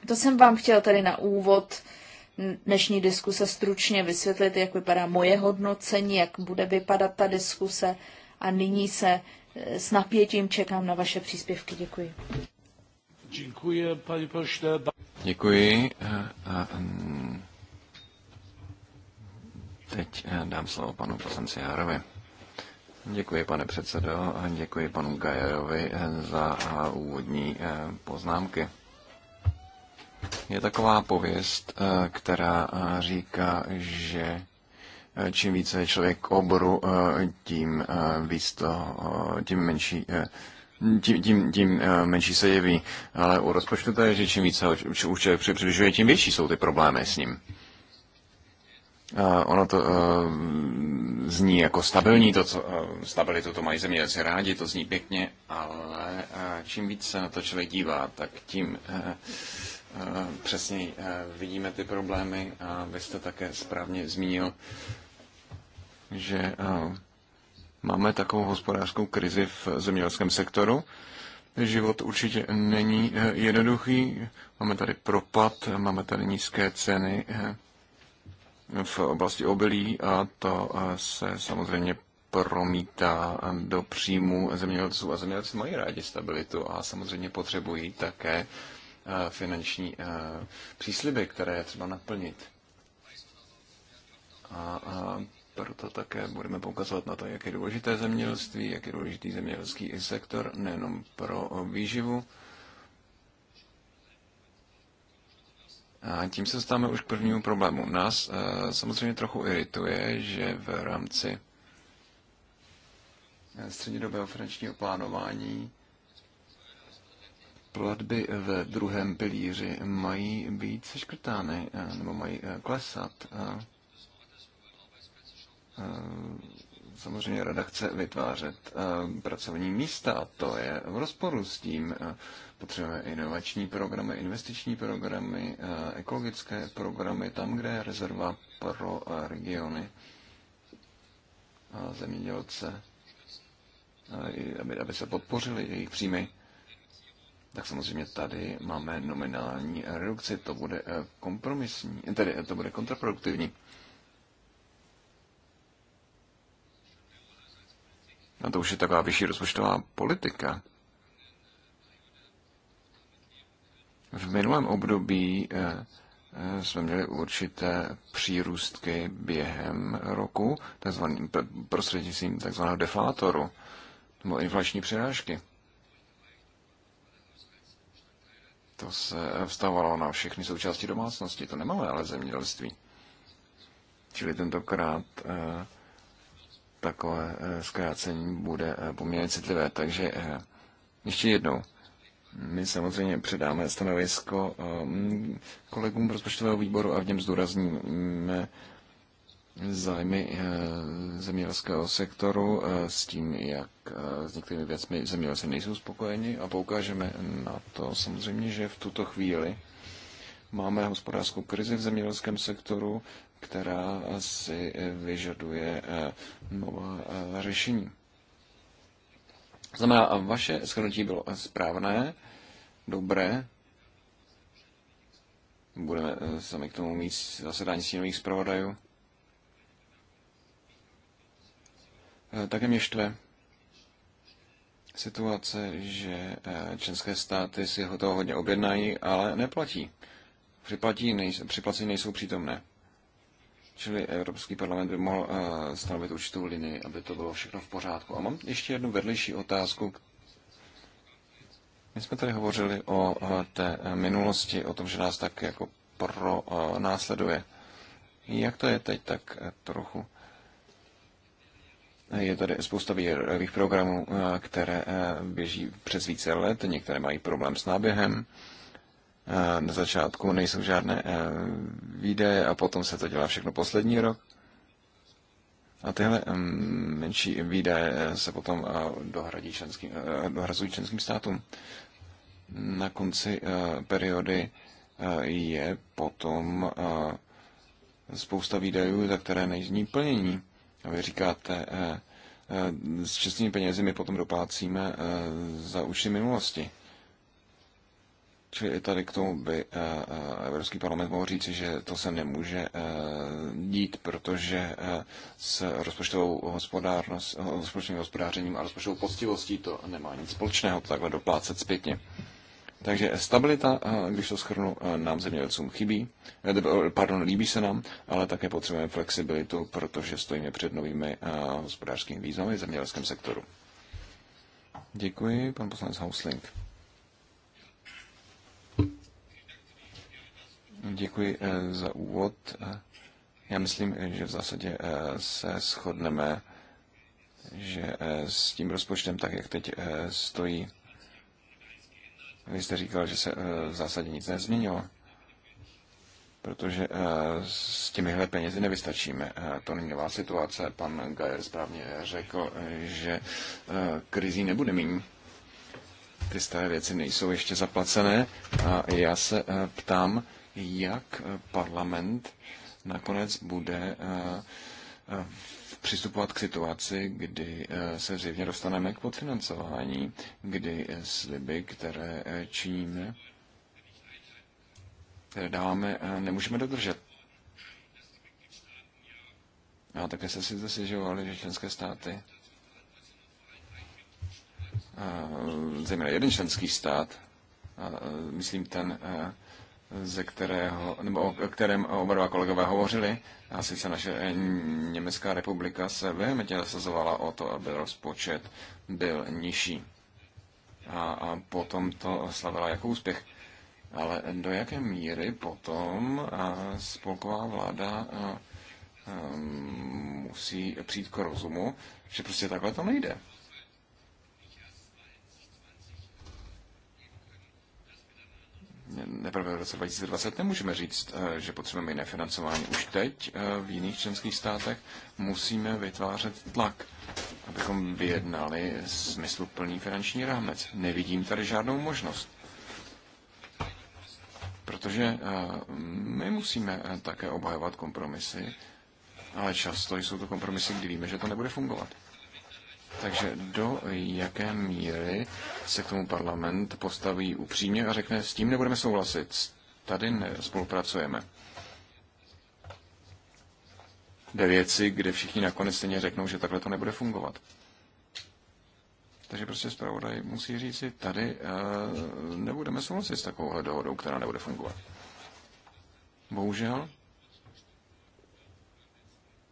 To jsem vám chtěl tady na úvod dnešní diskuse stručně vysvětlit, jak vypadá moje hodnocení, jak bude vypadat ta diskuse a nyní se eh, s napětím čekám na vaše příspěvky. Děkuji. Děkuji, paní pošle. Děkuji. Eh, a mm, teď eh, dám slovo panu poslanci Jarovi. Děkuji, pane předsedo, a děkuji panu Gajerovi za úvodní poznámky. Je taková pověst, eh, která eh, říká, že eh, čím více je člověk oboru, tím, víc to, tím menší tím, tím, tím menší se jeví. Ale u rozpočtu to je, že čím více už člověk přibližuje, tím větší jsou ty problémy s ním. ono to uh, zní jako stabilní, to, co, uh, stabilitu to mají zemědělci rádi, to zní pěkně, ale uh, čím víc se na to člověk dívá, tak tím Eh, Přesně eh, vidíme ty problémy a vy jste také správně zmínil, že eh, máme takovou hospodářskou krizi v zemědělském sektoru. Život určitě není jednoduchý. Máme tady propad, máme tady nízké ceny v oblasti obilí a to se samozřejmě promítá do příjmu zemědělců a zemědělci mají rádi stabilitu a samozřejmě potřebují také uh, Eh, finanční eh, přísliby, které je třeba naplnit. A, a proto také budeme poukazovat na to, jak je důležité zemědělství, jak je důležitý zemědělský sektor, nejenom pro výživu. A tím se dostáváme už k prvnímu problému. Nás eh, samozřejmě trochu irituje, že v rámci střednědobého finančního plánování platby ve druhém pilíři mají být seškrtány eh, nebo mají eh, klesat. Eh, samozřejmě rada chce vytvářet pracovní místa a to je v rozporu s tím. Potřebujeme inovační programy, investiční programy, ekologické programy, tam, kde je rezerva pro regiony a zemědělce, aby, aby se podpořili jejich příjmy tak samozřejmě tady máme nominální redukci. To bude eh, kompromisní, tedy eh, to bude kontraproduktivní. A to už je taková vyšší rozpočtová politika. V minulém období eh, jsme měli určité přírůstky během roku, takzvaným, prostřednictvím takzvaného deflátoru, nebo inflační přirážky. to se vstávalo na všechny součásti domácnosti. To nemalé, ale zemědělství. Čili tentokrát eh, takové eh, zkrácení bude eh, poměrně citlivé. Takže ještě jednou. My samozřejmě předáme stanovisko kolegům rozpočtového výboru a v něm zdůrazníme zájmy eh, zemědělského sektoru eh, s tím, jak eh, s některými věcmi zemědělci nejsou spokojeni a poukážeme na to samozřejmě, že v tuto chvíli máme hospodářskou krizi v zemědělském sektoru, která si vyžaduje nová řešení. Znamená, vaše shrnutí bylo správné, dobré, budeme sami k tomu mít zasedání stínových zpravodajů. Eh, Také mě štve situace, že eh, členské státy si ho toho hodně objednají, ale neplatí. Připlatí, nejsou, připlacení nejsou přítomné. Čili Evropský parlament by mohl uh, stanovit určitou linii, aby to bylo všechno v pořádku. A mám ještě jednu vedlejší otázku. My jsme tady hovořili o uh, té minulosti, o tom, že nás tak jako pro uh, následuje. Jak to je teď tak uh, trochu? Je tady spousta výrových programů, eh, které eh, běží přes více let, některé mají problém s náběhem. Eh, na začátku nejsou žádné výdaje a potom se to dělá všechno poslední rok. A tyhle mm, menší výdaje se potom dohradí členským, dohrazují členským státům. Na konci periody je potom spousta výdajů, za které nejzní plnění. A vy říkáte, eh, eh, s čestnými penězi my potom doplácíme eh, za uši minulosti. Čili i tady k tomu by Evropský parlament mohl říci, že to se nemůže dít, protože s rozpočtovou hospodárnost, rozpočtovým hospodářením a rozpočtovou poctivostí to nemá nic společného, takhle doplácet zpětně. Takže stabilita, eh, když to schrnu, eh, nám zemědělcům chybí, eh, pardon, líbí se nám, ale také potřebujeme flexibilitu, protože stojíme před novými hospodářskými výzvami v zemědělském sektoru. Děkuji, pan poslanec Hausling. Děkuji za úvod. Já myslím, že v zásadě se shodneme, že s tím rozpočtem, tak jak teď stojí, vy jste říkal, že se eh, v zásadě nic nezměnilo, protože eh, s těmihle penězi nevystačíme. Eh, to není nová situace. Pan Gajer správně řekl, že krizí nebude méně ty staré věci nejsou ještě zaplacené. A já se ptám, jak parlament nakonec bude přistupovat k situaci, kdy eh, se zjevně dostaneme k podfinancování, kdy eh, sliby, které eh, činíme, které dáváme, nemůžeme dodržet. A také se si zasižovali, že členské státy, zejména jeden členský stát, myslím ten, ze kterého, nebo o kterém oba dva kolegové hovořili, a sice naše Německá republika se vehementně zasazovala o to, aby rozpočet byl nižší. A, a potom to slavila jako úspěch. Ale do jaké míry potom spolková vláda musí přijít k rozumu, že prostě takhle to nejde. neprve v roce 2020 nemůžeme říct, eh, že potřebujeme jiné financování už teď eh, v jiných členských státech. Musíme vytvářet tlak, abychom vyjednali smysluplný finanční rámec. Nevidím tady žádnou možnost. Protože eh, my musíme také obhajovat kompromisy, ale často jsou to kompromisy, kdy víme, že to nebude fungovat. Takže do jaké míry se k tomu parlament postaví upřímně a řekne, s tím nebudeme souhlasit, tady ne, spolupracujeme. Jde věci, kde všichni nakonec stejně řeknou, že takhle to nebude fungovat. Takže prostě zpravodaj musí říct si, tady uh, nebudeme souhlasit s takovouhle dohodou, která nebude fungovat. Bohužel,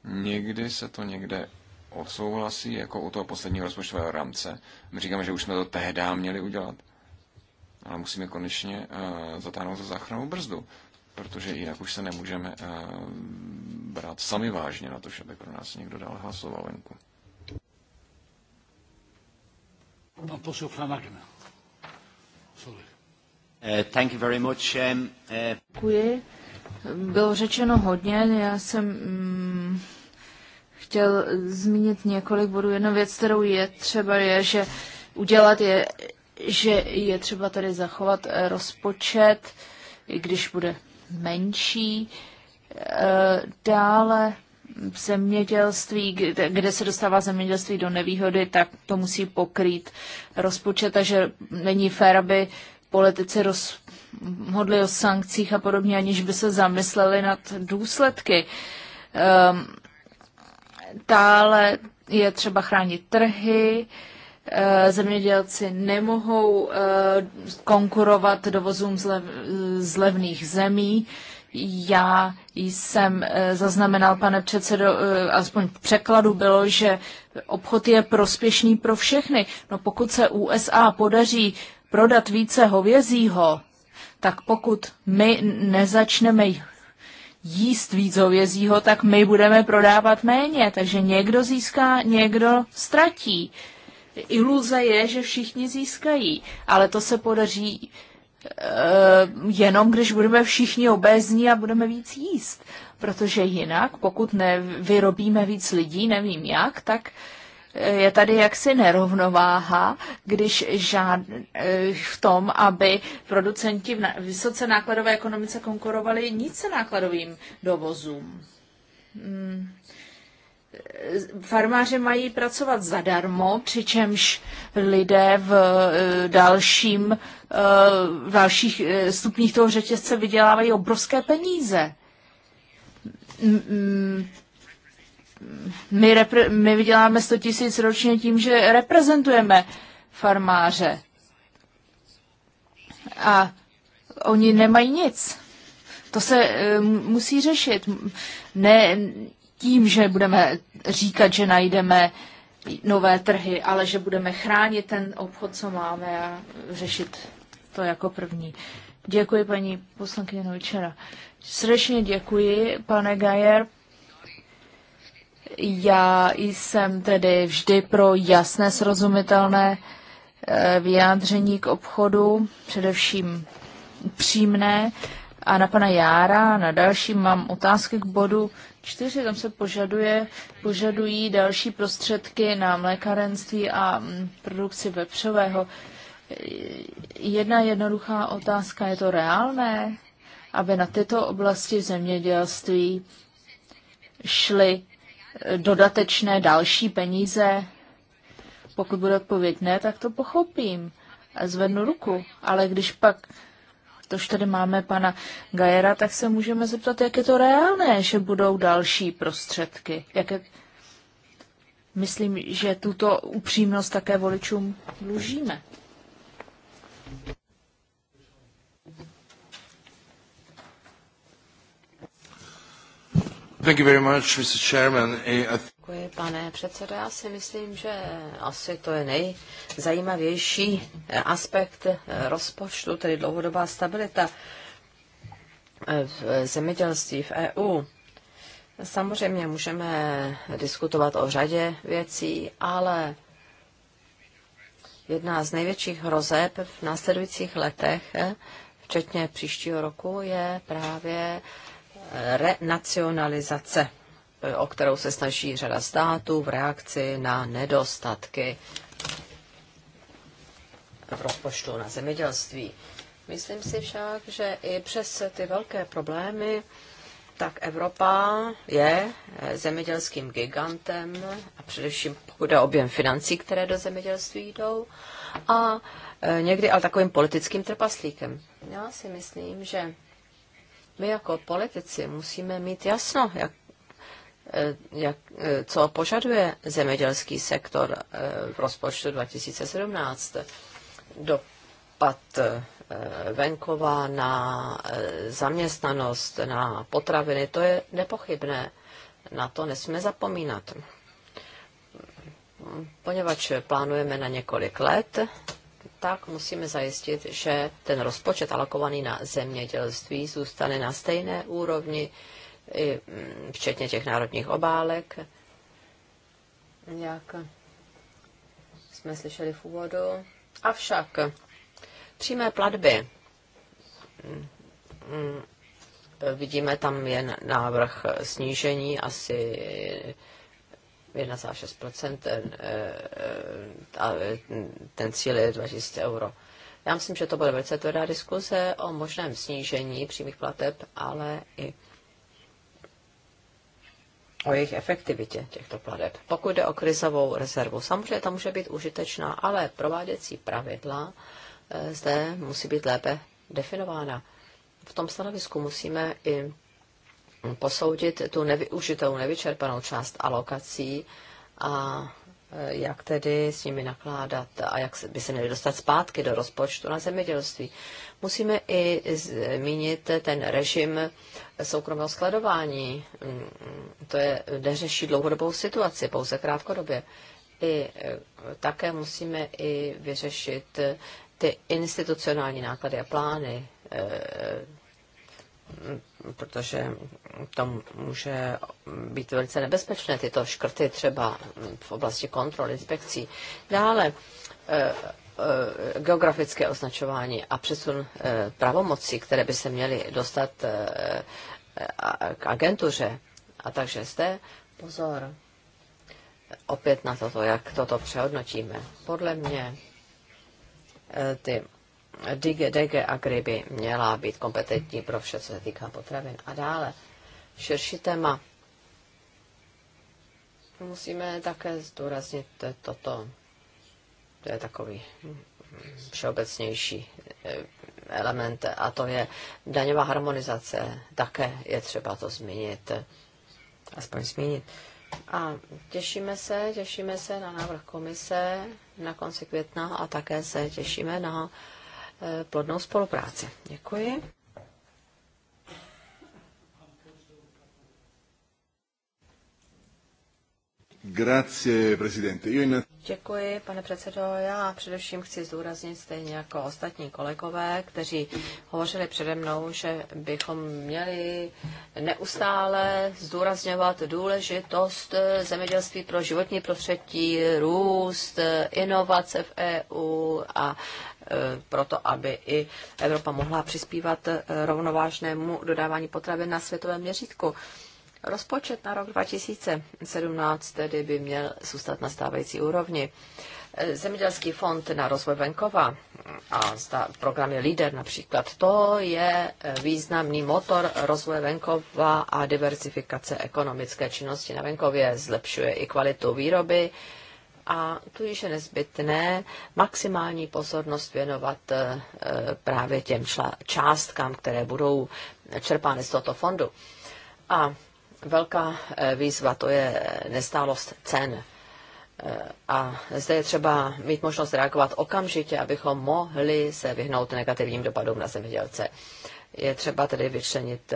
někdy se to někde odsouhlasí, jako u toho posledního rozpočtového rámce. My říkáme, že už jsme to tehdy měli udělat. Ale musíme konečně uh, zatáhnout za záchranou brzdu, protože jinak už se nemůžeme uh, brát sami vážně na to, že by pro nás někdo dál hlasoval venku. Pan posel Uh, thank you very much. Um, uh... Děkuji. Bylo řečeno hodně. Já jsem... Um chtěl zmínit několik bodů. Jedna věc, kterou je třeba je, že udělat je, že je třeba tady zachovat eh, rozpočet, i když bude menší. Eh, dále v zemědělství, kde, se dostává zemědělství do nevýhody, tak to musí pokrýt rozpočet, takže není fér, aby politici rozhodli o sankcích a podobně, aniž by se zamysleli nad důsledky. Um, Dále je třeba chránit trhy, eh, zemědělci nemohou eh, konkurovat dovozům z levných zemí. Já jsem eh, zaznamenal, pane předsedo, aspoň v překladu bylo, že obchod je prospěšný pro všechny. No pokud se USA podaří prodat více hovězího, tak pokud my nezačneme jíst víc hovězího, tak my budeme prodávat méně, takže někdo získá, někdo ztratí. Iluze je, že všichni získají, ale to se podaří e, jenom, když budeme všichni obézní a budeme víc jíst. Protože jinak, pokud nevyrobíme víc lidí, nevím jak, tak e, je tady jaksi nerovnováha, když žád, eh, v tom, aby producenti v vysoce nákladové ekonomice konkurovali nízce nákladovým dovozům. Hmm. Farmáři mají pracovat zadarmo, přičemž lidé v eh, dalším, eh, v dalších stupních toho řetězce vydělávají obrovské peníze my, repre, my vyděláme 100 tisíc ročně tím, že reprezentujeme farmáře. A oni nemají nic. To se uh, musí řešit. Ne tím, že budeme říkat, že najdeme nové trhy, ale že budeme chránit ten obchod, co máme a řešit to jako první. Děkuji paní poslankyně Novičera. Srdečně děkuji, pane Gajer. Já jsem tedy vždy pro jasné, srozumitelné eh, vyjádření k obchodu, především přímné. A na pana Jára, na další mám otázky k bodu čtyři. Tam se požaduje, požadují další prostředky na mlékarenství a mm, produkci vepřového. Jedna jednoduchá otázka, je to reálné, aby na tyto oblasti v zemědělství šly dodatečné další peníze? Pokud bude odpověď ne, tak to pochopím a zvednu ruku. Ale když pak, tož tady máme pana Gajera, tak se můžeme zeptat, jak je to reálné, že budou další prostředky. Jak je... Myslím, že tuto upřímnost také voličům dlužíme. Děkuji, pane předsedo. Já si myslím, že asi to je nejzajímavější aspekt eh, rozpočtu, tedy dlouhodobá stabilita eh, v zemědělství v EU. Samozřejmě můžeme diskutovat o řadě věcí, ale jedna z největších hrozeb v následujících letech, eh, včetně příštího roku, je právě renacionalizace, o kterou se snaží řada států v reakci na nedostatky v rozpočtu na zemědělství. Myslím si však, že i přes ty velké problémy, tak Evropa je zemědělským gigantem a především pokud je objem financí, které do zemědělství jdou a e, někdy ale takovým politickým trpaslíkem. Já si myslím, že my jako politici musíme mít jasno, jak, eh, jak, eh, co požaduje zemědělský sektor eh, v rozpočtu 2017. Dopad venkova na zaměstnanost, na potraviny, to je nepochybné. Na to nesmíme zapomínat. Poněvadž plánujeme na několik let tak musíme zajistit, že ten rozpočet alokovaný na zemědělství zůstane na stejné úrovni, mm, včetně těch národních obálek, jak jsme slyšeli v úvodu. Avšak přímé platby mm, mm, vidíme tam jen návrh snížení asi 1,6 eh, eh, a eh, ten cíl je 2000 euro. Já myslím, že to bude velice tvrdá diskuse o možném snížení přímých plateb, ale i o jejich efektivitě těchto plateb. Pokud jde o krizovou rezervu, samozřejmě ta může být užitečná, ale prováděcí pravidla zde musí být lépe definována. V tom stanovisku musíme i posoudit tu nevyužitou, nevyčerpanou část alokací a e, jak tedy s nimi nakládat a jak by se měly dostat zpátky do rozpočtu na zemědělství. Musíme i zmínit ten režim soukromého skladování. Mm, to je, neřeší dlouhodobou situaci, pouze krátkodobě. I e, také musíme i vyřešit ty institucionální náklady a plány e, protože to může být velice nebezpečné, tyto škrty třeba v oblasti kontrol, inspekcí. Dále eh, eh, geografické označování a přesun eh, pravomocí, které by se měly dostat k agentuře. A takže zde pozor opět na toto, jak toto přehodnotíme. Podle mě ty DG Agri by měla být kompetentní pro vše, co se týká potravin. A dále, širší téma. Musíme také zdůraznit toto. To je takový všeobecnější eh, element a to je daňová harmonizace. Také je třeba to zmínit, aspoň zmínit. A těšíme se, těšíme se na návrh komise na konci května a také se těšíme na Eh, plodnou spolupráci. Děkuji. Děkuji, pane předsedo. Já především chci zdůraznit, stejně jako ostatní kolegové, kteří hovořili přede mnou, že bychom měli neustále zdůrazňovat důležitost eh, zemědělství pro životní prostředí, růst, eh, inovace v EU a Eh, proto, aby i Evropa mohla přispívat eh, rovnovážnému dodávání potravin na světovém měřítku. Rozpočet na rok 2017 tedy by měl zůstat na stávající úrovni. Eh, Zemědělský fond na rozvoj venkova a programy LIDER například, to je významný motor rozvoje venkova a diversifikace ekonomické činnosti na venkově, zlepšuje i kvalitu výroby, a tu již je nezbytné maximální pozornost věnovat eh, právě těm částkám, které budou čerpány z tohoto fondu. A velká eh, výzva to je eh, nestálost cen. A zde je třeba mít možnost reagovat okamžitě, abychom mohli se vyhnout negativním dopadům na zemědělce. Je třeba tedy vyčlenit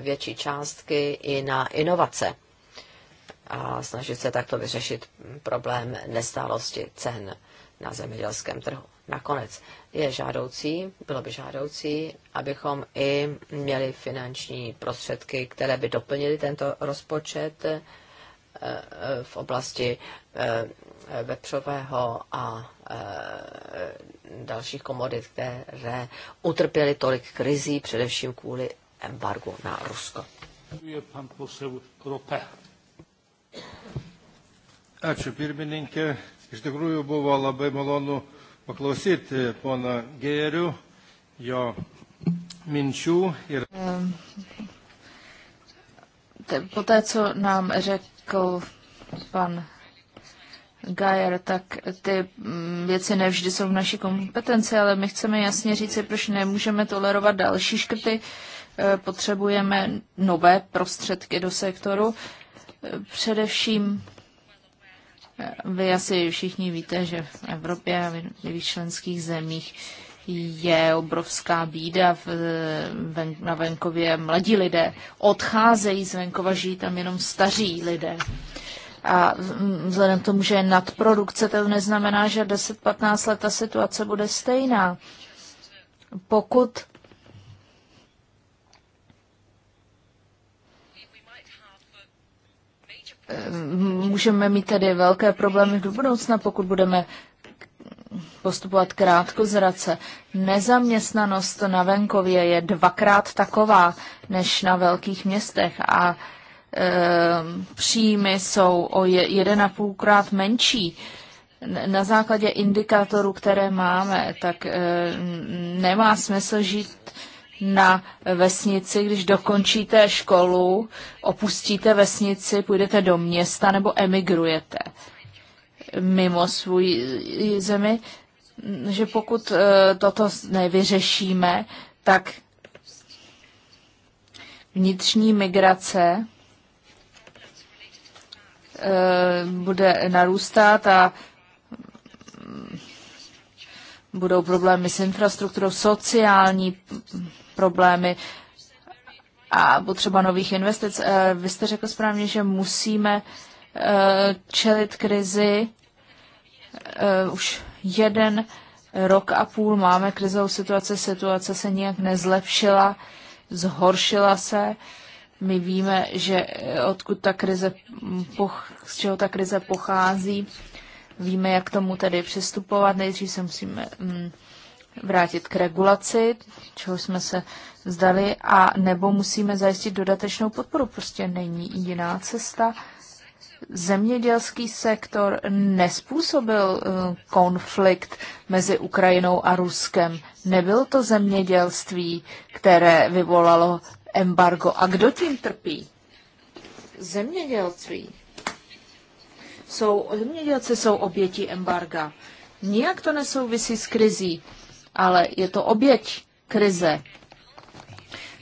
větší částky i na inovace a snažit se takto vyřešit problém nestálosti cen na zemědělském trhu. Nakonec je žádoucí, bylo by žádoucí, abychom i měli finanční prostředky, které by doplnily tento rozpočet eh, v oblasti eh, vepřového a eh, dalších komodit, které utrpěly tolik krizí, především kvůli embargu na Rusko. pan Ačiū pirmininkė. Iš tikrųjų buvo labai malonu paklausyti pono Gėrių, jo minčių. Ir... to, co nám řekl pan Gajer, tak ty mm, věci nevždy jsou v naší kompetenci, ale my chceme jasně říci, proč nemůžeme tolerovat další škrty. E, potřebujeme nové prostředky do sektoru Především eh, vy asi všichni víte, že v Evropě a v členských zemích je obrovská bída v, eh, ven, na venkově. Mladí lidé odcházejí z venkova, žijí tam jenom staří lidé. A vzhledem k tomu, že je nadprodukce, to neznamená, že 10-15 let ta situace bude stejná. Pokud můžeme mít tedy velké problémy do budoucna, pokud budeme postupovat krátko zrace. Nezaměstnanost na venkově je dvakrát taková než na velkých městech a e, příjmy jsou o jeden a půlkrát menší. Na základě indikátorů, které máme, tak e, nemá smysl žít na vesnici, když dokončíte školu, opustíte vesnici, půjdete do města nebo emigrujete mimo svůj e, zemi, že pokud e, toto nevyřešíme, tak vnitřní migrace e, bude narůstat a budou problémy s infrastrukturou, sociální problémy a potřeba nových investic. Eh, vy jste řekl správně, že musíme eh, čelit krizi. Eh, už jeden rok a půl máme krizovou situaci, situace se nijak nezlepšila, zhoršila se. My víme, že odkud ta krize, z čeho ta krize pochází. Víme, jak k tomu tedy přistupovat. Nejdřív se musíme mm, vrátit k regulaci, čeho jsme se zdali, a nebo musíme zajistit dodatečnou podporu. Prostě není jiná cesta. Zemědělský sektor nespůsobil eh, konflikt mezi Ukrajinou a Ruskem. Nebyl to zemědělství, které vyvolalo embargo. A kdo tím trpí? Zemědělství jsou, zemědělci jsou oběti embarga. Nijak to nesouvisí s krizí, ale je to oběť krize.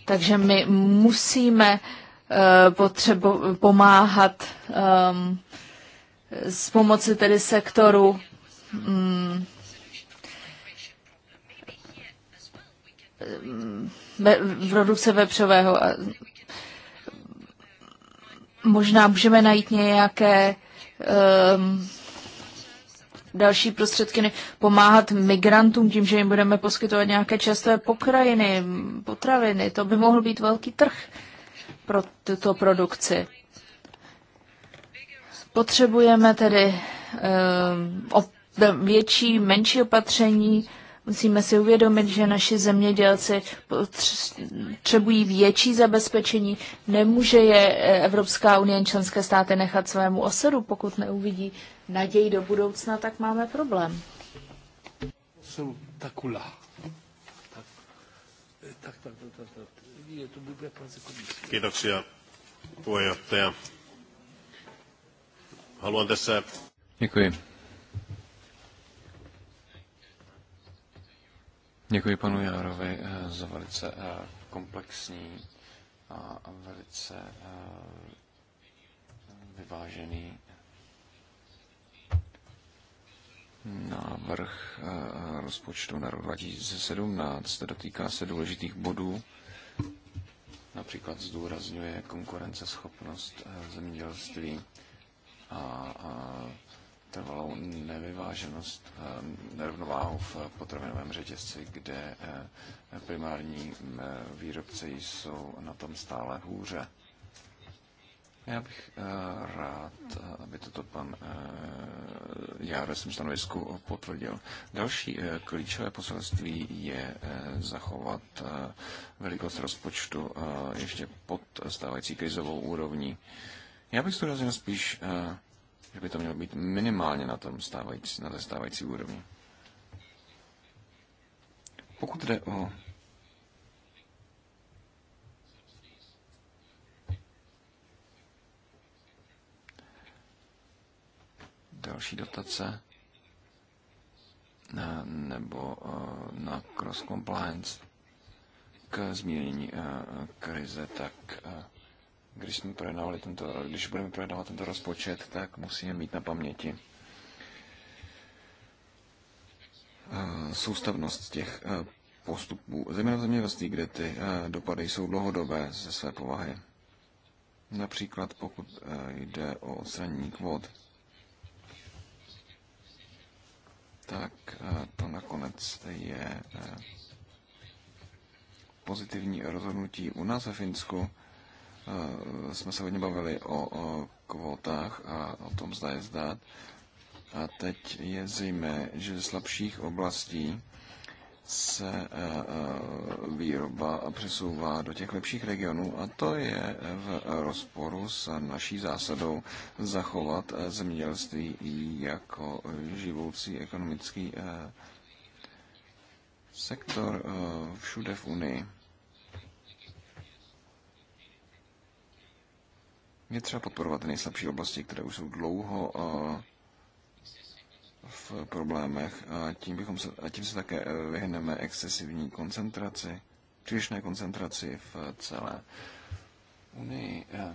Takže my musíme eh, potřebu pomáhat um, s pomoci tedy sektoru um, v produkce vepřového. Možná můžeme najít nějaké um, další prostředky pomáhat migrantům tím, že jim budeme poskytovat nějaké čerstvé pokrajiny, potraviny. To by mohl být velký trh pro tuto produkci. Potřebujeme tedy um, větší, menší opatření Musíme si uvědomit, že naši zemědělci potřebují větší zabezpečení. Nemůže je e, Evropská unie členské státy nechat svému osadu, Pokud neuvidí naději do budoucna, tak máme problém. E, je Kiitoksia, puheenjohtaja. Haluan tässä... Děkuji. Děkuji panu Járovi eh, za velice eh, komplexní a velice eh, vyvážený návrh rozpočtu na rok 2017. Dotýká se důležitých bodů, například zdůrazňuje konkurenceschopnost zemědělství a, a trvalou nevyváženost, ehm, nerovnováhu v potravinovém řetězci, kde eh, primární eh, výrobci jsou na tom stále hůře. Já bych eh, rád, aby toto pan já ve svém stanovisku potvrdil. Další klíčové poselství je zachovat velikost rozpočtu ještě pod stávající krizovou úrovní. Já bych zdůraznil spíš že by to mělo být minimálně na, tom stávající, na té stávající úrovni. Pokud jde o další dotace na, nebo eh, na cross compliance k zmírnění eh, krize, tak eh, když, jsme projednávali tento, když budeme projednávat tento rozpočet, tak musíme mít na paměti eh, soustavnost těch eh, postupů, zejména v zemědělství, kde ty eh, dopady jsou dlouhodobé ze své povahy. Například pokud jde o odstranění kvot, tak to nakonec je pozitivní rozhodnutí u nás ve Finsku Eh, jsme se hodně bavili o, o kvótách a o tom zda je zdát. A teď je zřejmé, že ze slabších oblastí se eh, eh, výroba přesouvá do těch lepších regionů a to je v rozporu s naší zásadou zachovat zemědělství jako živoucí ekonomický sektor všude v Unii. Je třeba podporovat ty nejslabší oblasti, které už jsou dlouho eh, v problémech a tím, bychom se, a tím se také eh, vyhneme excesivní koncentraci, přílišné koncentraci v celé Unii. Eh,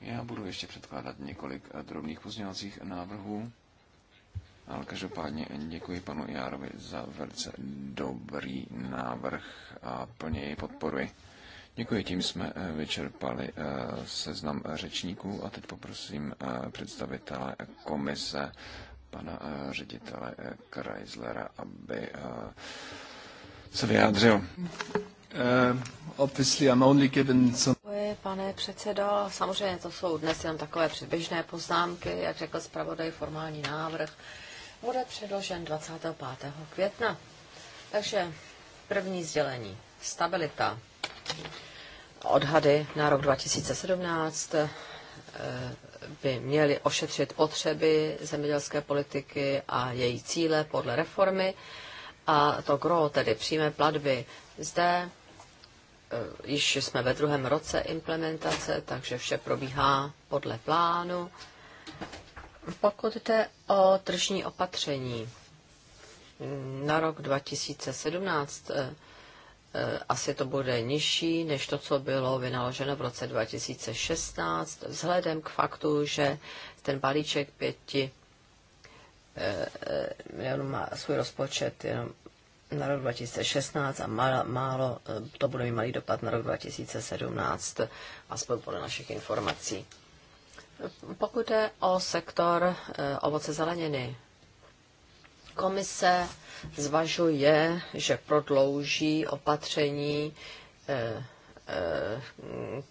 já budu ještě předkládat několik drobných pozměňovacích návrhů, ale každopádně děkuji panu Járovi za velice dobrý návrh a plně jej podporuji. Děkuji, tím jsme eh, vyčerpali eh, seznam řečníků a teď poprosím eh, představitele komise pana ředitele Kreislera, aby se vyjádřil. Děkuji, pane předsedo. Samozřejmě to jsou dnes jenom takové předběžné poznámky. Jak řekl zpravodaj, formální návrh bude předložen 25. května. Takže první sdělení. Stabilita Odhady na rok 2017 eh, by měly ošetřit potřeby zemědělské politiky a její cíle podle reformy. A to gro, tedy přímé platby, zde eh, již jsme ve druhém roce implementace, takže vše probíhá podle plánu. Pokud jde o tržní opatření, mm, na rok 2017 Eh, asi to bude nižší než to, co bylo vynaloženo v roce 2016, vzhledem k faktu, že ten balíček pěti eh, milionů má svůj rozpočet jenom na rok 2016 a málo, málo eh, to bude mít malý dopad na rok 2017, aspoň podle našich informací. Pokud jde o sektor ovoce zeleniny, Komise zvažuje, že prodlouží opatření eh, eh,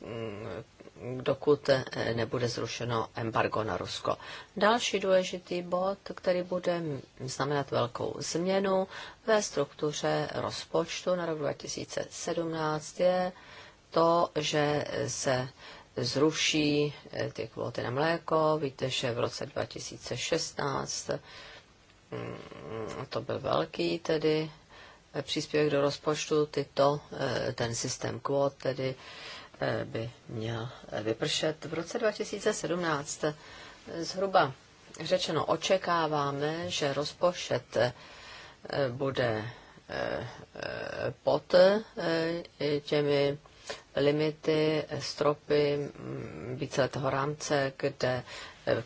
dokud eh, nebude zrušeno embargo na Rusko. Další důležitý bod, který bude znamenat velkou změnu ve struktuře rozpočtu na rok 2017, je to, že se zruší ty kvóty na mléko. Víte, že v roce 2016 Mm, to byl velký tedy eh, příspěvek do rozpočtu, tyto, eh, ten systém kvót tedy eh, by měl vypršet v roce 2017. Zhruba řečeno očekáváme, že rozpočet bude pod těmi limity, stropy mm, víceletého rámce, kde,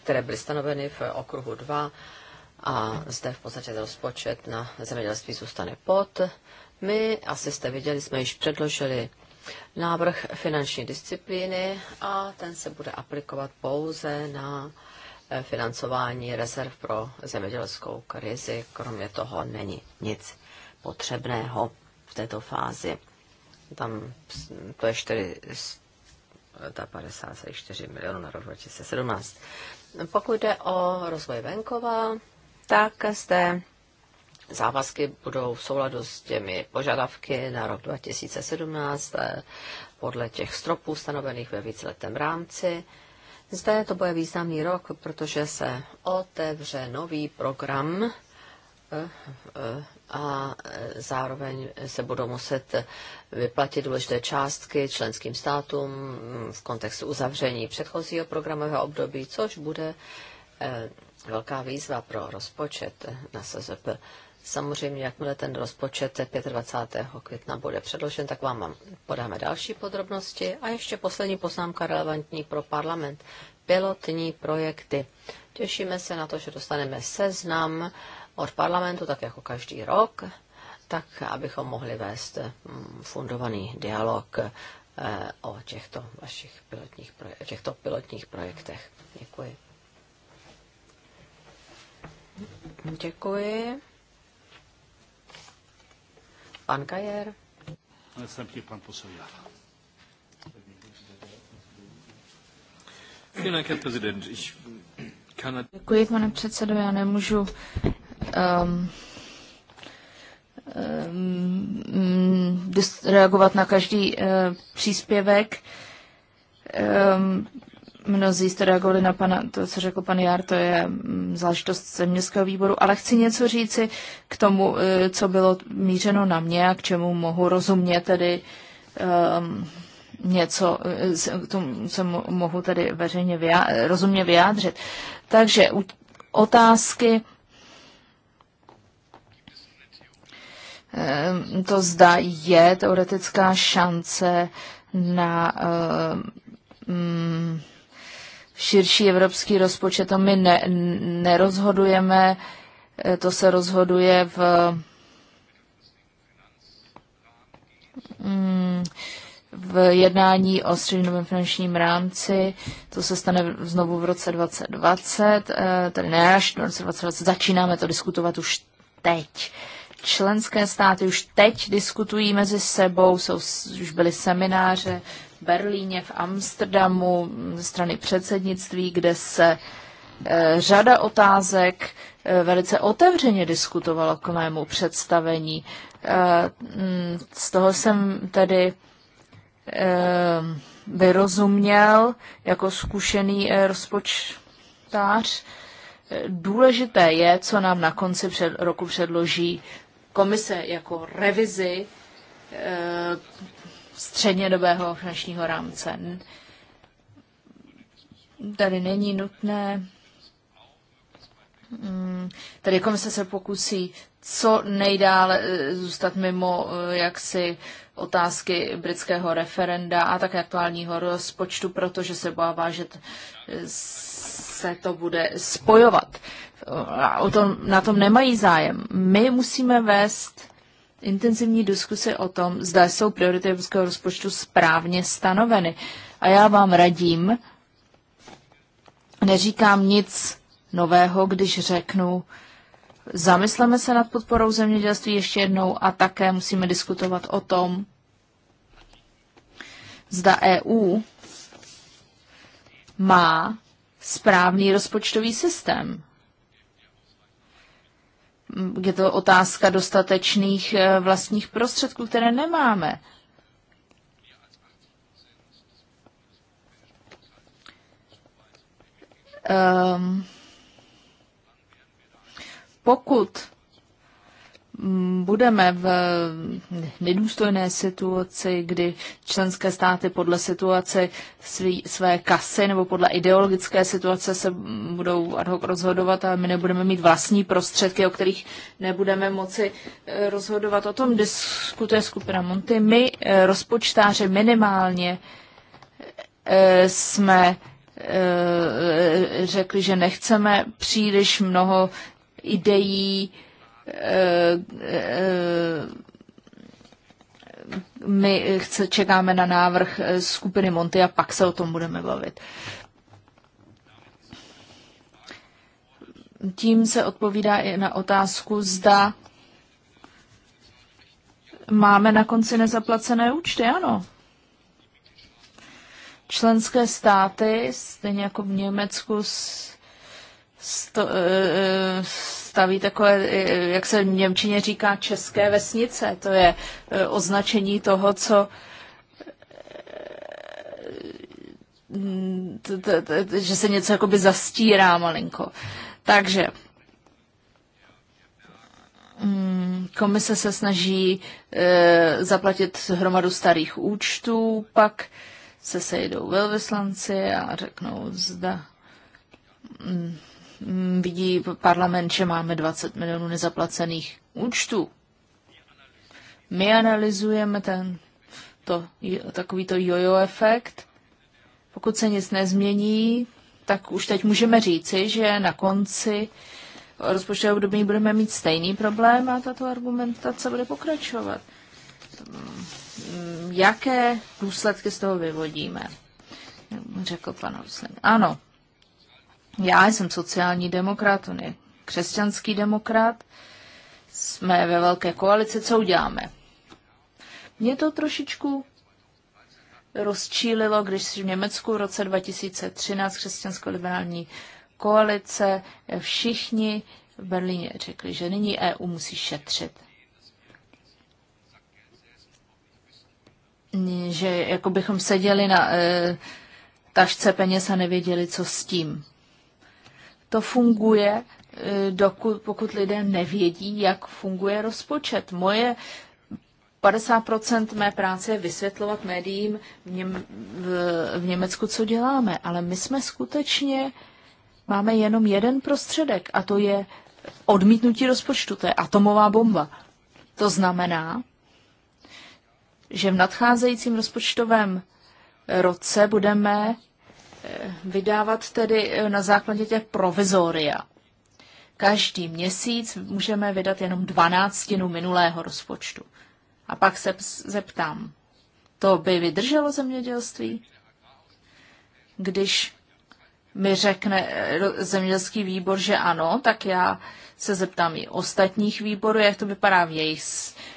které byly stanoveny v okruhu 2 a zde v podstatě rozpočet na zemědělství zůstane pod. My, asi jste viděli, jsme již předložili návrh finanční disciplíny a ten se bude aplikovat pouze na eh, financování rezerv pro zemědělskou krizi. Kromě toho není nic potřebného v této fázi. Tam to je 4, eh, milionů na rok 2017. Pokud jde o rozvoj venkova, tak té závazky budou v souladu s těmi požadavky na rok 2017 eh, podle těch stropů stanovených ve víceletém rámci. Zde to bude významný rok, protože se otevře nový program eh, eh, a zároveň se budou muset vyplatit důležité částky členským státům mm, v kontextu uzavření předchozího programového období, což bude velká výzva pro rozpočet na SZP. Samozřejmě, jakmile ten rozpočet 25. května bude předložen, tak vám podáme další podrobnosti. A ještě poslední poznámka relevantní pro parlament. Pilotní projekty. Těšíme se na to, že dostaneme seznam od parlamentu, tak jako každý rok, tak abychom mohli vést mm, fundovaný dialog eh, o těchto vašich pilotních, těchto pilotních projektech. Děkuji. Děkuji. Pan Kajer. Następnie pan poseł Děkuji, pane předsedo. Já nemůžu um, um, reagovat na každý uh, příspěvek. Um, Mnozí jste reagovali na pana, to, co řekl pan Jár, to je mm, záležitost zeměstského výboru, ale chci něco říci k tomu, e, co bylo mířeno na mě a k čemu mohu rozumět tedy um, něco, e, k tomu, co mohu tedy veřejně vyjádřit, e, rozumně vyjádřit. Takže otázky ehm, to zda je teoretická šance na um, širší evropský rozpočet, to my ne, nerozhodujeme, eh, to se rozhoduje v mm, v jednání o střednědobém finančním rámci, to se stane znovu v roce 2020, eh, tedy ne až v roce 2020, začínáme to diskutovat už teď. Členské státy už teď diskutují mezi sebou, jsou, už byly semináře, Berlíně, v Amsterdamu, strany předsednictví, kde se eh, řada otázek eh, velice otevřeně diskutovala k mému představení. Eh, mm, z toho jsem tedy vyrozuměl jako zkušený rozpočtář. Důležité je, co nám na konci před roku předloží komise jako revizi střednědobého finančního rámce. Tady není nutné. Mm, tady komise se pokusí co nejdále eh, zůstat mimo eh, jaksi otázky britského referenda a také aktuálního rozpočtu, protože se bává, že eh, se to bude spojovat. O tom, na tom nemají zájem. My musíme vést intenzivní diskuse o tom, zda jsou priority evropského rozpočtu správně stanoveny. A já vám radím, neříkám nic nového, když řeknu, zamysleme se nad podporou zemědělství ještě jednou a také musíme diskutovat o tom, zda EU má správný rozpočtový systém je to otázka dostatečných eh, vlastních prostředků, které nemáme. Um, pokud Mm, budeme v nedůstojné situaci, kdy členské státy podle situace svý, své kasy nebo podle ideologické situace se budou ad hoc rozhodovat a my nebudeme mít vlastní prostředky, o kterých nebudeme moci eh, rozhodovat. O tom diskutuje skupina Monty. My, eh, rozpočtáři, minimálně eh, jsme řekli, že nechceme příliš mnoho ideí, my chce, čekáme na návrh skupiny Monty a pak se o tom budeme bavit. Tím se odpovídá i na otázku, zda máme na konci nezaplacené účty. Ano. Členské státy, stejně jako v Německu, s e, e, staví takové, eh, jak se v Němčině říká, české vesnice. To je eh, označení toho, co eh, že se něco jakoby zastírá malinko. Takže mm, komise se snaží zaplatit hromadu starých účtů, pak se sejdou velvyslanci a řeknou, zda mm, Mm, vidí parlament, že máme 20 milionů nezaplacených účtů. My analyzujeme ten, to, takovýto jojo efekt. Pokud se nic nezmění, tak už teď můžeme říci, že na konci rozpočtového období budeme mít stejný problém a tato argumentace bude pokračovat. Mm, jaké důsledky z toho vyvodíme? Řekl pan Ano, já jsem sociální demokrat, on je křesťanský demokrat, jsme ve velké koalici, co uděláme? Mě to trošičku rozčílilo, když v Německu v roce 2013 křesťansko-liberální koalice všichni v Berlíně řekli, že nyní EU musí šetřit. Že jako bychom seděli na e, tašce peněz a nevěděli, co s tím to funguje, e, dokud, pokud lidé nevědí, jak funguje rozpočet. Moje 50 mé práce je vysvětlovat médiím v, Něm, v, v Německu, co děláme, ale my jsme skutečně, máme jenom jeden prostředek a to je odmítnutí rozpočtu, to je atomová bomba. To znamená, že v nadcházejícím rozpočtovém roce budeme vydávat tedy eh, na základě těch provizoria. Každý měsíc můžeme vydat jenom dvanáctinu minulého rozpočtu. A pak se zeptám, to by vydrželo zemědělství? Když mi řekne eh, zemědělský výbor, že ano, tak já se zeptám i ostatních výborů, jak to vypadá v jejich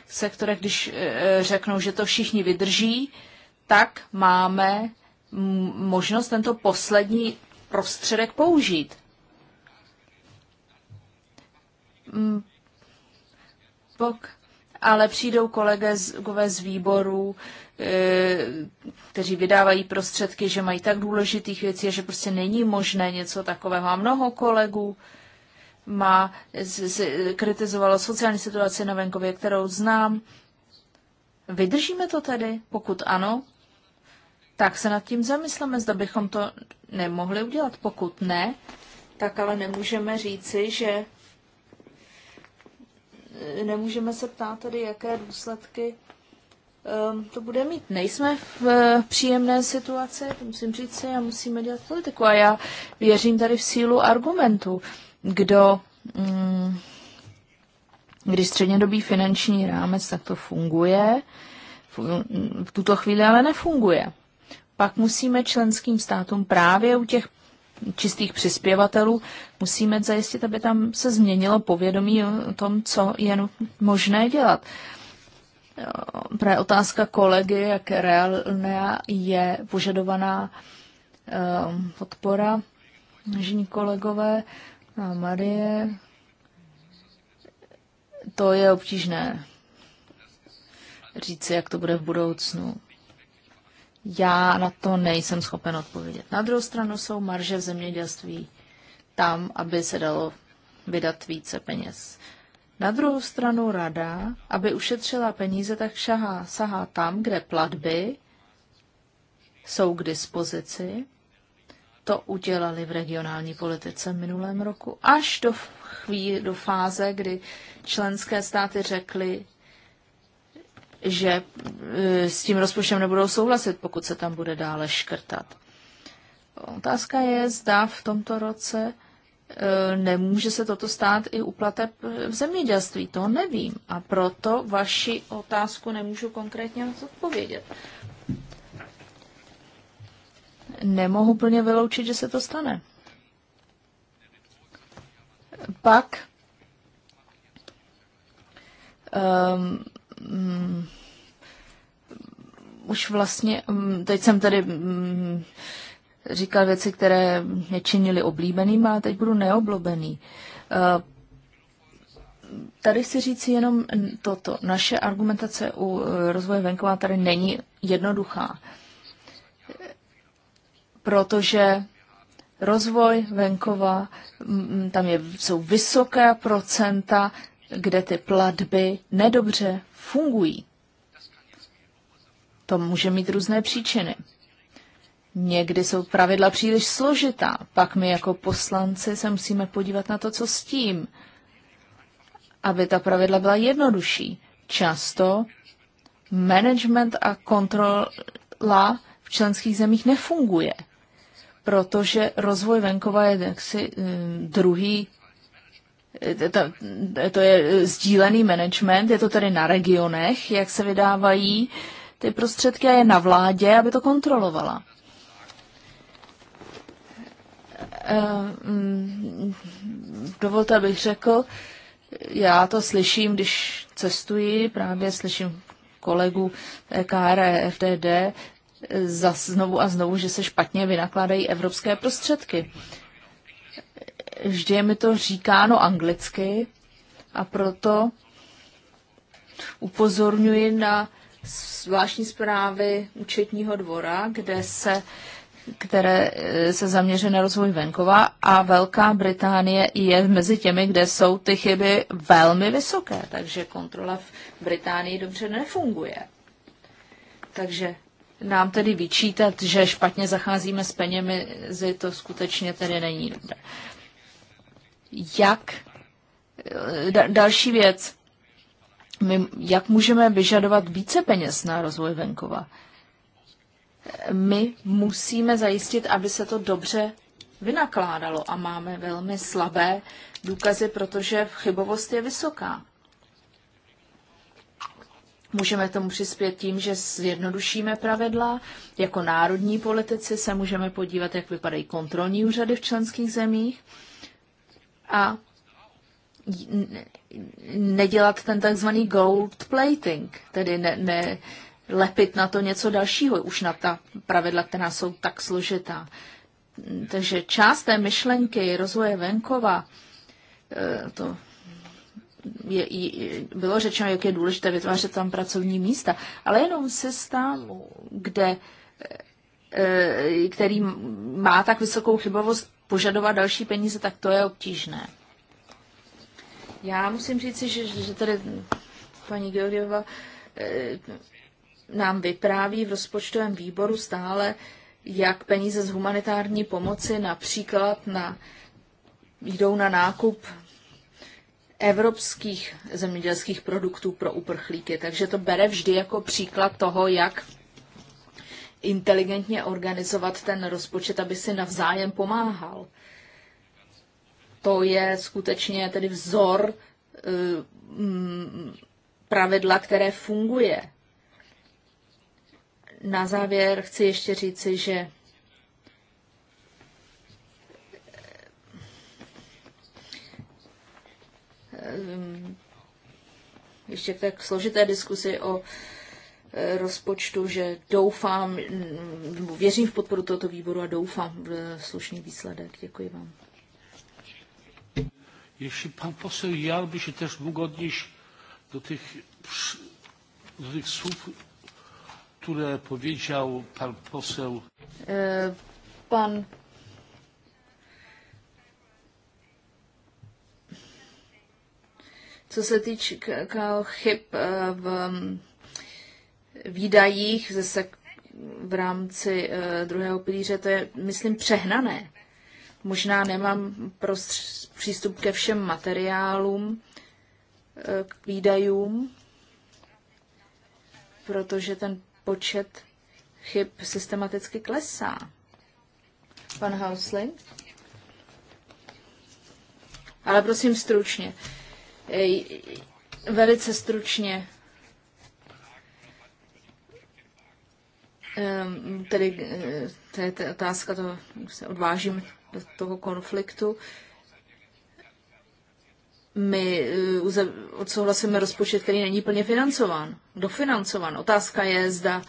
sektorech, když eh, řeknou, že to všichni vydrží, tak máme možnost tento poslední prostředek použít. Pok, ale přijdou kolegové z výborů, e, kteří vydávají prostředky, že mají tak důležitých věcí, že prostě není možné něco takového. Má mnoho kolegů, má, kritizovalo sociální situaci na venkově, kterou znám. Vydržíme to tedy? Pokud ano, tak se nad tím zamysleme, zda bychom to nemohli udělat. Pokud ne, tak ale nemůžeme říci, že eh, nemůžeme se ptát tedy, jaké důsledky ehm, to bude mít. Nejsme v eh, příjemné situaci, to musím říct si, a musíme dělat politiku. A já věřím tady v sílu argumentu. Kdo, mm, když střednědobý finanční rámec tak to funguje, v tuto chvíli ale nefunguje pak musíme členským státům právě u těch čistých přispěvatelů musíme zajistit, aby tam se změnilo povědomí o tom, co je možné dělat. Pro otázka kolegy, jak reálná je požadovaná ehm, podpora. žení kolegové, a Marie, to je obtížné říci, jak to bude v budoucnu. Já na to nejsem schopen odpovědět. Na druhou stranu jsou marže v zemědělství tam, aby se dalo vydat více peněz. Na druhou stranu rada, aby ušetřila peníze, tak šahá, sahá tam, kde platby jsou k dispozici. To udělali v regionální politice minulém roku, až do, chvíli, do fáze, kdy členské státy řekly, že e, s tím rozpočtem nebudou souhlasit, pokud se tam bude dále škrtat. Otázka je, zda v tomto roce e, nemůže se toto stát i u plateb v zemědělství. To nevím a proto vaši otázku nemůžu konkrétně odpovědět. Nemohu plně vyloučit, že se to stane. Pak um, um, už vlastně, um, teď jsem tady um, říkal věci, které mě činily oblíbeným, ale teď budu neoblobený. Uh, tady si říci jenom toto. Naše argumentace u eh, rozvoje venkova tady není jednoduchá, protože rozvoj venkova, tam je, jsou vysoké procenta kde ty platby nedobře fungují. To může mít různé příčiny. Někdy jsou pravidla příliš složitá, pak my jako poslanci se musíme podívat na to, co s tím, aby ta pravidla byla jednodušší. Často management a kontrola v členských zemích nefunguje, protože rozvoj venkova je jaksi eh, druhý Eh, to, eh, to je eh, sdílený management, je to tedy na regionech, jak se vydávají ty prostředky a je na vládě, aby to kontrolovala. Mm, dovolte, abych řekl, já to slyším, když cestuji, právě slyším kolegu e KR, FDD za znovu a znovu, že se špatně vynakládají evropské prostředky. Uh, vždy je mi to říkáno anglicky a proto upozorňuji na zvláštní zprávy účetního dvora, kde se, které eh, se zaměřuje na rozvoj venkova a Velká Británie je mezi těmi, kde jsou ty chyby velmi vysoké, takže kontrola v Británii dobře nefunguje. Takže nám tedy vyčítat, že špatně zacházíme s penězi, to skutečně tedy není dobré jak eh, da, další věc, my, jak můžeme vyžadovat více peněz na rozvoj venkova. My musíme zajistit, aby se to dobře vynakládalo a máme velmi slabé důkazy, protože chybovost je vysoká. Můžeme tomu přispět tím, že zjednodušíme pravidla. Jako národní politici se můžeme podívat, jak vypadají kontrolní úřady v členských zemích a nedělat ten takzvaný gold plating, tedy ne, ne lepit na to něco dalšího, už na ta pravidla, která jsou tak složitá. Takže část té myšlenky rozvoje venkova, eh, to je, bylo řečeno, jak je důležité vytvářet tam pracovní místa, ale jenom systému, kde, eh, eh, který má tak vysokou chybovost požadovat další peníze, tak to je obtížné. Já musím říct, že, že tady paní Georgieva eh, nám vypráví v rozpočtovém výboru stále, jak peníze z humanitární pomoci například na, jdou na nákup evropských zemědělských produktů pro uprchlíky. Takže to bere vždy jako příklad toho, jak inteligentně organizovat ten rozpočet, aby si navzájem pomáhal. To je skutečně tedy vzor eh, mm, pravidla, které funguje. Na závěr chci ještě říci, že eh, ještě k složité diskusi o rozpočtu, že doufám, věřím v podporu tohoto výboru a doufám v slušný výsledek. Děkuji vám. Jestli pan poseł Jar by się też mógł odnieść do tych, do tych słów, które powiedział pan poseł. E, pan co se týče chyb e, v výdajích ze v rámci eh, druhého pilíře, to je, myslím, přehnané. Možná nemám prostř- přístup ke všem materiálům, eh, k výdajům, protože ten počet chyb systematicky klesá. Pan Hausling? Ale prosím stručně. Velice stručně. Ehm, tedy eh, to je otázka, to se odvážím do toho konfliktu. My eh, odsouhlasíme rozpočet, který není plně financován, dofinancován. Otázka je, zda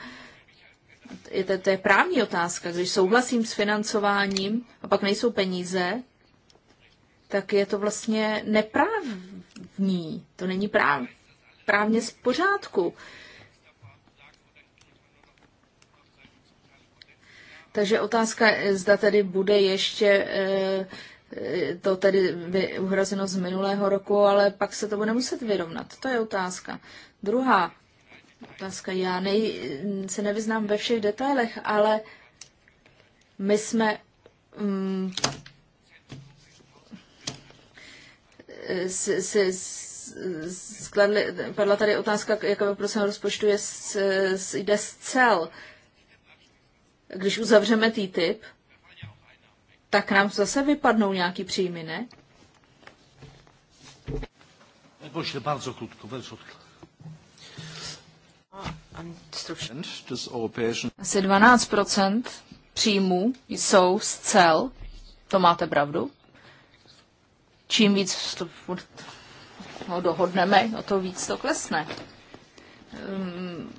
je to, to je právní otázka, když souhlasím s financováním a pak nejsou peníze, tak je to vlastně neprávní. To není práv, právně z pořádku. Takže otázka, zda tedy bude ještě eh, eh, to tedy uhrazeno z minulého roku, ale pak se to bude muset vyrovnat. To je otázka. Druhá otázka. Já nej, se nevyznám ve všech detailech, ale my jsme mm, si, si, skladli, padla tady otázka, jaká prosím rozpočtu je, s, jde z cel když uzavřeme TTIP, tak nám zase vypadnou nějaký příjmy, ne? bardzo krótko, bardzo asi 12 příjmů jsou z cel, to máte pravdu. Čím víc to no, dohodneme, o to víc to klesne. Ehm,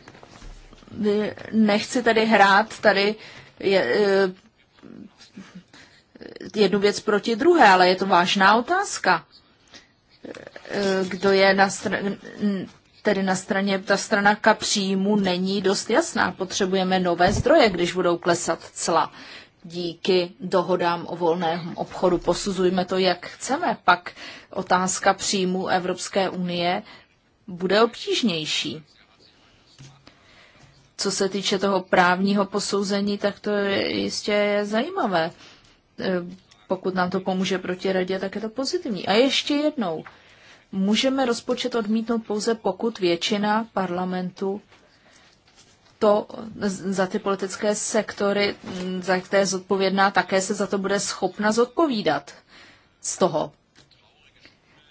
nechci tady hrát tady je, e, jednu věc proti druhé, ale je to vážná otázka. E, kdo je na str- tedy na straně, ta strana ka příjmu není dost jasná. Potřebujeme nové zdroje, když budou klesat cla. Díky dohodám o volném obchodu posuzujme to, jak chceme. Pak otázka příjmu Evropské unie bude obtížnější. Co se týče toho právního posouzení, tak to je jistě je zajímavé. E, pokud nám to pomůže proti radě, tak je to pozitivní. A ještě jednou, můžeme rozpočet odmítnout pouze, pokud většina parlamentu to za ty politické sektory, za které je zodpovědná, také se za to bude schopna zodpovídat z toho.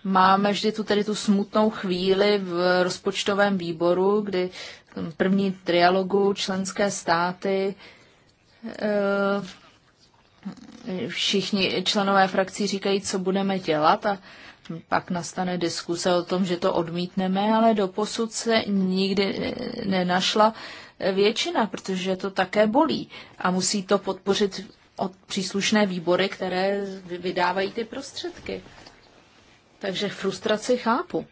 Máme vždy tu tedy tu smutnou chvíli v rozpočtovém výboru, kdy první trialogu členské státy eh, všichni členové frakcí říkají, co budeme dělat a pak nastane diskuse o tom, že to odmítneme, ale do posud se nikdy eh, nenašla eh, většina, protože to také bolí a musí to podpořit od příslušné výbory, které vydávají ty prostředky. Takže frustraci chápu.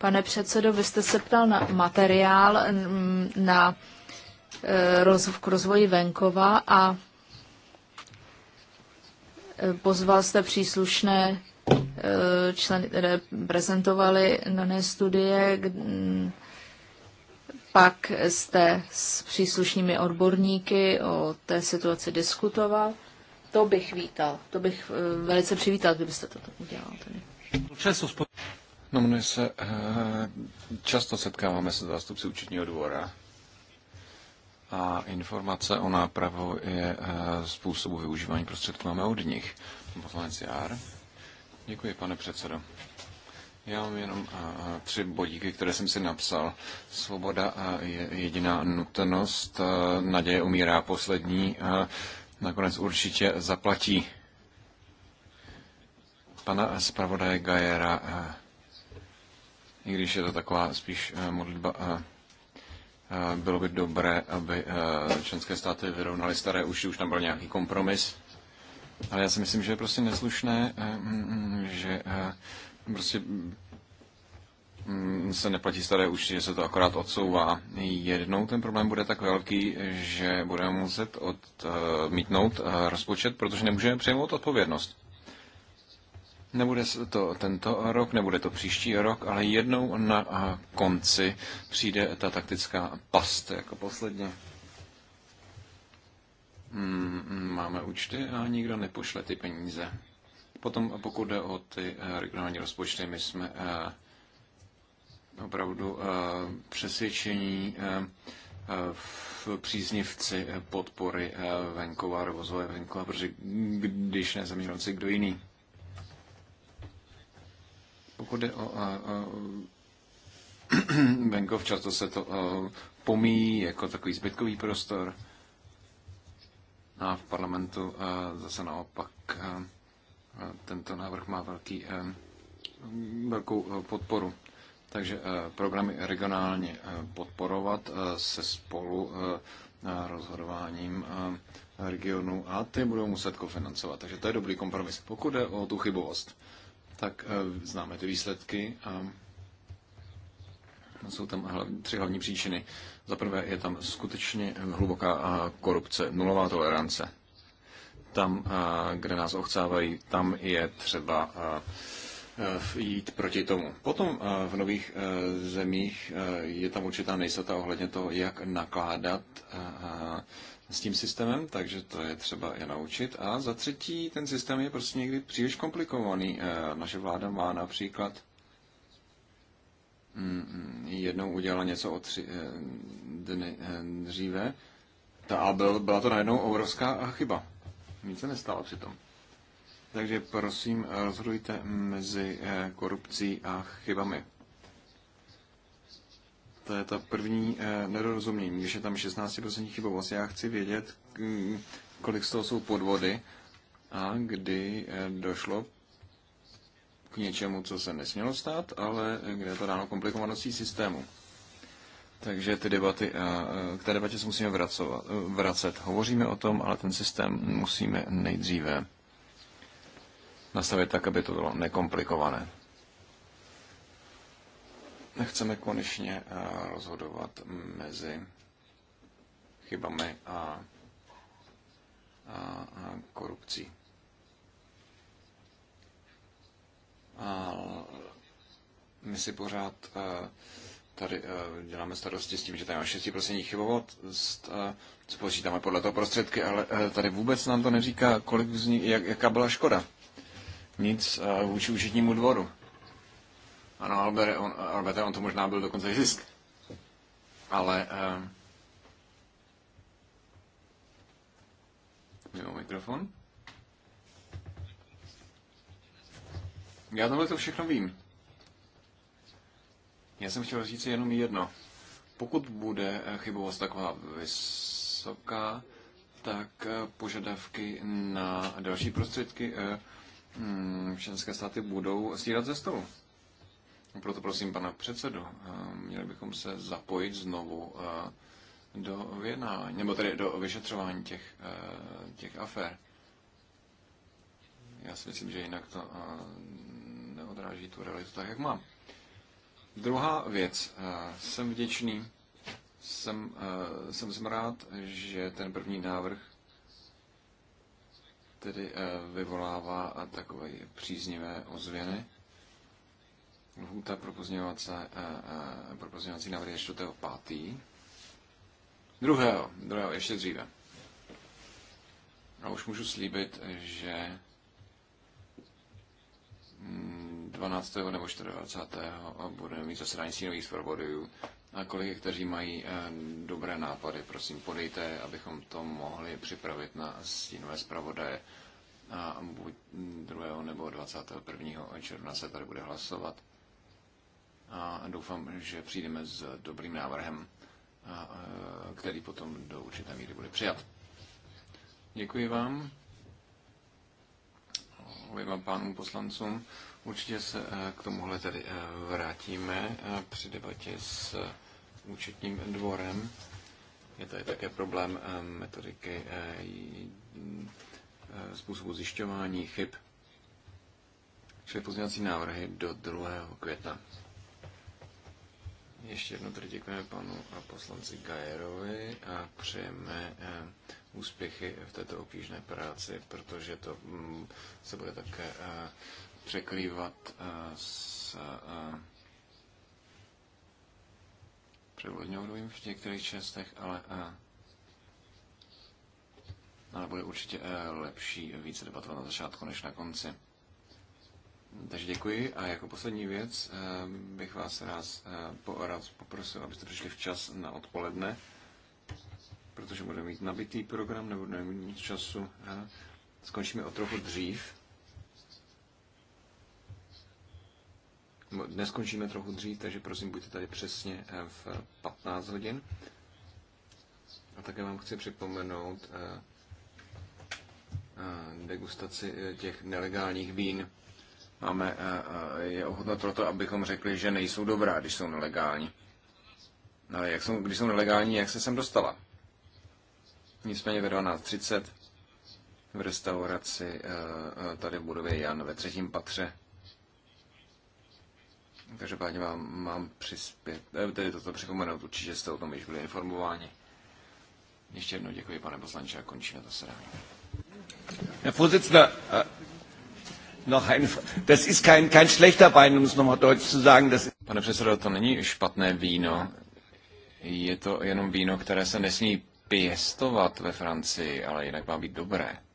Pane předsedo, vy jste se ptal na materiál mm, na e, k rozvoji venkova a e, pozval jste příslušné e, členy, které prezentovali dané studie, mm, pak jste s příslušnými odborníky o té situaci diskutoval. To bych vítal, to bych velice přivítal, kdybyste to udělal. Tady. No, my se eh, často setkáváme se zástupci účetního dvora a informace o nápravu je eh, způsobu využívání prostředků máme od nich. Poslanec Jár. Děkuji, pane předsedo. Já mám jenom eh, tři bodíky, které jsem si napsal. Svoboda je jediná nutnost, naděje umírá poslední, a nakonec určitě zaplatí. Pana zpravodaje Gajera i když je to taková spíš eh, modlitba. Eh, eh, bylo by dobré, aby členské státy vyrovnaly staré uši, už tam byl nějaký kompromis. Ale já si myslím, že je prostě neslušné, mm, mm, že prostě mm, se neplatí staré účty, že se to akorát odsouvá. Jednou ten problém bude tak velký, že budeme muset odmítnout rozpočet, protože nemůžeme přijmout odpovědnost. Nebude to tento rok, nebude to příští rok, ale jednou na konci přijde ta taktická past jako posledně. Hmm, máme účty a nikdo nepošle ty peníze. Potom, pokud jde o ty eh, regionální rozpočty, my jsme eh, opravdu eh, přesvědčení v příznivci podpory venkova, rozvoje venkova, protože když ne zemědělci, kdo jiný. Pokud je o venkov, často se to pomíjí jako takový zbytkový prostor. A v parlamentu zase naopak tento návrh má velký, velkou podporu. Takže programy regionálně podporovat se spolu rozhodováním regionu a ty budou muset kofinancovat. Takže to je dobrý kompromis, pokud je o tu chybovost tak eh, známe ty výsledky a jsou tam tři hlavní příčiny. Za prvé je tam skutečně hluboká eh, korupce, nulová tolerance. Tam, eh, kde nás ochcávají, tam je třeba jít proti tomu. Potom v nových zemích je tam určitá nejistota ohledně toho, jak nakládat s tím systémem, takže to je třeba je naučit. A za třetí, ten systém je prostě někdy příliš komplikovaný. Eh, naše vláda má například mm, mm, jednou udělala něco o tři eh, dny eh, dříve, ta a byl, byla to najednou obrovská chyba. Nic se nestalo přitom. Takže prosím, rozhodujte mezi korupcí a chybami to je ta první eh, nedorozumění, když je tam 16% chybovost. Já chci vědět, mm, kolik z toho jsou podvody a kdy eh, došlo k něčemu, co se nesmělo stát, ale kde je to dáno komplikovaností systému. Takže ty debaty, eh, k té debatě se musíme vracovat, vracet. Hovoříme o tom, ale ten systém musíme nejdříve nastavit tak, aby to bylo nekomplikované. Nechceme konečně eh, rozhodovat mezi chybami a, a, a korupcí. A my si pořád eh, tady eh, děláme starosti s tím, že tady máme 6% chybovost, spočítáme podle toho prostředky, ale tady vůbec nám to neříká, kolik vznik, jak, jaká byla škoda. Nic vůči účetnímu dvoru. Ano, Albert, on, Albert, on to možná byl dokonce zisk. Ale... Uh, mimo mikrofon. Já tohle to všechno vím. Já jsem chtěl říct jenom jedno. Pokud bude eh, chybovost taková vysoká, tak eh, požadavky na další prostředky hm, členské státy budou stírat ze stolu. Proto prosím pana předsedu, eh, měli bychom se zapojit znovu eh, do věna, nebo tedy do vyšetřování těch, eh, těch afér. Já si myslím, že jinak to neodráží tu realitu tak, jak mám. Druhá věc. Jsem vděčný, jsem, jsem, jsem rád, že ten první návrh tedy vyvolává takové příznivé ozvěny. Lhůta eh, eh, pro pozměňovací návrhy je 4. 5. Druhého, druhého, ještě dříve. A už můžu slíbit, že 12. Mm, nebo 24. budeme mít zasedání sínových svobodů. A kolegy, kteří mají eh, dobré nápady, prosím, podejte, abychom to mohli připravit na stínové zpravodaje. A buď 2. nebo 21. června se tady bude hlasovat a doufám, že přijdeme s dobrým návrhem, který potom do určité míry bude přijat. Děkuji vám, Děkuji vám, pánům poslancům. Určitě se e, k tomuhle tedy e, vrátíme e, při debatě s účetním dvorem. Je tady také problém metodiky způsobu zjišťování chyb. Čili pozměňovací návrhy do 2. května. Ještě jednou tedy děkujeme panu poslanci Gajerovi a přejeme eh, úspěchy v této obtížné práci, protože to mm, se bude také eh, překrývat eh, s předvolebním v některých částech, ale, ale bude určitě lepší více debatovat na začátku než na konci. Takže děkuji a jako poslední věc eh, bych vás eh, rád, poprosil, abyste přišli včas na odpoledne, protože budeme mít nabitý program, nebudeme mít nic času. Eh, skončíme o trochu dřív. Dnes skončíme trochu dřív, takže prosím, buďte tady přesně v 15 hodin. A také vám chci připomenout degustaci těch nelegálních vín máme, je ochotno proto, abychom řekli, že nejsou dobrá, když jsou nelegální. Ale jak jsou, když jsou nelegální, jak se sem dostala? Nicméně ve 12.30 v restauraci tady v budově Jan ve třetím patře. Takže vám mám přispět, eh, tedy toto připomenout, určitě jste o tom již byli informováni. Ještě jednou děkuji, pane poslanče, a končíme to sedání. Herr Vorsitzender, äh, noch ein, das ist kein, kein schlechter Wein, um es nochmal deutsch zu sagen. Das Pane předsedo, to není špatné víno. Je to jenom víno, které se nesmí pěstovat ve Francii, ale jinak má být dobré.